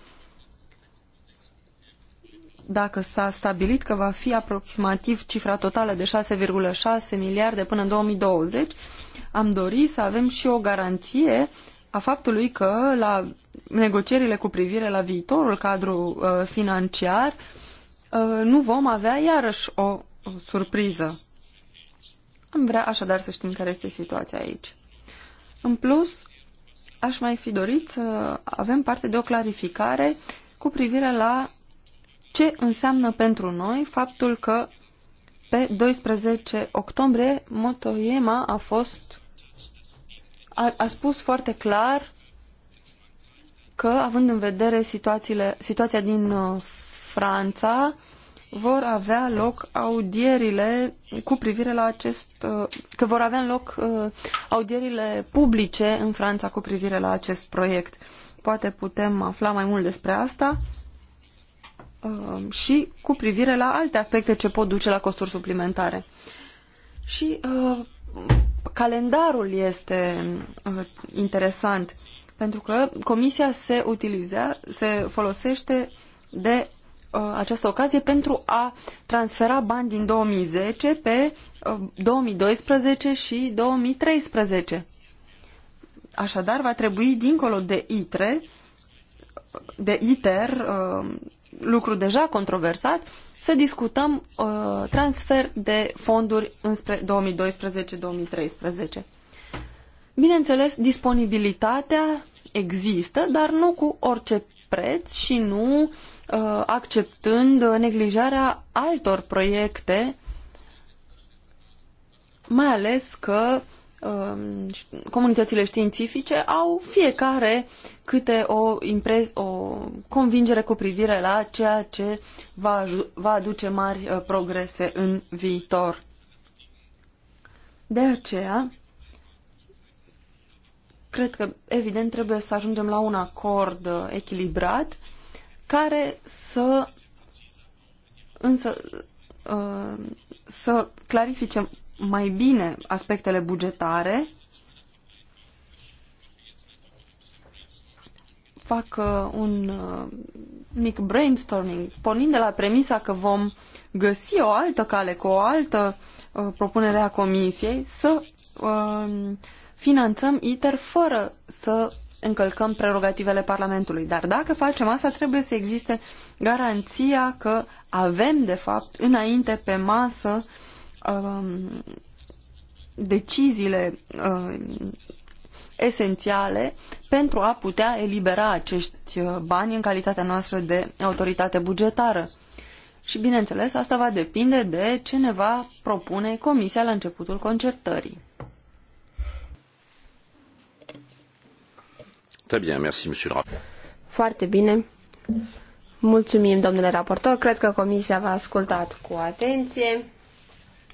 S1: Dacă s-a stabilit că va fi aproximativ cifra totală de 6,6 miliarde până în 2020, am dori să avem și o garanție a faptului că la negocierile cu privire la viitorul cadru uh, financiar uh, nu vom avea iarăși o, o surpriză. Am vrea așadar să știm care este situația aici. În plus, aș mai fi dorit să avem parte de o clarificare cu privire la ce înseamnă pentru noi faptul că pe 12 octombrie Motoyema a fost a, a spus foarte clar că, având în vedere situațiile, situația din uh, Franța, vor avea loc audierile cu privire la acest... Uh, că vor avea loc uh, audierile publice în Franța cu privire la acest proiect. Poate putem afla mai mult despre asta uh, și cu privire la alte aspecte ce pot duce la costuri suplimentare. Și uh, calendarul este uh, interesant, pentru că comisia se utilizează, se folosește de uh, această ocazie pentru a transfera bani din 2010 pe 2012 uh, și 2013. Așadar, va trebui, dincolo de ITRE, de ITER, lucru deja controversat, să discutăm uh, transfer de fonduri înspre 2012-2013. Bineînțeles, disponibilitatea există, dar nu cu orice preț și nu uh, acceptând neglijarea altor proiecte, mai ales că uh, Um, comunitățile științifice au fiecare câte o, imprez, o convingere cu privire la ceea ce va, va aduce mari uh, progrese în viitor. De aceea, cred că, evident, trebuie să ajungem la un acord uh, echilibrat care să însă uh, să clarifice mai bine aspectele bugetare, fac uh, un uh, mic brainstorming, pornind de la premisa că vom găsi o altă cale cu o altă uh, propunere a Comisiei să finanțăm ITER fără să încălcăm prerogativele Parlamentului. Dar dacă facem asta, trebuie să existe garanția că avem, de fapt, înainte pe masă uh, Um, deciziile um, esențiale pentru a putea elibera acești uh, bani în calitatea noastră de autoritate bugetară. Și, bineînțeles, asta va depinde de ce ne va propune Comisia la începutul concertării.
S3: Foarte bine. Mulțumim, domnule raportor. Cred că Comisia v-a ascultat cu atenție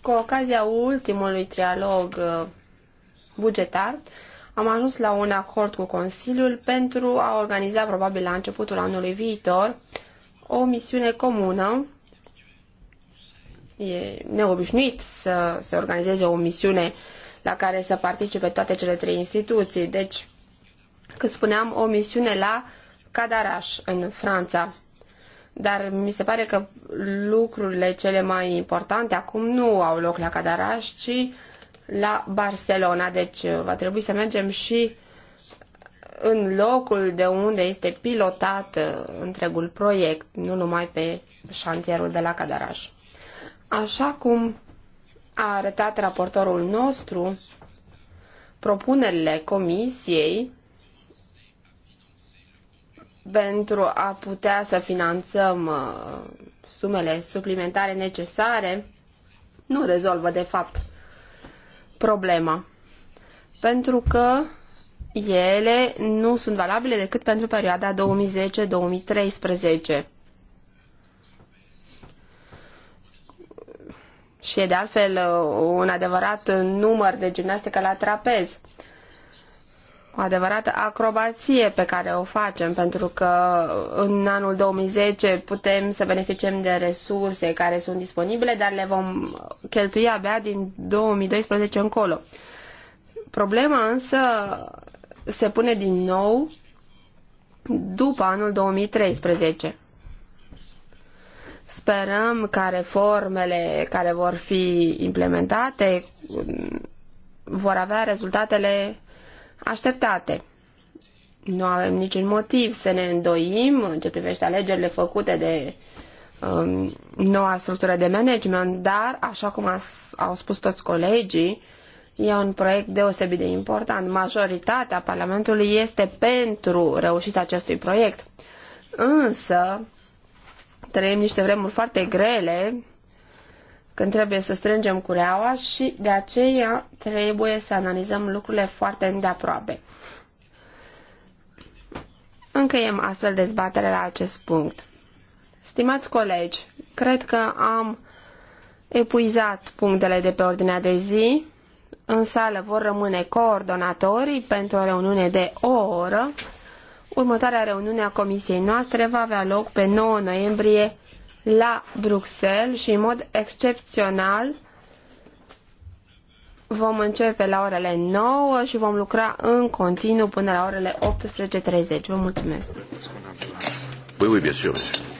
S3: cu ocazia ultimului trialog uh, bugetar, am ajuns la un acord cu Consiliul pentru a organiza probabil la începutul anului viitor o misiune comună. E neobișnuit să se organizeze o misiune la care să participe toate cele trei instituții. Deci, cât spuneam, o misiune la Cadaraș, în Franța dar mi se pare că lucrurile cele mai importante acum nu au loc la Cadaraș, ci la Barcelona. Deci uh, va trebui să mergem și în locul de unde este pilotat uh, întregul proiect, nu numai pe șantierul de la Cadaraș. Așa cum a arătat raportorul nostru, propunerile comisiei pentru a putea să finanțăm uh, sumele suplimentare necesare, nu rezolvă de fapt problema. Pentru că ele nu sunt valabile decât pentru perioada 2010-2013. Și e de altfel uh, un adevărat număr de gimnastică la trapez o adevărată acrobație pe care o facem, pentru că în anul 2010 putem să beneficiem de resurse care sunt disponibile, dar le vom cheltui abia din 2012 încolo. Problema însă se pune din nou după anul 2013. Sperăm ca reformele care vor fi implementate vor avea rezultatele așteptate. Nu avem niciun motiv să ne îndoim în ce privește alegerile făcute de um, noua structură de management, dar, așa cum au spus toți colegii, e un proiect deosebit de important. Majoritatea Parlamentului este pentru reușita acestui proiect. Însă, trăim niște vremuri foarte grele când trebuie să strângem cureaua și de aceea trebuie să analizăm lucrurile foarte îndeaproape. Încheiem astfel dezbaterea la acest punct. Stimați colegi, cred că am epuizat punctele de pe ordinea de zi. În sală vor rămâne coordonatorii pentru o reuniune de o oră. Următoarea reuniune a comisiei noastre va avea loc pe 9 noiembrie la Bruxelles și în mod excepțional vom începe la orele 9 și vom lucra în continuu până la orele 18.30. Vă mulțumesc!
S1: Oui, oui, bien sûr, bien sûr.